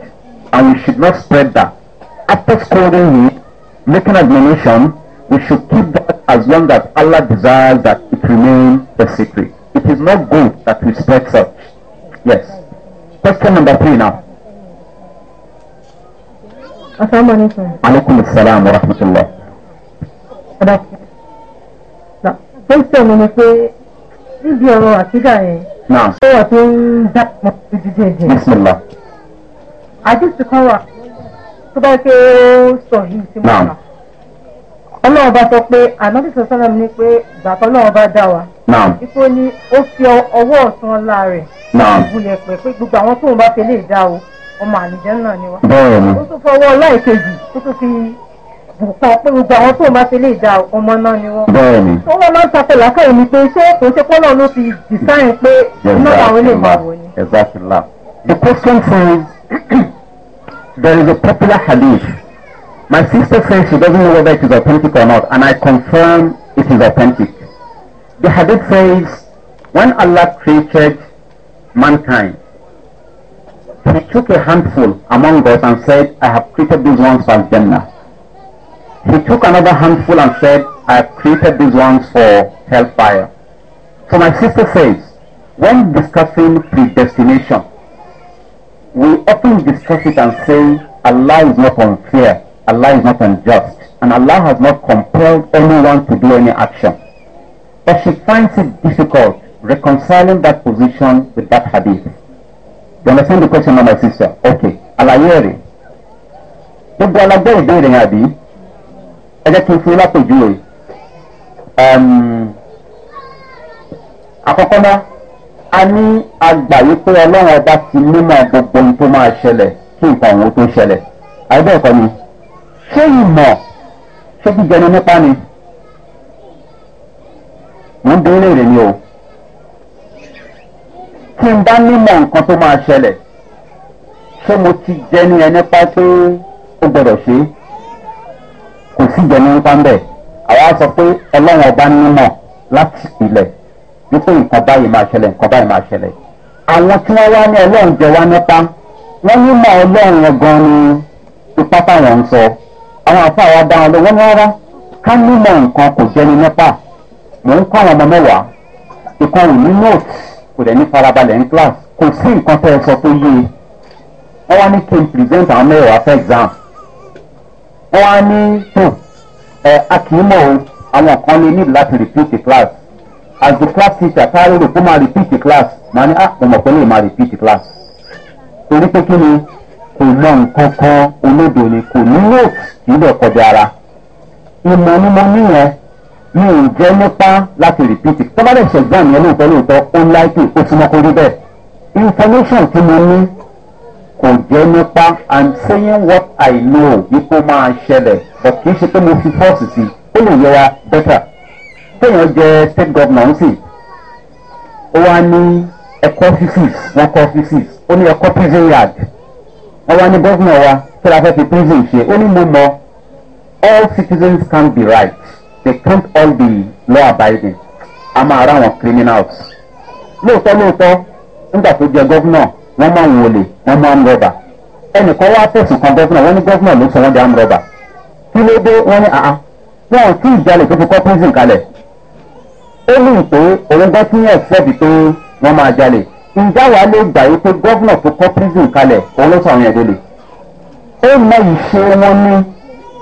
Speaker 1: and we should not spread that. After scolding it, making admonition, we should keep that as long as Allah desires that it remain a secret. It is not good that we spread such. Yes. Question number three now.
Speaker 2: Assalamu alaikum.
Speaker 1: Alaikum assalam wa rahmatullah.
Speaker 2: Question number three. pé níbi ọ̀rọ̀ àtijọ́ Naam. Ṣé wà tó ń dá ọmọ tuntun jẹjẹ? Bísímìlá. Àdìsí kan wà tó bá pé ó sọ yìí sí wọn kà. Ọlọ́run bá sọ pé ànábì sọ sọ́nà mi pé bàbá ọlọ́run bá dá wa. Naam. Ipò ni ó fi ọwọ́ ọ̀tún ọlá rẹ̀. Naam. Ìbúlẹ̀ pẹ̀ pé gbogbo àwọn tóun bá fi lè dá o, ọmọ àlùjẹ́ náà ni wa. Ó tún fọwọ́ ọlá ìkejì, ó tún fi sọ pé gbogbo àwọn tó máa ṣe lè da ọmọ náà ni wọn. bẹ́ẹ̀ni. wọn máa ń takò làákàyè ni pé ṣé kò ṣe pọ́nlọ́ ló fi design pé iná làwọn lè máa wò
Speaker 1: ni. exactly the question says there is a popular hadith my sister says she doesn't know whether it is authentic or not and I confirm it is authentic the hadith says when Allah created mankind he took a handful among us and said I have created these ones as Jannah He took another handful and said, I have created these ones for hellfire. So my sister says, when discussing predestination, we often discuss it and say, Allah is not unfair, Allah is not unjust, and Allah has not compelled anyone to do any action. But she finds it difficult reconciling that position with that hadith. You understand the question now, my sister? Okay. Àlàyé rẹ̀. Gbogbo alágbé ìbéèrè yẹn àbí? ẹ jẹ́ kí n fún yín lápèjúwe àkọ́kọ́ náà a ní agbàyé pé ọlọ́run ọba ti mímọ gbogbo ohun tó máa ṣẹlẹ̀ kí nǹkan òun tó ṣẹlẹ̀ àìbẹ́ẹ̀ kọ́ ni ṣé ìmọ̀ ṣé jíjẹni nípa ni mo ń bèrè rè ni o tí n bá nímọ̀ nǹkan tó máa ṣẹlẹ̀ ṣé mo ti jẹ́ ní ẹ nípa pé ó gbọ́dọ̀ ṣe é kò sí ìjẹni nípa ń bẹ̀ àwa sọ pé ọlọ́run ọba nímọ̀ láti ìpìlẹ̀ wípé nǹkan báyìí máa ṣẹlẹ̀ nǹkan báyìí máa ṣẹlẹ̀ àwọn tí wọ́n wá ní ọlọ́run jẹ wá nípa wọ́n nímọ̀ ọlọ́run ọgbọ́n ni ipá táwọn ń sọ àwọn àfa àwa dá wọn lọ wọ́n ní rárá ká nímọ̀ nǹkan kò jẹni nípa mò ń kọ́ àwọn ọmọ mẹ́wàá ìkan ò ní nóòtù kò dẹ̀ ní farabalẹ̀ ní class kò sí nǹkan tẹ́ ẹ sọ tó yé wọ́n wá ní kí n present àwọn mẹ́wàá fẹ́ exam wọ́n á ní hmm, ẹ a kì í mọ̀ o àwọn kan ní need láti repeat the class as the class teacher sáré rò kó máa repeat the class màá ní ah ọmọ pẹ̀lú ìmọ̀ repeat the class torí pé kí ni kò mọ nǹkan kan olódò ni kò ní note kì í bẹ̀ kọjá ara ìmọ̀ ni mo ní yẹn mi ò jẹ́ nípa láti repeat it tọ́ba dẹ̀ ṣẹ̀gbọ́n yẹn lóòótọ́ lóòótọ́ ó láìpẹ́ ó súnmọ́ kó rí bẹ́ẹ̀ information tí mo ní kò jẹ́ nípa i'm saying what i know wípé máa ṣẹlẹ̀ but kì í ṣe pé mo fi fọ́ọ̀sì sí ó lè yẹra bẹ́tà téèyàn jẹ state governor ń sì ó wá ní ẹ̀kọ́ physics wọn kọ́ physics ó ní ẹ̀kọ́ prison yard wọn wá ní gọ́vnà wa kí la fẹ́ fi prison ṣe ó ní mo mọ all citizens can be right they can't all be law abiding a máa ra wọn criminals lóòótọ́ lóòótọ́ nígbà tó jẹ gọ́vnà wọ́n máa ń wọlé wọ́n máa ń rọ́bà ẹnìkan wá tẹ̀sùn kan gọ́fúnà wọ́n ní gọ́fúnà ló sọ wọ́n di àmúrọ́bà kí ló dé wọ́n ní àá wọn ò tún ìjálè tó fi kọ́ prison kalẹ̀ ó lù ú pé òun gbọ́ tí yẹn ṣẹ́bi pé wọ́n máa jalè ǹjẹ́ wàá lè gbà yí pé gọ́fúnà tó kọ́ prison kalẹ̀ òun ló sọ àwọn yẹn délé ó mọ ìṣe wọn ní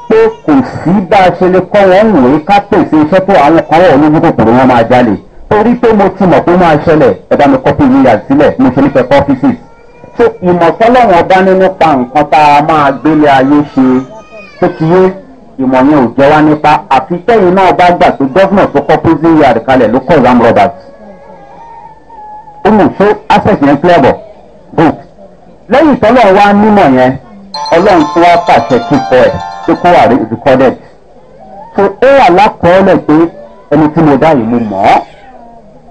Speaker 1: pé kò sí bá a ṣe lè kọ́ wọn wò é ká pèsè iṣẹ́ tó àwọn kan wọ̀ lójú kòkòrò wọn máa jalè torí pé mo ti mọ̀ pé ó máa ṣẹlẹ̀ ẹ̀dá mi kọ́pì mi yà sílẹ̀ mo ṣe nífẹ̀ẹ́ kọ́fíìsì tó ìmọ̀sọ́lọ́wọ̀n bá ní nípa nǹkan tá a máa gbélé ayé ṣe tó ti yé ìmọ̀ yẹn ò jẹ́ wá nípa àfi sẹ́yìn náà bá gbà pé gọ́vnà tó kọ́ prison yard kalẹ̀ ló kọ́ ram robert olùfẹ́ access yẹn clear bọ̀ book lẹ́yìn tọ́lọ́run wá nímọ̀ yẹn ọlọ́run tó wá pàṣẹ kíkọ́ ẹ̀ tó kó wà recorded tó ó wà lákọọ́lẹ̀ pé ẹni tí mo dá yìí mo mọ̀ ọ́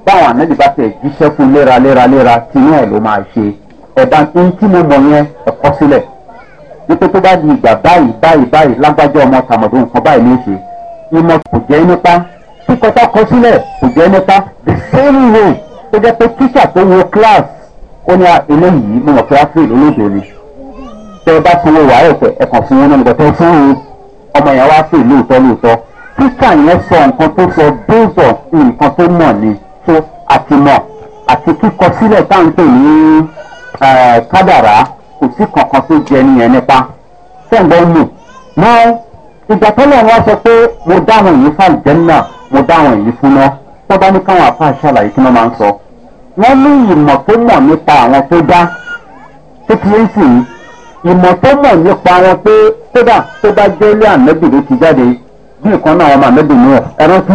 Speaker 1: báwọn ànájì bá tẹ̀ jíṣẹ́ fún léraléraléra tinú ẹ̀ ló máa ṣe ẹ̀bá tó ń tí mo mọ̀ yẹn ẹ̀kọ́ sílẹ̀ wípé tó bá di ìgbà báyìí báyìí báyìí lágbájá ọmọ tàmọ̀dún nǹkan báyìí ní ṣe ìmọ̀ kò jẹ́ nípa kíkọ́tà kọ sílẹ̀ kò jẹ́ nípa the same way tó jẹ́ pé tíṣà tó wo class ó ní eléyìí mo mọ̀ pé áfíìlì olóògbé ni tẹ ẹ bá ti wo wàá ẹ̀fẹ̀ ẹ̀kàn fún wọn nígbà tẹ fún un ọmọ yẹn wá sí lóòótọ́ lóòótọ́ tíṣà yẹn sọ nǹkan tó sọ based on nǹkan tó mọ̀ ni tó àti mọ̀ àti kíkọ sílẹ̀ táwọn pè kádàrá kò sí kankan tó jẹ nìyẹn nípa sẹ́ǹgbọ́n nù mọ́ ìgbà tọ́lọ̀ wọn sọ pé mo dáhùn èyí fún àlùjẹ́nà mo dáhùn èyí fún náà tó bá ní káwọn àfa ṣàlàyé kí wọ́n máa ń sọ. wọ́n ní ìmọ̀ tó mọ̀ nípa àwọn tó dá tó fi ń sìn yìí ìmọ̀ tó mọ̀ nípa wọn pé kódà tó bá jẹ́lé àmẹ́bì ló ti jáde bí nǹkan náà ọmọ àmẹ́bì ni ọ̀ ẹ̀rántí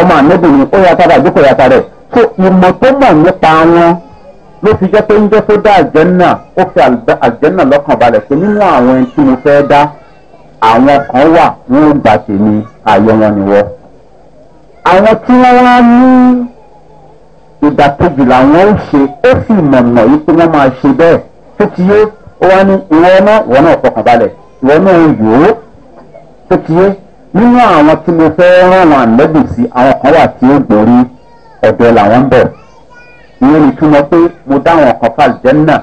Speaker 1: ọmọ àmẹ́bì ni ó yàtọ̀ rẹ̀ àdúgbò yàtọ̀ rẹ̀ so ìmọ̀ tó mọ̀ nípa wọn ló fi jẹ́ pé ń jẹ́ tó dá àjẹ́nà ó fi àjẹ́nà lọ́kàn balẹ̀ pé nínú àwọn ẹni tí mo fẹ́ dá àwọn kan wà wọn ò gbà tèmi ààyè wọn ni wọ́n. àwọn tí wọ́n wá ní ìdàkejì làwọn ó ṣe ó sì mọ̀mọ̀ yìí pé wọ́n máa ṣe bẹ́ẹ̀ tó ti yé ó wá ní ìwọ náà ìwọ náà fọkàn balẹ̀ ìwọ náà yò ó tó ti yé nínú àwọn tí mo fẹ́ rán àwọn àlẹ́bùsí àwọn kan wà tí ó gbòòrí ọ̀dọ́ làwọn ń bọ̀ ìyẹn ni túmọ̀ pé mo dá àwọn kan fà jẹ́nà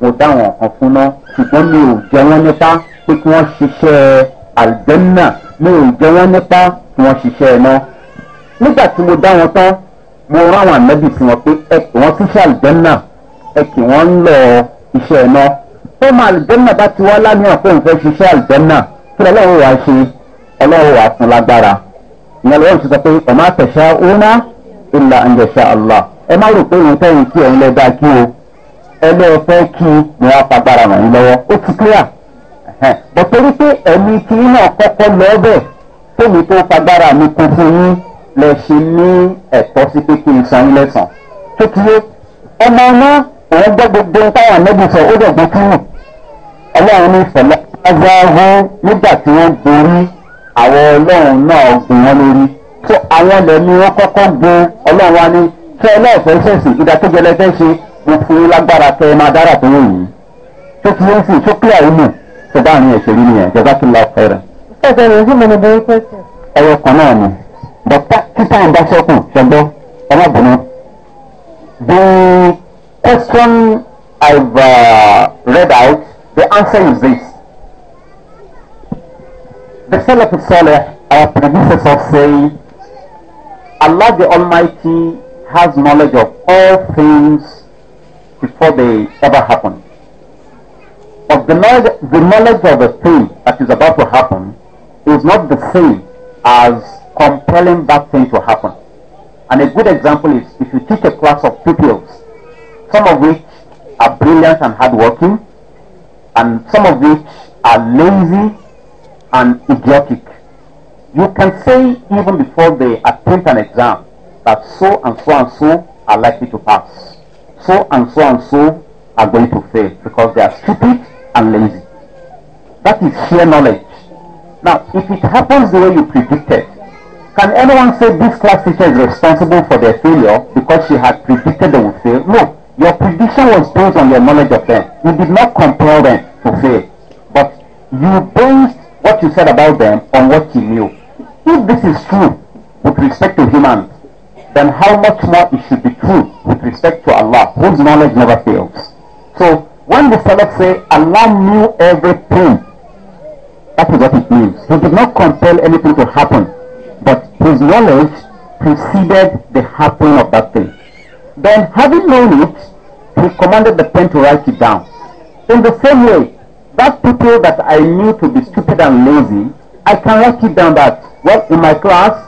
Speaker 1: mo dá àwọn kan fún náà ṣùgbọ́n mi ò jẹ wọ́n nípa pé kí wọ́n ṣiṣẹ́ àlùjẹ́nà mi ò jẹ wọ́n nípa kí wọ́n ṣiṣẹ́ náà. nígbà tí mo dá wọn tán mo rán àwọn ànábì sí wọn pé ẹ kì wọ́n ṣiṣẹ́ àlùjẹ́nà ẹ kì wọ́n ń lọ iṣẹ́ náà. ó máa àlùjẹ́nà bá ti wá lánàá pé òun fẹ́ ṣiṣẹ́ àlùjẹ́nà kí ọlọ́run wàá ṣe ọlọ́run wàá fún lágbára. ìyẹn lọ́wọ́ ẹ má rò pé òun fẹ́yìn tí ẹ̀yin lẹ́ dáa kí o ẹlẹ́ẹ̀fẹ́ kí ni wọ́n fagbára ràn yín lọ́wọ́ ó ti clear bọ̀ torí pé ẹ̀mí kí náà kọ́kọ́ lọ́ọ́ bẹ̀ tóbi tó fagbára mi kún fún yín lẹ ṣe ní ẹ̀tọ́ sí pé kí n san yín lẹ́sàn tó ti yé ọmọ ọmọ òun gbọ́ gbogbo ohun táwọn àmẹ́bí sọ ó dẹ̀ gbọ́n kúrò ọlọ́run ní ìfẹ̀lẹ́ azáhó nígbà tí wọ́n borí àwọn ọlọ́run náà gùn wọn lórí tó àwọn lẹ́nu wọn kọ́kọ́ gun ọlọ́run wa ní tẹ ẹ náà fẹ́ sẹ̀sì ìdákẹ́jẹ́ lẹ́fẹ́ ṣe gbogbo lágbára tẹ ẹ máa dára tó wọ̀ yìí tó ti yẹn sì tó clear inú tó bá àárín ẹ̀ṣẹ̀ rí nìyẹn jọba tó lọ fẹ́
Speaker 2: rẹ̀.
Speaker 1: ẹyọ kan náà ni bọ́tà títà ń bá sẹ́kù ṣẹgbẹ́ ọmọbìnrin the question i've uh, read out the answer is this the seller, salaf saleh our predecessor say allah the almighty has knowledge of all things before they ever happen. But the knowledge, the knowledge of the thing that is about to happen is not the same as compelling that thing to happen. And a good example is if you teach a class of pupils, some of which are brilliant and hardworking, and some of which are lazy and idiotic. You can say even before they attempt an exam that so and so and so are likely to pass. So and so and so are going to fail because they are stupid and lazy. That is sheer knowledge. Now, if it happens the way you predicted, can anyone say this class teacher is responsible for their failure because she had predicted they would fail? No. Your prediction was based on your knowledge of them. You did not compel them to fail. But you based what you said about them on what you knew. If this is true with respect to humans, then how much more it should be true with respect to Allah, whose knowledge never fails. So when the Salaf say Allah knew everything, that is what it means. He did not compel anything to happen, but his knowledge preceded the happening of that thing. Then having known it, he commanded the pen to write it down. In the same way, that people that I knew to be stupid and lazy, I can write it down that, well, in my class,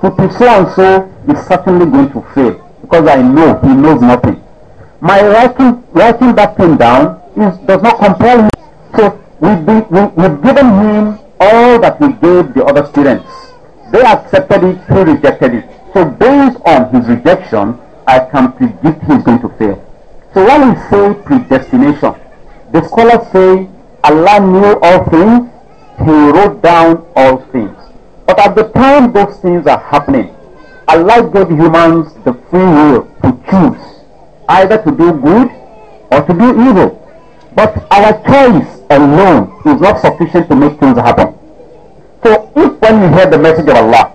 Speaker 1: who to so and so is certainly going to fail because I know he knows nothing. My writing, writing that thing down is, does not compel
Speaker 2: him. So we've, been,
Speaker 1: we, we've given him all that we gave the other students. They accepted it, he rejected it. So based on his rejection, I can predict he's going to fail. So when we say predestination, the scholars say Allah knew all things, he wrote down all things. But at the time those things are happening, Allah gave humans the free will to choose either to do good or to do evil. But our choice alone is not sufficient to make things happen. So if when you hear the message of Allah,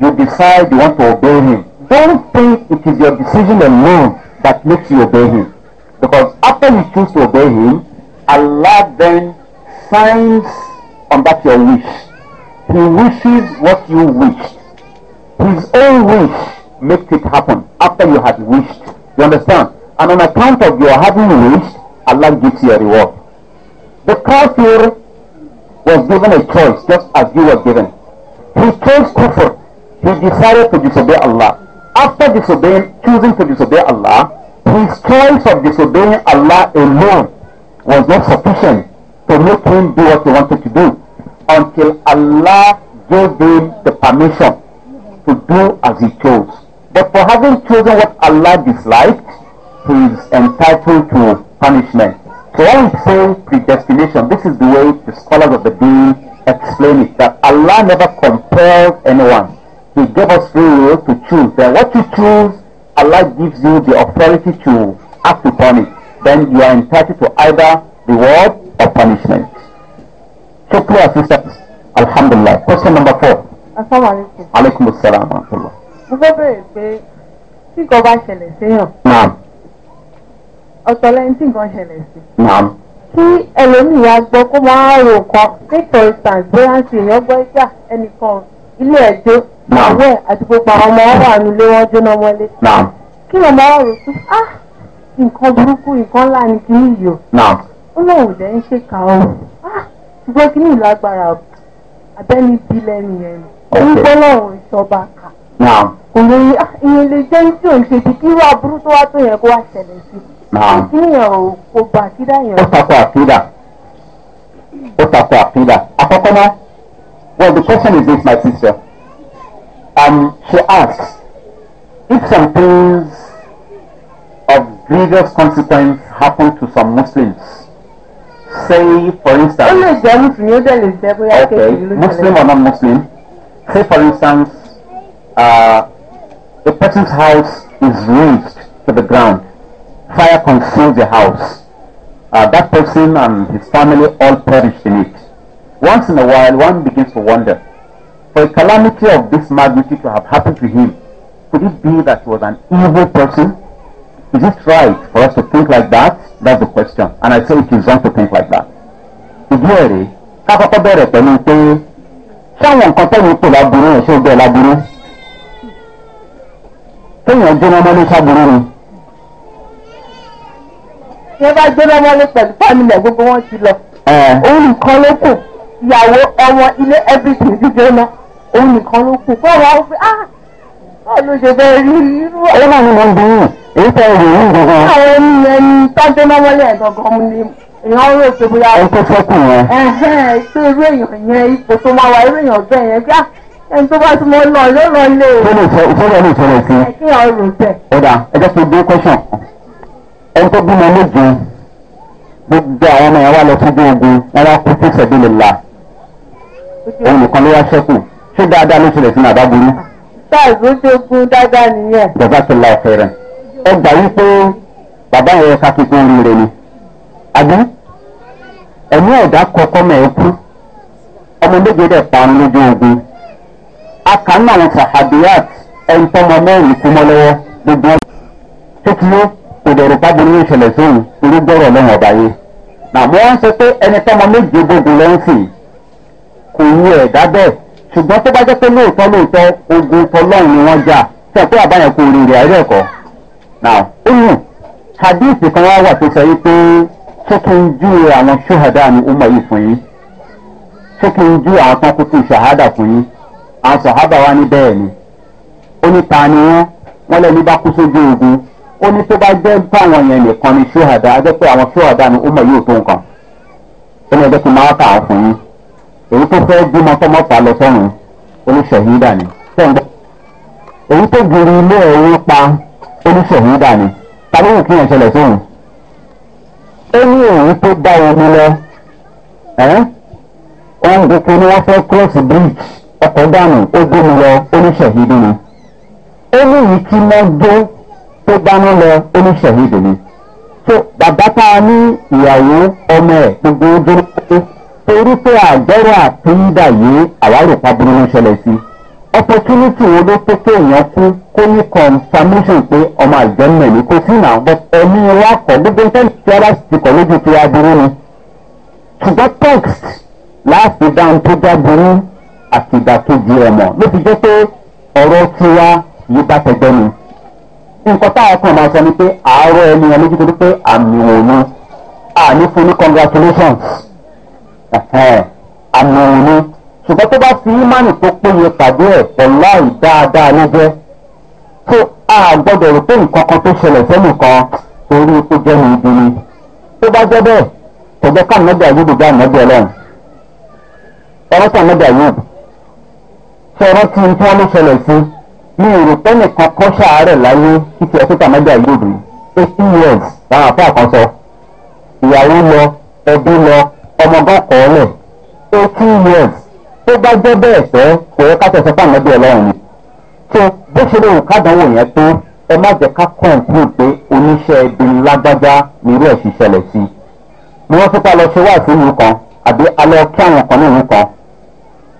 Speaker 1: you decide you want to obey Him, don't think it is your decision alone that makes you obey Him. Because after you choose to obey Him, Allah then signs on that your wish. He wishes what you wish. His own wish makes it happen after you have wished. You understand? And on account of your having wished, Allah gives you a reward. The kafir was given a choice just as you were given. He chose kufr. He decided to disobey Allah. After disobeying, choosing to disobey Allah, his choice of disobeying Allah alone was not sufficient to make him do what he wanted to do until Allah gave them the permission to do as he chose. Therefore, having chosen what Allah disliked, he is entitled to punishment. So when we say predestination, this is the way the scholars of the deen explain it, that Allah never compelled anyone. He gave us free will to choose. Then what you choose, Allah gives you the authority to act upon it. Then you are entitled to either reward or punishment so clear sisters alhamdulilah question number four.
Speaker 2: asalaamualeykum. aleykum
Speaker 1: salaam wa rahmatulah.
Speaker 2: mo fẹ́ bẹ̀rẹ̀ pé tí nǹkan bá ṣẹlẹ̀ séèyàn. naam. ọ̀tọ̀ lẹ́yìn tí nǹkan ṣẹlẹ̀ sí. naam. kí ẹlòmíì wá gbọ́ kó máa rò kan take for instance bóyá ti èèyàn gbọ́ ìjà ẹnìkan ilé ẹ̀jọ́ àwọ̀ ẹ̀ àti gbogbo àwọn ọmọ wà nílé wọn jóná mọ́lé. naam. kí ọmọ wa rò pé ah nǹkan burúkú nǹkan ńlá kì í yò. naam. ó lóun dẹ̀ ń ṣèkà ọ̀hún. ah ṣùgbọ́n kí ni ìlú agbára abẹ́ni bí lẹ́nu yẹn ni orúkọ lọ́rùn ìṣọba kà kò lè ah, ìyẹn lè jẹ́ tí òun ṣe ti kírú aburú tó wá tó yẹn kó wá ṣẹlẹ̀ sí kí nìyẹn ò kò bá àkídà yẹn. ó
Speaker 1: takò àkídà ó takò àkídà àkọ́kọ́ náà well the question is this my sister um, she asks if some things of grievous consequence happen to some Muslims. say for instance.
Speaker 2: ó muslim or
Speaker 1: non-muslim say for instance uh, a person's house is razed to the ground fire consumes the house uh, that person and his family all perish in it once in a while one begins to wonder for a calamity of this magnitude to have happened to him could it be that he was an evil person is it right for us to think like that that's the question and i say it is wrong to think like that. ìdílé rèé ká kọ́kọ́ bẹ̀rẹ̀ pẹ̀lú pé sáwọn nǹkan tẹ̀yìn pò láburú rẹ̀ ṣé ó bẹ̀ láburú téèyàn jóná mọ́lé sáburú ni.
Speaker 2: ìyẹn bá jóná mọ́lé pẹ̀lú fámìlì ẹ̀ gbogbo wọn ti lọ. òun nìkan ló kù ìyàwó ọmọ ilé everything ti jóná òun nìkan ló kù fún ọmọ ọ̀hún pé ah ló ṣe fẹ́ rí irú àwọn náà ni mo ń bẹ̀rù èyí tẹ́ ẹ̀rọ yìí gangan. àwọn ènìyàn ní tọ́jú mọ́wọ́lẹ̀ gangan mu ni èèyàn rò pé bóyá. ẹ tó fẹ́kù yẹn. tó irú èèyàn yẹn ipò tó máa wà irú èèyàn bẹ́ẹ̀ yẹn bí ẹni tó bá ti mọ lọ ló lọ lé o. tó lè fẹ́ tó lè lè fẹ́rẹ̀ sí. ẹ kí ọ rò bẹ́ẹ̀. ọ̀dà ẹ jẹ́ kí n gbé kọ́sàn. ẹni tó bímọ méje gbogbo àwọn ọmọ yẹn wá lọ
Speaker 1: síbi ogun wọn wá kú sí ìṣẹ̀dúnlẹ̀ la òun nìkan ló wá ṣẹ́kù ṣé dáadáa ló ṣẹlẹ̀ sínú àbá burú.
Speaker 2: Ustaz ló ṣe gun dáadáa nìyẹn.
Speaker 1: Bàbá tó la ọ̀fẹ́ rẹ̀. Ẹ gbà wípé bàbá yẹn ṣàfikún oríire ni. Àbí ẹ̀mí ẹ̀dá kọ̀ọ̀kan mẹ̀ ẹ́ kú. Ọmọ méje dẹ̀ pa ń lójú ogun. A kà ń àwọn sàhàbíyàt ẹni tọ́mọ mẹ́rin kú mọ́ lọ́wọ́ gbogbo. Tókìló kò dẹ̀rù pábọ̀ ní ìṣẹ̀lẹ̀ sóhun irú gbọ́rọ̀ lọ́wọ́ ọ̀bá yìí. Nàmú wọn sọ pé ẹni tọ́mọ méje gbogbo lọ́wọ́ sì kò yí ẹ̀dá bẹ́ẹ̀ ṣùgbọ́n tó bá jẹ́ pé lóòótọ́ lóòótọ́ ogun tọlọ́run ni wọ́n jà sọ pé àbáyẹn kò rìn rìn àìrẹ́ ẹ̀kọ́. now ó yùn hadith kan wá wà tó sọ yìí pé tó ju àwọn ni ó mọ̀ yìí fún yín àwọn wa ní bẹ́ẹ̀ ni ó ní ta ni wọ́n wọ́n lẹ́ni bá kú sójú ogun ó ní tó yẹn nìkan ni ṣóhàdá á jẹ́ pé àwọn ni ó mọ̀ tó nǹkan ó ní ẹgbẹ́ èyí tó fẹ́ bímọ tọmọ fà lọ sọ́run oníṣẹ̀hídà ni tẹ̀gbọ́n èyí tó giri ilé ẹ̀rí pa oníṣẹ̀hídà ni tàbí kí yẹn ṣẹlẹ̀ sóhun ó ní èyí tó dá omi lọ ohun gbogbo ni wọ́n fẹ́ cross bridge ọkọ̀ dànù ó gbé mi lọ oníṣẹ̀hídà ni ó ní èyí tí wọ́n gbé tó dáná lọ oníṣẹ̀hídà ni so bàbá tá a ní ìyàwó ọmọ ẹ̀ gbogbo ojú ló kó torí pé àgbẹ̀rọ àtúndà yìí àwárò pàbùrù ló ń ṣẹlẹ̀ sí opportunity wo ló tó kéèyàn kú kó ní confirmation pé ọmọ àjẹmọ̀ ní kò sí náà but ẹ̀mí wa kọ̀ gbogbo tẹ́lẹ̀ tí ara ti kọ̀ lójú ti aburú ni ṣùgbọ́n text láàfin dáhùn tó dáburú àtìgbà tó di ẹ̀mọ́ ló fi jẹ́ pé ọ̀rọ̀ tiwa yìí bá tẹ̀gbẹ́ ni nǹkan táwọn kan máa sọ ni pé àárọ̀ ẹni ẹni jíjẹ́ pé àmì òun àní fún ní congratulations àmọ́ òun ni ṣùgbọ́n tó bá fi ímánì tó péye pàdé ẹ̀ ọ̀láì dáadáa ló jẹ́ tó a gbọ́dọ̀ rò pé nǹkan kan tó ṣẹlẹ̀ sẹ́nìkan torí ó jẹ́ ní ibi ni tó bá jẹ́ bẹ́ẹ̀ tẹ̀gbẹ́ ká nọ́bẹ̀ àyùbù bá nọ́bẹ̀ ọlọ́run ọ̀rọ̀ sàn nọ́bẹ̀ àyùbù ṣe ọ̀rọ̀ tí n tí wọ́n ló ṣẹlẹ̀ sí mi ò rò pé nìkan kọ́ ṣàárẹ̀ láyé títí ẹ̀ sọ́tà nọ́bẹ̀ àyùbù eighteen years làwọn àfọ àkànṣọ ìyàwó lọ ẹbí lọ ọmọgán kọ́ lẹ̀ eighteen years tó bá jẹ́ bẹ́ẹ̀ fẹ́ kò yẹ ká tẹ̀sán fún àmọ́bí ọlọ́run ni tó bó ṣe lóun kádàáwò yẹn tó ẹ má jẹ́ ká kọ̀ǹpù pé oníṣẹ́ ibi lágbájá nírú ẹ̀ ṣiṣẹlẹ̀ sí ni wọ́n fipá lọ ṣe wáàsí ìlú kan àbí alẹ́ kí àwọn kan ní ìlú kan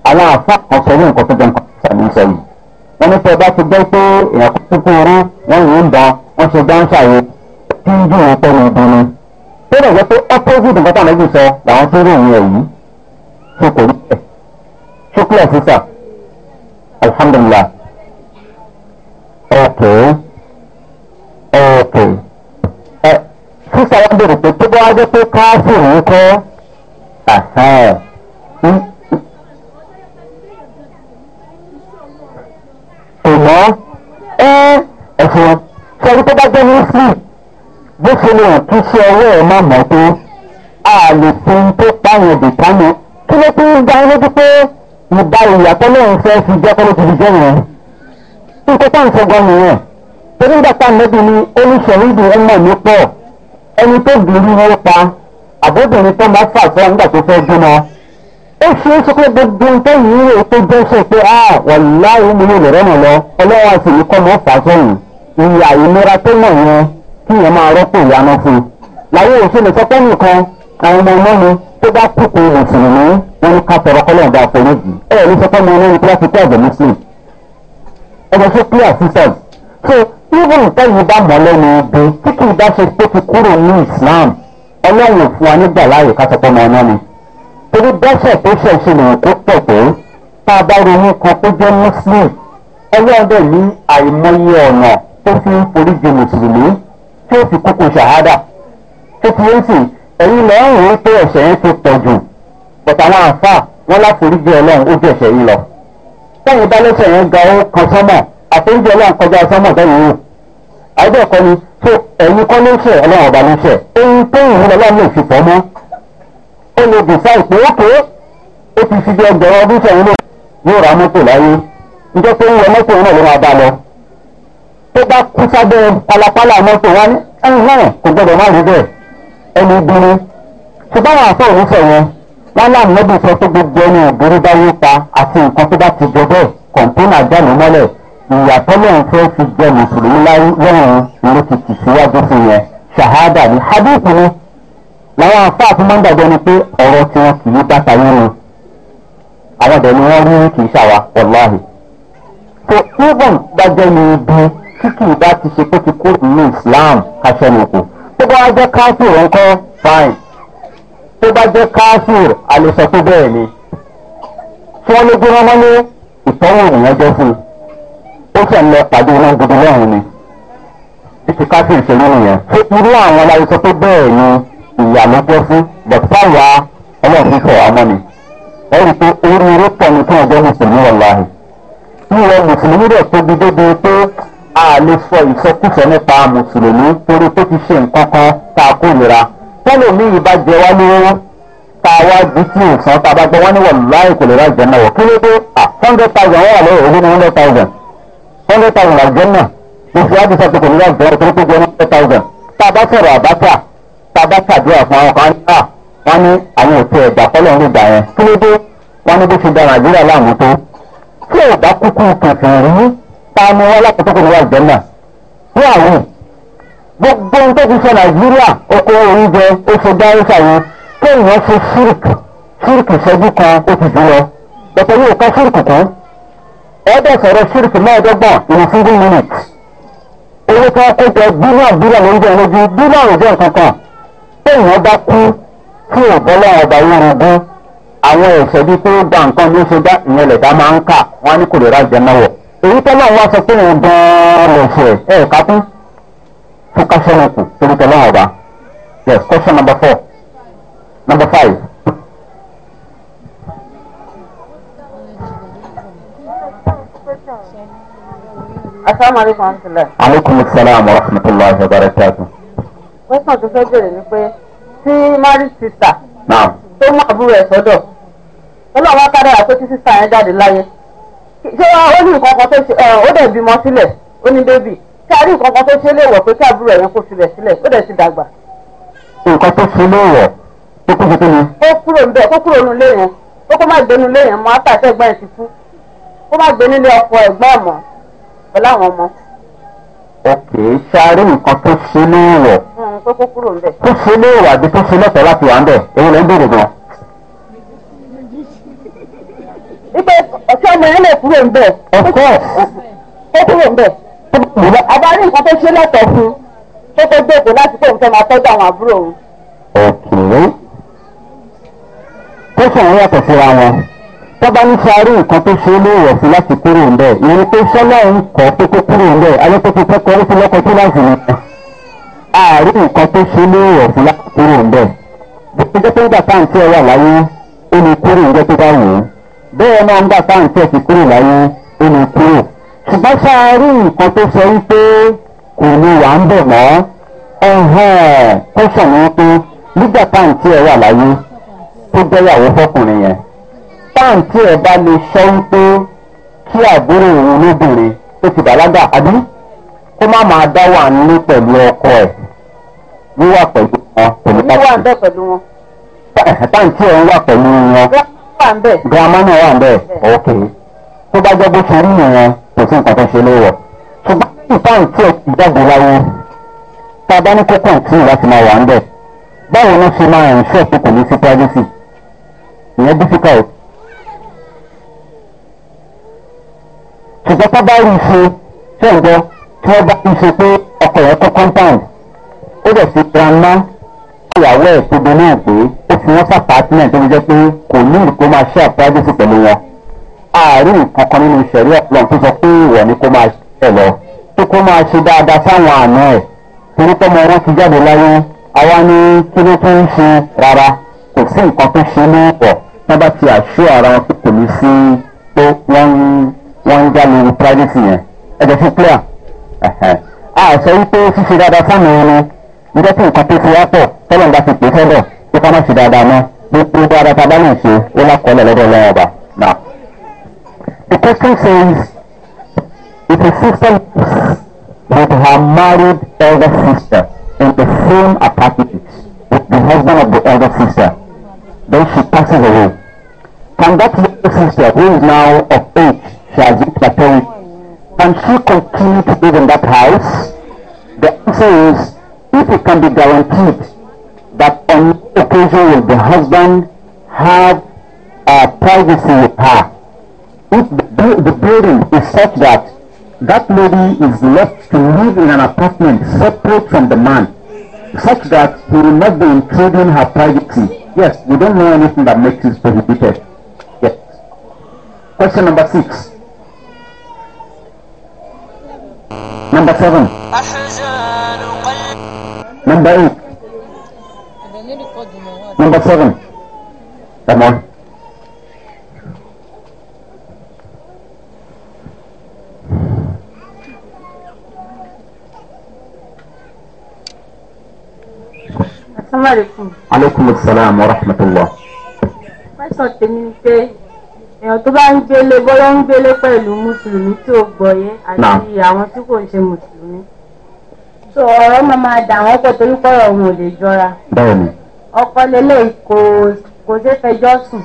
Speaker 1: àwọn àfa kan sọ ní nǹkan tó jẹ́ nǹkan tó sàmì sọ yìí wọ́n ní sọ bá ti gbẹ́ pé èèyàn kúkú rú wọ́n yìí ń bọ̀ wọ́n ṣe gbọ́n ṣàyè tí ń dùn ún pẹ́ẹ́nu ìdùnnú tó rẹ̀ jẹ́ pé opposite nǹkan táwọn ẹbí sọ làwọn tó rí òun ẹ̀yí tó kò rí ẹ̀ ṣókílẹ̀ sísà alhamdulilah ọ̀kẹ́ ọ̀kẹ́ ẹ̀ sísà wọn bèrè pé tó bá wá jẹ́ pé káfíìn ń kọ́ ṣùgbọ́n ẹ ẹ̀sìn ṣe ẹni bá jẹ́ muslim bó ṣe lè hàn kí iṣẹ́ ọwọ́ ẹ̀ má mọ̀ tó a lè fi ń tó pààyàn dìtánù kí ló tún ń dá lójú pé ìgbà ìyàtọ̀ lóun fẹ́ fi jẹ́ kọ́ ló ti fi jẹ́ yẹn nǹkan tá à ń sọ gan nìyẹn torí nígbà tá à ń lẹ́bi ni oníṣẹ́rídìí ẹ̀ mọ̀ ní pọ̀ ẹni tó bìrì wọn pa àbóbìnrin tó máa fà sọ́ra nígbà tó fẹ́ gbóná ó ṣe é ṣe pé gbogbo nǹkan yìí rè tó jẹ́ ṣe pé a wà láì mú mi lè rẹ́nà lọ ọlọ́wọ́ àti ìkọ́mọ́ fà sọ́yìn ìyà ìnira tó mọ̀ yẹn kí èèyàn máa rọ́pò ìyanu fún un láyé òfin lè sọpẹ́ nìkan àwọn ọmọ ọmọ mi tó bá kúkú mùsùlùmí wọn ká tọrọ kọ́lọ́ ọ̀dà àforíjì ẹ ẹ̀ ní sọpẹ́ mi ní kíláàsì tí àgbẹ̀ muslim ẹ̀rọ ṣe clear sisters so even tẹ́yìn bá mọ̀ lẹ́nu ibi tí kì í bá ṣe pé ti kúrò ní islam ọlọ́run fún wa nígbà láàyè ká sọpẹ́ ọmọ ọmọ mi torí dẹ́sẹ̀ tó ṣẹ̀ ṣe lè kó pọ̀ tó tá a bá ronú kan tó jẹ́ muslim ọlọ́run dẹ̀ ní àìmọye ọ̀nà tó fi ń foríjì mùsùlùmí tí ó fi kókó ṣàhádà tó fi ń sìn ẹ̀yin lẹ́yìn ń pé ẹ̀ṣẹ̀ yẹn ti pọ̀ jù bọ̀tà àwọn àǹfà wọn láforíjì ọlọ́run ó ju ẹ̀ṣẹ̀ yìí lọ. sẹ́yìn bá lẹ́sẹ̀ yẹn ga ó kan sọ́mọ̀ àforíjì ọlọ́run kọjá sọ́mọ̀ dẹ́yìn wò. àìbẹ̀ kọ́ ni tó ẹ̀yin kọ́ ló ń ṣẹ̀ ọlọ́run ọba ló ń ṣẹ̀ eyín tó ìhun ọlọ́run lè fi pọ̀ mọ́. ó lè dùn sáì pé ó pé ó ti fi bí ọgbẹ̀rún ọdún sẹ́yìn ló yóò ra mọ́tò láyé ń tó bá kú sábẹ́ palapala mọ́tò wá ní ẹ̀hìn kò gbọdọ̀ má rí bẹ́ẹ̀ ẹni ìbínú ṣùgbọ́n àwọn afọ òun sọ yẹn wọn láàmúlẹ́bù sọ pé gbogbo ẹni ìbínú bá yí pa àti nǹkan tó bá ti jọ bẹ́ẹ̀ kọ̀ǹpónà jáde mọ́lẹ̀ ìyàtọ̀ lóun fẹ́ fi jẹ mùsùlùmí lọ́rùn ló ti tì síwájú fún yẹn ṣàhádà ní hadith ni làwọn afọ àfọmọ́ndàjọ ni pé ọ̀rọ̀ tí wọn kì í bàtà yín ni àwọn ọ̀dọ́ ni wọ́n rí kì í ṣàwà wọ́láhì. so even gbàjẹ́ ni bí tí kì í bá ti ṣe pé ti kúrò nínú islam kaṣẹ́nukù tó bá jẹ́ káfíìr ńkọ́ fine tó bá jẹ́ káfíìr àlùsọ tó bẹ́ẹ̀ ni tí wọ́n ló gbé wọn mọ́lé ìtọ́wò ènìyàn jẹ́ fún un ó sì ń lọ pàdé iná gbogbo lọ́rùn ni títí káfíìr ṣe nínú yẹn ṣé irú àwọn aláìsọ tó bẹ́ẹ̀ ni ìyá ló jẹ́ fún but fáwa ọlọ́run fífọ̀ ọmọ ni ẹ rí i pé orí irú pọ̀ ní kí wọ́n jẹ́ mùsùlùmí wọ̀láhì ní ìwọ mùsùlùmí rẹ̀ tóbi débi pé a lè sọ ìsọkúsọ nípa mùsùlùmí torí tó ti ṣe nǹkan kan tá a kórìíra tẹlẹmíì bá jẹ wá lówó tá a wá bí tí òsán tá a bá gbọ wọn ní wàlúwàá ìkòlèrè àjẹmọ wọ kí ló dé à hundred thousand wọn wà lọ́wọ́ ogún ní hundred thousand hundred thousand àjẹmọ oṣù àti sọ pé kò ní wá jẹ ọkùnrin tó gbé ní hundred thousand tá a bá sọ̀rọ̀ àbáta tá a bá ṣàdúrà fún àwọn kan náà wọn ní àwọn òtí ẹ̀dá kọ́lọ̀ ń gbà yẹn kí ló dé wọn ní bó ṣe da nàìjíríà láàmú tó tí ò bá kúkú kẹfìn rí ta ni wọn láti tó kò ní wá ìjẹ́nà fún àwọn
Speaker 2: gbogbo ohun tó ti ṣe nàìjíríà oko oúnjẹ oṣù dáríṣà yẹn kéèyàn ṣe síríkì síríkì ìṣẹ́jú kan ó ti jù lọ bẹ̀tẹ̀ yóò kọ́ síríkì kún
Speaker 1: ẹ̀ẹ́dẹ̀ sọ̀rọ̀ síríkì mẹ́ẹ̀ẹ́dọ́gbọ̀n in a single minute owó tí wọ́n kó jẹ bílíọ̀nù bílíọ̀nù oúnjẹ lójú bílíọ̀nù jẹ́ nǹkan kan kéèyàn bá kú tí ò bọ́lá ọba yorùbá àwọn ẹ̀ṣẹ́ bíi pé ó gba nǹkan ló ṣe dá ìyẹn lẹ̀dá máa ń kà wọ́n á ní kò lè ra jẹ náà wọ̀ èyí tọ́lọ́run wá sọ pé òun gan-an lè fò ẹ̀ ẹ̀ ká tún fún kásánù kù torí tọ́lọ́run ọba yes question number four number five.
Speaker 2: asalaamualeykum amtulẹ.
Speaker 1: aleykum salaam wa rahmatulahi wa
Speaker 2: barakatu. wẹ́sàn tó fẹ́ bèrè ni pé tí married sister. tó mú àbúrò ẹ̀ sọ́dọ̀. tọ́lọ́run wá kádàrà pé tí yẹn jáde láyé ṣé ó ní nǹkan kan tó ṣe ó dẹ̀ bímọ sílẹ̀ ó ní bébì ṣé a rí nǹkan kan tó ṣe léèwọ̀ pé kí àbúrò ẹ̀yẹn kó filẹ̀ sílẹ̀ ó dẹ̀ ti dàgbà.
Speaker 1: nǹkan tó ṣe léèwọ̀ tó kó tuntun
Speaker 2: ni. ó kúrò ń bẹ̀ kó kúrò nulé yẹn ó kó má gbé nulé yẹn mọ́ àtàtà ẹ̀gbọ́n ẹ̀ ti kú kó má gbé nílé ọkọ ẹ̀gbọ́n mọ́ pẹ̀lú àwọn ọmọ.
Speaker 1: ok ṣáré nǹkan tó ṣe léèwọ̀. tó ṣe léèwọ̀ àbí tó ṣe lẹ́tọ̀ọ́ láti wà ń bẹ̀ èwo lẹ́ ń bèrè gan
Speaker 2: ipe ọ̀sẹ̀ ọmọ yẹn lè kúrò ńbẹ̀. ọ̀kọ́ ó kúrò ńbẹ̀. àbárí nǹkan tó ṣe lẹ́tọ̀ọ́ fún tó tó dògbò láti pé nǹkan máa tọ́jú àwọn àbúrò òun.
Speaker 1: ọ̀kẹ́ tó sàn án yàtọ̀ síra wọn tọ́ba ń sáré nǹkan tó ṣe ló wọ̀ sí láti kúrò ńbẹ̀ ìrìn pé sọ́lá ń kọ́ tó kó kúrò ńbẹ̀ alẹ́kọ̀ọ́ tó kọ́ lóṣù lọ́kọ̀ tó láti rìn ààrí nǹkan tó ṣe ló wọ̀ sí láti kúrò ńbẹ̀ bó ṣe jẹ́ pé nígbà táǹtí ẹ̀ wà láyé ó ní kúrò ńbẹ̀ tó bá wù ú bẹ́ẹ̀ náà ń gbà tá à ń tẹ̀sí kúrò láyé ó ní kúrò ṣùgbọ́n sáárì nǹkan tó sọ wípé kò ní wà ń bẹ̀ mọ́ kọ́sọ̀ ni wọ́n pé nígbà táǹtì ẹ̀ wà láyé tó gbẹ́yàwó fọkùnrin yẹn táǹtì ẹ̀ bá lè sọ wípé kí àbúrò òun lóbìnrin tó ti bàlágà àbí kó má máa dá wà nílé pẹ̀lú ọkọ ẹ̀ wíwà pẹ̀lú wọn pẹ̀lú táǹtì ẹ̀ ń wà pẹ̀lú wọn girama náà wà bẹ́ẹ̀ ok tó bá jẹ́ bó ṣe rí nìyẹn kò sí nǹkan tó ṣe léwọ̀ ṣùgbọ́n ìtàn tí o ti jáde láyé tá a bá ní kókó tí ìwà ti máa wà ń bẹ̀ báwo ló ṣe máa ń ṣe kókò ní sí privacy ìyẹn difficult ṣùgbọ́n tá a bá rí i ṣe ṣé ǹjọ́ tí wọ́n bá rí i ṣe pé ọkọ̀ yẹn kó compound ó dẹ̀ ṣe grandma ìyàwó ẹ̀ tó bẹ náà pé ó fi wọ́n sàpàtìmẹ̀ tó fi jẹ́ pé kò ní ìkó máa ṣe àpáyédésì pẹ̀lú wọn ààrùn nǹkan kan nínú ìṣẹ̀rí ọ̀pọ̀lọ́n tó sọ pé ìwọ̀ ni kó máa ṣe lọ tó kó máa ṣe dáadáa sáwọn àna ẹ̀ torí pé ọmọ wọn ti jáde láyé àwa ní kí ló tó ń ṣe rárá kò sí nǹkan tó ṣe ní ọ̀ tó bá ti àṣọ ara wọn tó kò ní sí pé wọ́n ń já ǹjẹ́ tí nǹkan tó fi wá pọ̀ tọ́lọ̀ ń ti pè sọ́dọ̀ tó ká má ṣe dáadáa mọ́ gbogbo dáadáa tá bá lè ṣe ó lákọọ́lẹ̀ lọ́dọ̀ lọ́wọ́ ọba náà. the question says if a sister with her married elder sister in the same apartment with the husband of the elder sister then she passes away can that younger sister who is now of age she has reached maturity can she continue to live in that house the answer is if it can be guaranteed that on occasion will the husband have uh, privacy with her, if the, the building is such that that lady is left to live in an apartment separate from the man, such that he will not be intruding her privacy. Yes, we don't know anything that makes this prohibited. Yes. Question number six. Number seven number eight number seven come on.
Speaker 2: asalaamualeykum.
Speaker 1: aleykum salaam wa rahmatulah.
Speaker 2: pásọ tèmi ń pé èèyàn tó bá ń gbélé bọ́lá ń gbélé pẹ̀lú mùsùlùmí tí ò gbọ́ yẹn àti àwọn tí kò ń ṣe mùsùlùmí. so ọ̀rọ̀ ma ma dà wọ́n pọ̀ torí pọ̀rọ̀ ò lè jọra. ọkọ ni kò kò ṣe fẹjọ́ sùn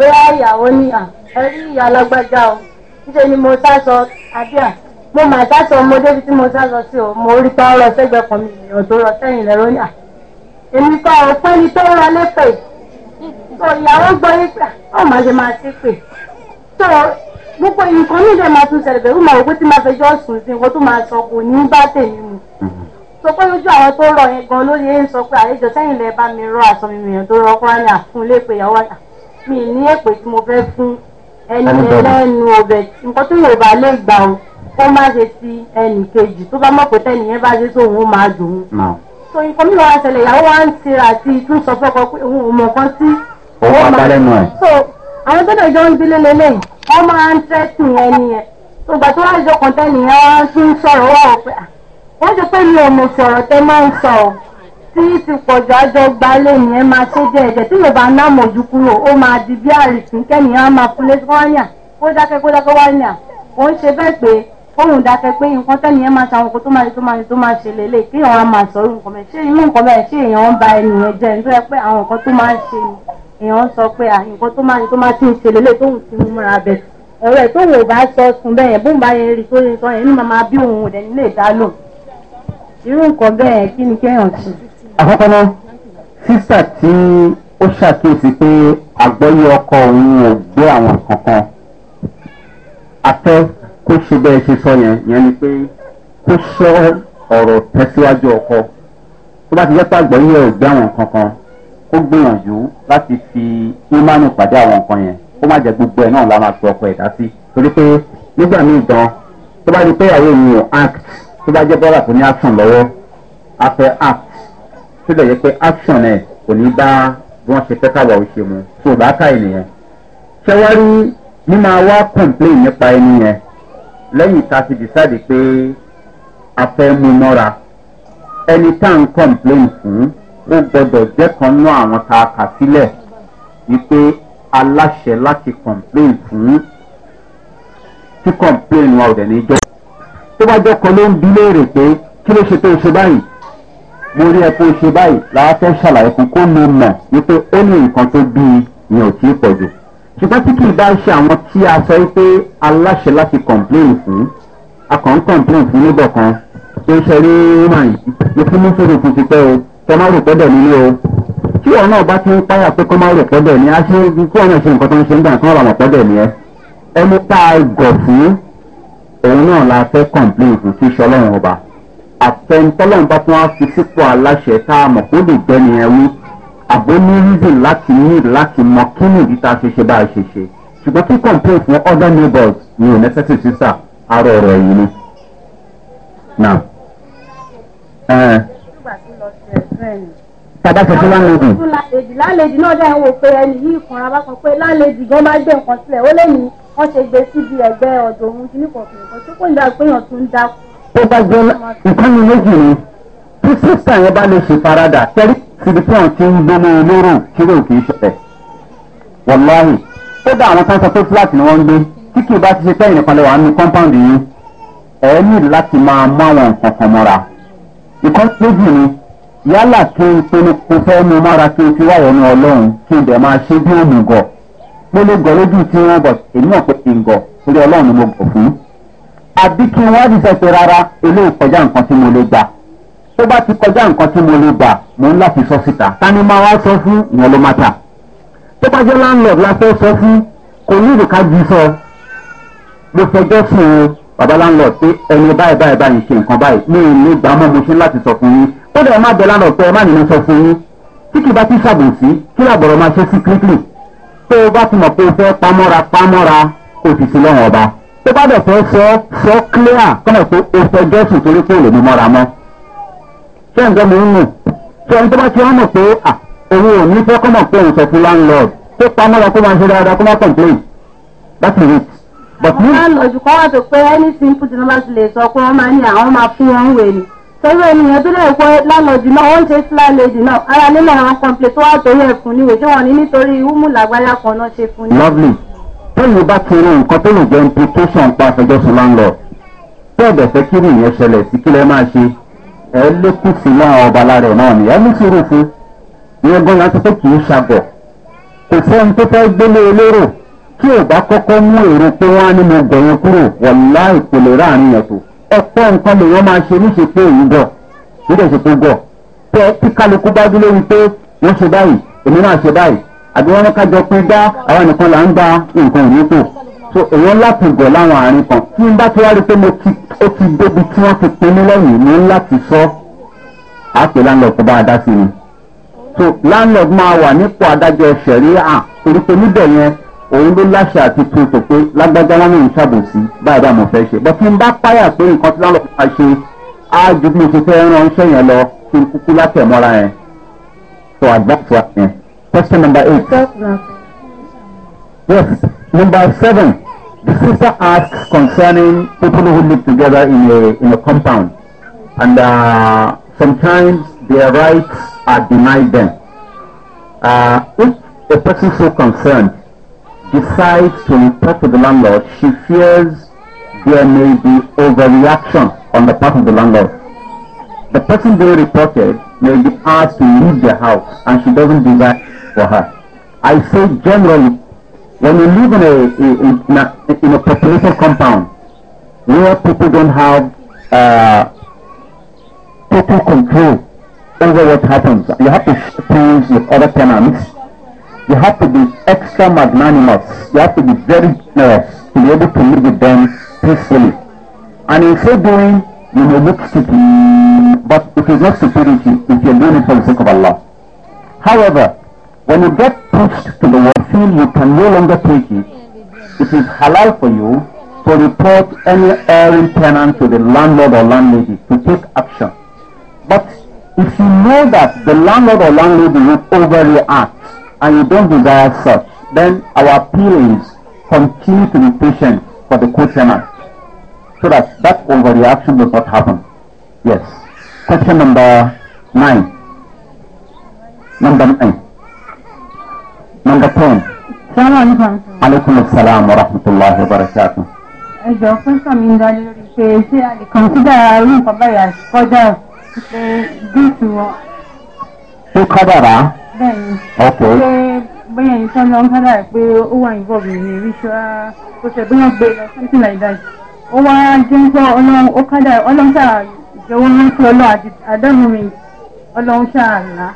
Speaker 2: ìyàwó à ẹ rí ìyá o ni mo sásọ àbíà mo mà sásọ mo tí mo sásọ sí o mo rí tán rọ sẹ́gbẹ̀ẹ́ kan mi tó rọ ọ tó rọ gbogbo nǹkan ní ìdẹ̀ máa tún ṣẹlẹ̀ pẹ̀lú màá wípé tí máa fẹjọ́ sùn sí nǹkan tó máa sọ kò ní bá tèmi mu sọ pé lójú àwọn tó rọ yẹn gan ló yẹ ń sọ pé àlejò sẹ́yìn lẹ bá mi rọ àsọ mímu yẹn tó rọ kúránì àfún lépè ìyàwó àtà mi ní èpè tí mo fẹ́ fún ẹni ẹlẹ́nu ọbẹ̀ nǹkan tó yẹ bá lè gbà o kó má ṣe ti ẹnì kejì tó bá mọ̀ pé tẹ́nì yẹn bá ṣe tó òun máa dùn ún. so nǹkan mi wàá ṣẹlẹ̀ ìyàwó wa ń tira àti tún sọ fẹ́ kọ pé òun ò mọ̀ kan sí. àwọn tó dẹ̀ jọ ń gbélé lélẹ́yìí wọ́n ma ń tẹ́sì yẹn nìyẹn ìgbà tó wá ń sọ̀rọ̀ wá wọ́n pé mi ò mọ̀ sọ̀rọ̀ tẹ́ máa ń sọ tí ti pọ̀jù àjọ gba ẹ̀ máa ṣe jẹ́ ẹ̀jẹ̀ tí yóò bá ná mọ̀jú kúrò ó máa di bí kẹ́nìyàn á máa kó dákẹ́ kó dákẹ́ ó ń ṣe bẹ́ẹ̀ pé fóun dákẹ́ pé nǹkan máa ṣàwọn tó sọ irú nǹkan bẹ́ẹ̀ ṣé irú nǹkan bẹ́ẹ̀ ba jẹ́ nítorí pé àwọn nǹkan tó èèyàn sọ pé ah, nǹkan tó máa ń tó máa ti ń ṣe lélẹ̀ tóun ti mú múra bẹ̀ ẹ̀rọ ẹ̀ tóun ò bá sọ sùn bẹ́ẹ̀ bóun bá yẹn rí sórí nǹkan yẹn ní màmá bí òun ò dẹ̀ nílé ìdá lò irú nǹkan bẹ́ẹ̀ kí ni kéèyàn sí.
Speaker 1: àkọ́kọ́ náà sísà tí ó ṣàkíyèsí pé àgbọ́yé ọkọ òun ò gbé àwọn kankan afẹ́ kó ṣe bẹ́ẹ̀ ṣe sọ yẹn yẹn ni pé kó sọ ọ̀rọ̀ tẹ́síwájú ọkọ tó bá ti jẹ́ pé àgbọ́yé ò gbé àwọn kankan kó gbìyànjú láti fi ìmánu pàdé àwọn nǹkan yẹn kó má jẹ gbogbo ẹ náà la máa fi ọkọ ẹ̀dá sí torí pé nígbà míì gan tó bá di pé àwọn ènìyàn act tó bá jẹ́ bọ́lá tó ní action lọ́wọ́ a fẹ́ act tó lè yẹ pé action ẹ̀ kò ní bá bí wọ́n ṣe fẹ́ káwà ó ṣe mu tó bá ká ènìyàn ṣé wá rí mímọ wá complain nípa ẹni yẹn lẹ́yìn tá a ti decide pé a fẹ́ mú mọ́ra ẹni tá à ń complain fún ó gbọdọ̀ jẹ́ kan ná àwọn tá a kà sílẹ̀ wípé aláṣẹ láti complain fún tí complain wa ò dẹ̀ ní jọ. tó bá jẹ́ kan ló ń bi léèrè pé kí ló ṣe tó ṣe báyìí mo rí ẹ pé ó ṣe báyìí làwọn fẹ́ ṣàlàyé fún kó mo mọ̀ wípé ó ní nǹkan tó bí ìyẹn ò tí ì pọ̀ jù ṣùgbọ́n tí kì í bá ṣe àwọn tí a sọ pé aláṣẹ láti complain fún a kàn ń complain fún níbọ̀ kan pé ṣe rí màá yìí mo fún mú fèrè fún ti pẹ́ o kọ́ má rò pọ́dọ̀ nínú o tí ọ̀run náà bá ti ń páyà pé kọ́ má rò pọ́dọ̀ ni a ṣe bí kí ọ̀run ṣe nǹkan tó ń ṣe ń gbà kán ràwọ̀ pọ́dọ̀ ni ẹ ẹni tá a gọ̀ fún òun náà la fẹ́ complain fún sí ṣọlọ́run ọba àfẹnutọ́lọ́run bá tún wá fi sípò aláṣẹ tá a mọ̀ kó lè gbẹ́ni ẹ wí àbó ní reason láti ní láti mọ kí ni ìdí tá a ṣe ṣe bá a ṣe ṣe ṣùgbọ́n kí complain fún other neighbors ni ò necessary sísà arọ ọ̀rọ̀ yìí ni.
Speaker 2: Tàdá sọ fún lálejì. Lálejì náà dẹ̀ ń wò pé ẹni yìí kanra bá kan pé lálejì gan bá gbé nǹkan sílẹ̀ ó lè ní wọ́n ṣe gbé síbi ẹ̀gbẹ́ ọ̀dọ̀ òun kí nìkan kì nìkan tí kò ní dáa pé èèyàn tún ń dákú. Ó bá jẹ́ ìkànnì méjì ni
Speaker 1: tí sísà yẹn bá lè ṣe farada tẹ́rí síbi tí àwọn ti ń gbóná olóró kéré òkè ìṣẹ̀lẹ̀. Wọ̀láhì ó dá àwọn tán sọ pé fúláàtì ni wọ́n ń gbé tí kì í bá ti ṣe pẹ́yìn yálà kí n pinnu kó fẹ́ mu mára kí n fi wá wọnú ọlọ́run kí n dẹ̀ máa ṣe bí òmùgọ̀ mo lè gọ̀ lójú tí wọ́n gọ̀ èmi náà pé kí n gọ̀ torí ọlọ́run ni mo gọ̀ fún. àbí kí n wá rí sẹ́sẹ̀ rárá eléyìí kọjá nǹkan tí mo lè gbà tó bá ti kọjá nǹkan tí mo lè gbà mo ń láti sọ síta ta ni máa wá sọ fún ìyẹn ló má ta tó bá jẹ́ láńlọ́ọ̀dù la fẹ́ sọ fún kò ní ìdíkà jí sọ mo fẹjọ́ fún babaláńlọ́ọ̀dù pé ẹni báyìí báyìí báyìí ṣe nǹkan báyìí mi ò ní gbàmọ́ mo ṣe láti sọ fún yín kódà ẹ má jẹ lánàá pé ẹ má nìyẹn sọ fún yín tí kì bá ti ṣàbòsí kí làbọ̀rọ̀ máa ṣe sí kíríkìrì tó o bá ti mọ̀ pé o fẹ́ pamọ́ra pamọ́ra kò sì sí lọ́wọ́n ọba tó bá dẹ̀ fẹ́ sọ sọ clear kọ́nà pé o fẹ́ jẹ́sùn torí pé òlè mi mọ́ra mọ́ ṣé ǹjẹ́ mi ń nù ṣé ẹni tó bá ti wá mọ̀ pé à òun ò ní fẹ́ kọ́mọ̀ pé òun sọ fún landlord tó pamọ́ra kó máa ṣe dáadáa kó má complain that is it
Speaker 2: but me. àwọn àlọ́jù kan wà tó pé anything put in number to lè sọ pé wọ́n máa ní àwọn máa fún wọn wèé ni torí ènìyàn tó lè wọ lálọ́jù náà wọ́n ṣe fly lady náà ara nílẹ̀ àwọn kọ́ńplé tó wà torí ẹ̀ fún níwèé tí wọ́n ní nítorí wúmù làgbáyà kan náà ṣe fún ní.
Speaker 1: lovely tẹ́lẹ̀ bá ti rí nǹkan tó lè jẹ́ implication pa àfẹjọ́sùn landlord tẹ́ẹ̀dẹ̀ fẹ́ kí nìyẹn ṣẹlẹ̀ sí kí lẹ́ máa ṣe ẹ lékún sí náà ọba lára ẹ̀ náà nìyẹn ní sùúrù fún ìyẹn gan yàtọ̀ pé kì í ṣàgọ̀ kò sẹ́ni tó fẹ́ gbélé elérò tí ò bá kọ́kọ́ mú èrò pé wọ́n á ní mo gbẹ̀yìn kúrò wọ̀lá ìpele ráàrin yẹn tó ọ̀pọ̀ nǹkan lèèyàn máa ṣe níṣe pé òun gọ̀ níṣe ṣe pé gọ̀ pé tí kálukú bá dúró wípé wọ́n ṣe báyìí èmi náà ṣe báyìí àbí wọ́n ní kájọ pé dá àwọn nìkan là ń gba nǹkan ìnípò so èèyàn láti gọ̀ láwọn àárín kan tí n bá ti wá rí pé mo ti ó ti débi tí wọ́n ti pinnu lẹ́yìn mi láti sọ àpè láńlọ́ọ̀ kó bá a dá sí ni so láńlọ́ọ̀ máa wà nípò adájọ́ ṣẹ̀ríà torí pé níbẹ̀ yẹn òun ló láṣẹ àti pèsè pé lágbájá wọn lòún ṣàbòsí báyìí bá fẹ́ ṣe bọ́ tí bá páyà pé nǹkan tí lálọ́ máa ṣe á ju bí mo ṣe fẹ́ ránṣẹ́ yẹn lọ kí n kúkú látẹ̀mọ́ra yẹn so advice yẹn. question number eight. yes number seven the sister asks concerning people who live together in a in a compound and uh, sometimes their rights are denied them. Uh, if a person so concerned decides to report to the landlord, she fears there may be overreaction on the part of the landlord. The person being reported may be asked to leave the house and she doesn't desire for her. I say generally, when you live in a, in a, in a population compound where people don't have uh, total control over what happens, you have to share things with other tenants you have to be extra magnanimous. You have to be very generous to be able to live with them peacefully. And in so doing, you may look stupid, but it is not stupidity if you're doing it for the sake of Allah. However, when you get pushed to the world, feel you can no longer take it, it is halal for you to report any erring tenant to the landlord or landlady to take action. But if you know that the landlord or landlady will overreact, and you don't desire such, then our appeal is continue to be patient for the questioner so that that overreaction does not happen. Yes. Question number nine. Number nine. Number ten. Salaamaleykum. Aleykum salaam wa rahmatulahi wa barakatu.
Speaker 2: Ẹ jọ fẹ́sọ̀ mi dá lórí pé ṣé a lè kọ̀nsídà irú nǹkan báyìí àti kọ́dà pé dùn
Speaker 1: Ṣé kọ́dà rà
Speaker 2: bẹ́ẹ̀ni pé bóyá ẹni tán lọ ń kádà pé ó wà involved in ritual process bóyá gbé lọ something like that ó wá jẹ́ pé ọlọ́run ó kádà ọlọ́run ṣáà ìjẹ́wọ́ rántí ọlọ́run àti àdánù mi ọlọ́run ṣáà là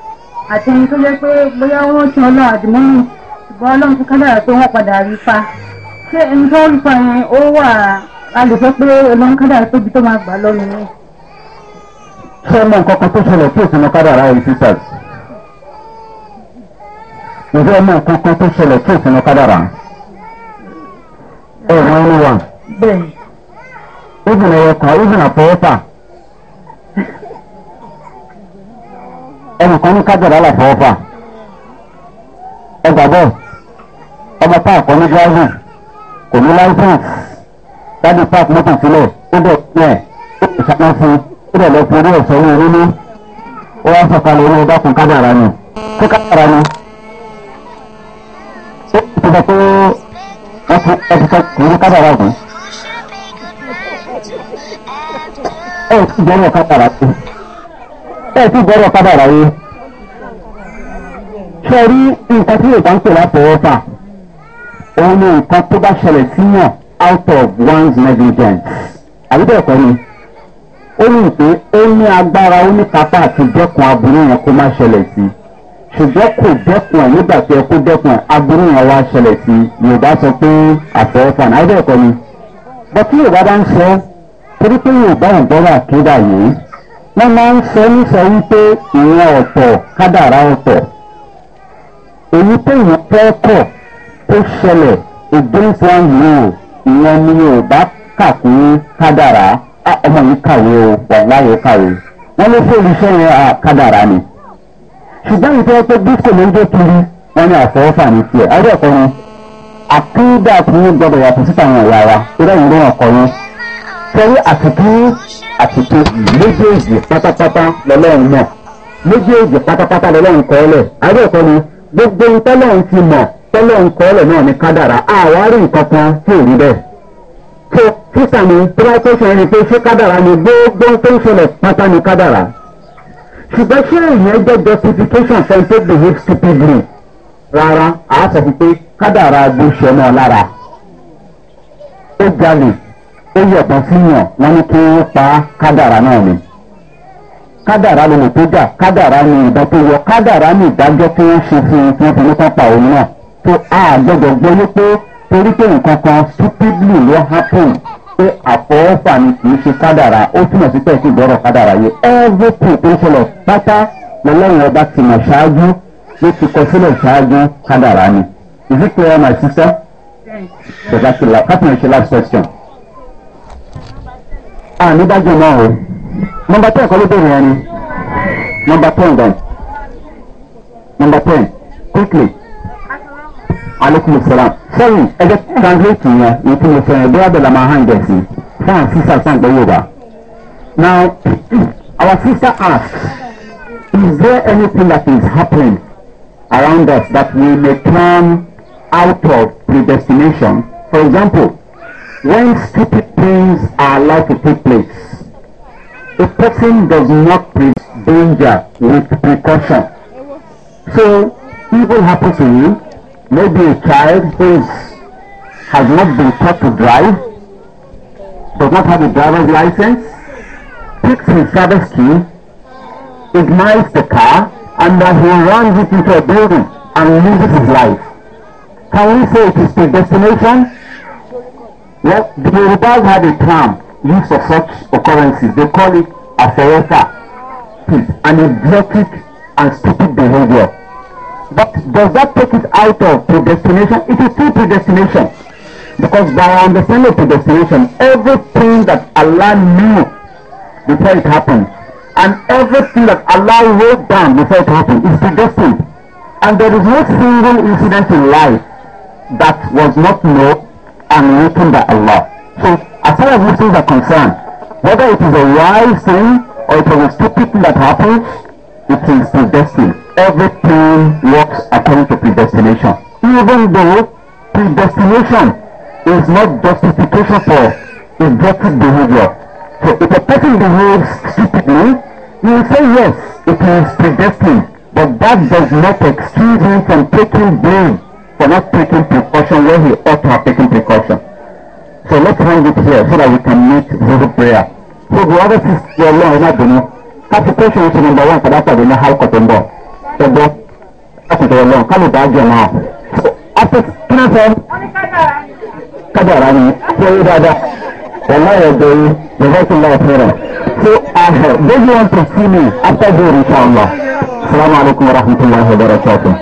Speaker 2: àti ẹni tó jẹ́ pé bóyá wọ́n ti ọlọ́run àdìmọ́nù ṣùgbọ́n ọlọ́run ti kádà pé wọ́n padà rí fa ṣé ẹni tó rí fa yẹn ó wà a lè sọ pé ọlọ́run kádà tó máa gbà lọ́nu yẹn. ṣé
Speaker 1: ọmọ nǹkan kan tó ṣẹlẹ̀ tí òsínú kádà ráyè sisters ǹjẹ́ ọmọ nǹkan kan tó ṣẹlẹ̀ tí òsínú kádàrà ẹ̀ wọ́n ní wa ìbùnà ẹ̀yọ kan ìbùnà pọ̀ọ́pà ẹnìkan ní kádàrà là pọ̀ọ́pà ẹgbà bẹ́ẹ̀ ọmọ park ọmọ driving kò ní license dáàbì park mọ́tò sílẹ̀ ó dẹ̀ ẹ̀ ó dẹ̀ sábà fún ó dẹ̀ lọ fún orí ẹ̀sọ́ orí ní ó wá sọ̀kalẹ̀ orí ẹ̀dá fún ni fún kádàrà ni sọ pé ẹ ti sọ kì í kábàárà ọ̀gbìn.
Speaker 2: ẹ nǹkan
Speaker 1: tí yorùbá ń pè látọ̀ọ́fà òun ni nǹkan tó bá ṣẹlẹ̀ sí out of one's negligence àbíbẹ̀ ẹ̀kọ́ ni ó ní pé ó ní agbára ó ní kápá àti dẹ́kun aburú yẹn kó má ṣẹlẹ̀ sí ṣùgbọ́n kò dẹ́kun ẹ̀ nígbà tí ẹ kó dẹ́kun ẹ̀ aburú yẹn wá ṣẹlẹ̀ sí yorùbá sọ pé àfẹ́fà náà bẹ́ẹ̀ kọ́ ni. bọ́ tí yorùbá bá ń sọ torí pé yorùbá ò gbọ́rọ̀ àkídà yìí wọ́n máa ń sọ nísọ wípé ìran ọ̀tọ̀ kádàrá ọ̀tọ̀ èyí tó yìí pẹ́ kọ̀ tó ṣẹlẹ̀ against one rule ìyẹn ni yorùbá kà kádàrá ah, ọmọ yìí kàwé o wàláyé kàwé wọ́n ló fẹ́ olùṣẹ́ yẹn ah, kádàrá ni ṣùgbọ́n ìfẹ́ pé disco ló ń gbé kiri wọ́n ní àfọwọ́fà ní tiẹ̀ ayé ẹ̀kọ́ ni àkíńdà tí ó gbọdọ̀ yàtọ̀ síta àwọn ìyá wa ìrẹ́yìn ló hàn kọ́ yín sẹ́rí àtìkí àtìkí méjèèjì pátápátá lọ́lọ́run náà méjèèjì pátápátá lọ́lọ́run kọ́ọ́lẹ̀ ayé ẹ̀kọ́ ni gbogbo tọ́lọ́run ti mọ̀ tọ́lọ́run kọ́ọ́lẹ̀ náà ní kádàrá àwárí nǹkan kan tí ò rí bẹ́ẹ̀ tó sísàmì tó bá tó ṣe ṣùgbọ́n ṣé èèyàn jẹ́ justification fún tó behave stupidly rárá a sọ fún pé kádàrá agbó ṣe ọmọ lára ó jalè ó yọ̀tàn síyàn wọn ní kí wọ́n pa kádàrá náà ni kádàrá lòun tó jà kádàrá ni ìbọn tó yọ kádàrá ni ìdájọ́ tó ń ṣe fún un tí wọ́n fi ní kán pa òun náà tó a gbọ́dọ̀ gbọ́ wípé torí pé nǹkan kan stupidly ló happen pé àfọwọ́fà ni kì í ṣe kádàrà ó túmọ̀ sí pé kí gbọ́rọ̀ kádàrà yìí everything tó ń ṣẹlẹ̀ pátá lọ́lọ́run ọba ti mọ̀ ṣáájú ló ti kọ sílẹ̀ ṣáájú kádàrà ni is it clear my sister? ṣèkà sí la kápẹ́ ìṣe last question. a ah, ní dájú náà o nọmba ten kọ́ ló bẹ̀rẹ̀ yẹn ni nọmba ten then nọmba ten quickly aleykum salam sẹ́yìn ẹgbẹ́ translate yẹn ní kí mo sọ yẹn bóyá bẹ̀rẹ̀ máa hàn jẹ̀ sí fáwọn sísá sáà gbọ́ yorùbá now our sister asked is there anything that is happening around us that we may turn out of predestination for example when stupid things are allowed to take place a person does not prevent danger with precaution so evil happens to you. Maybe a child who has not been taught to drive, does not have a driver's license, picks his service key, ignites the car, and then he runs it into a building and loses his life. Can we say it is predestination? Well, the Yorubas had a term used for such occurrences. They call it a afereta, and idiotic and stupid behavior. But does that take it out of predestination? It is still predestination. Because by our understanding of predestination, everything that Allah knew before it happened, and everything that Allah wrote down before it happened, is predestined. And there is no single incident in life that was not known and written by Allah. So, as far as Muslims are concerned, whether it is a wise thing or it was a stupid thing that happened, it is predestined everything works according to predestination. Even though predestination is not justification for injustice behavior. So if a person behaves stupidly, you will say yes, it is predestined. But that does not excuse him from taking blame for not taking precaution where he ought to have taken precaution. So let's end it here so that we can meet the prayer. So the other sister, your Lord, I don't know. the question which is number one, but that's why we know how to ẹgbọ́ ọkùnrin náà kálù bá jẹ náà ọ̀pẹ kí náà sọ. kájàrá ni tó yé dáadáa wọ́n náà yẹ gbèrú the virgin law fẹ́rẹ̀ so ahẹ bẹ́ẹ̀ yẹn tó sí mi after the return lọ salamu alaykum wa rahmatulahi wa barakatuh.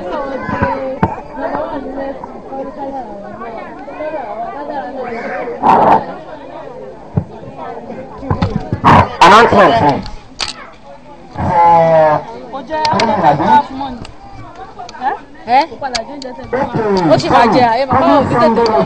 Speaker 2: announcement. Uh, training àbí. ó ti bàjẹ́ àyè bàbá òbí tètè lọ.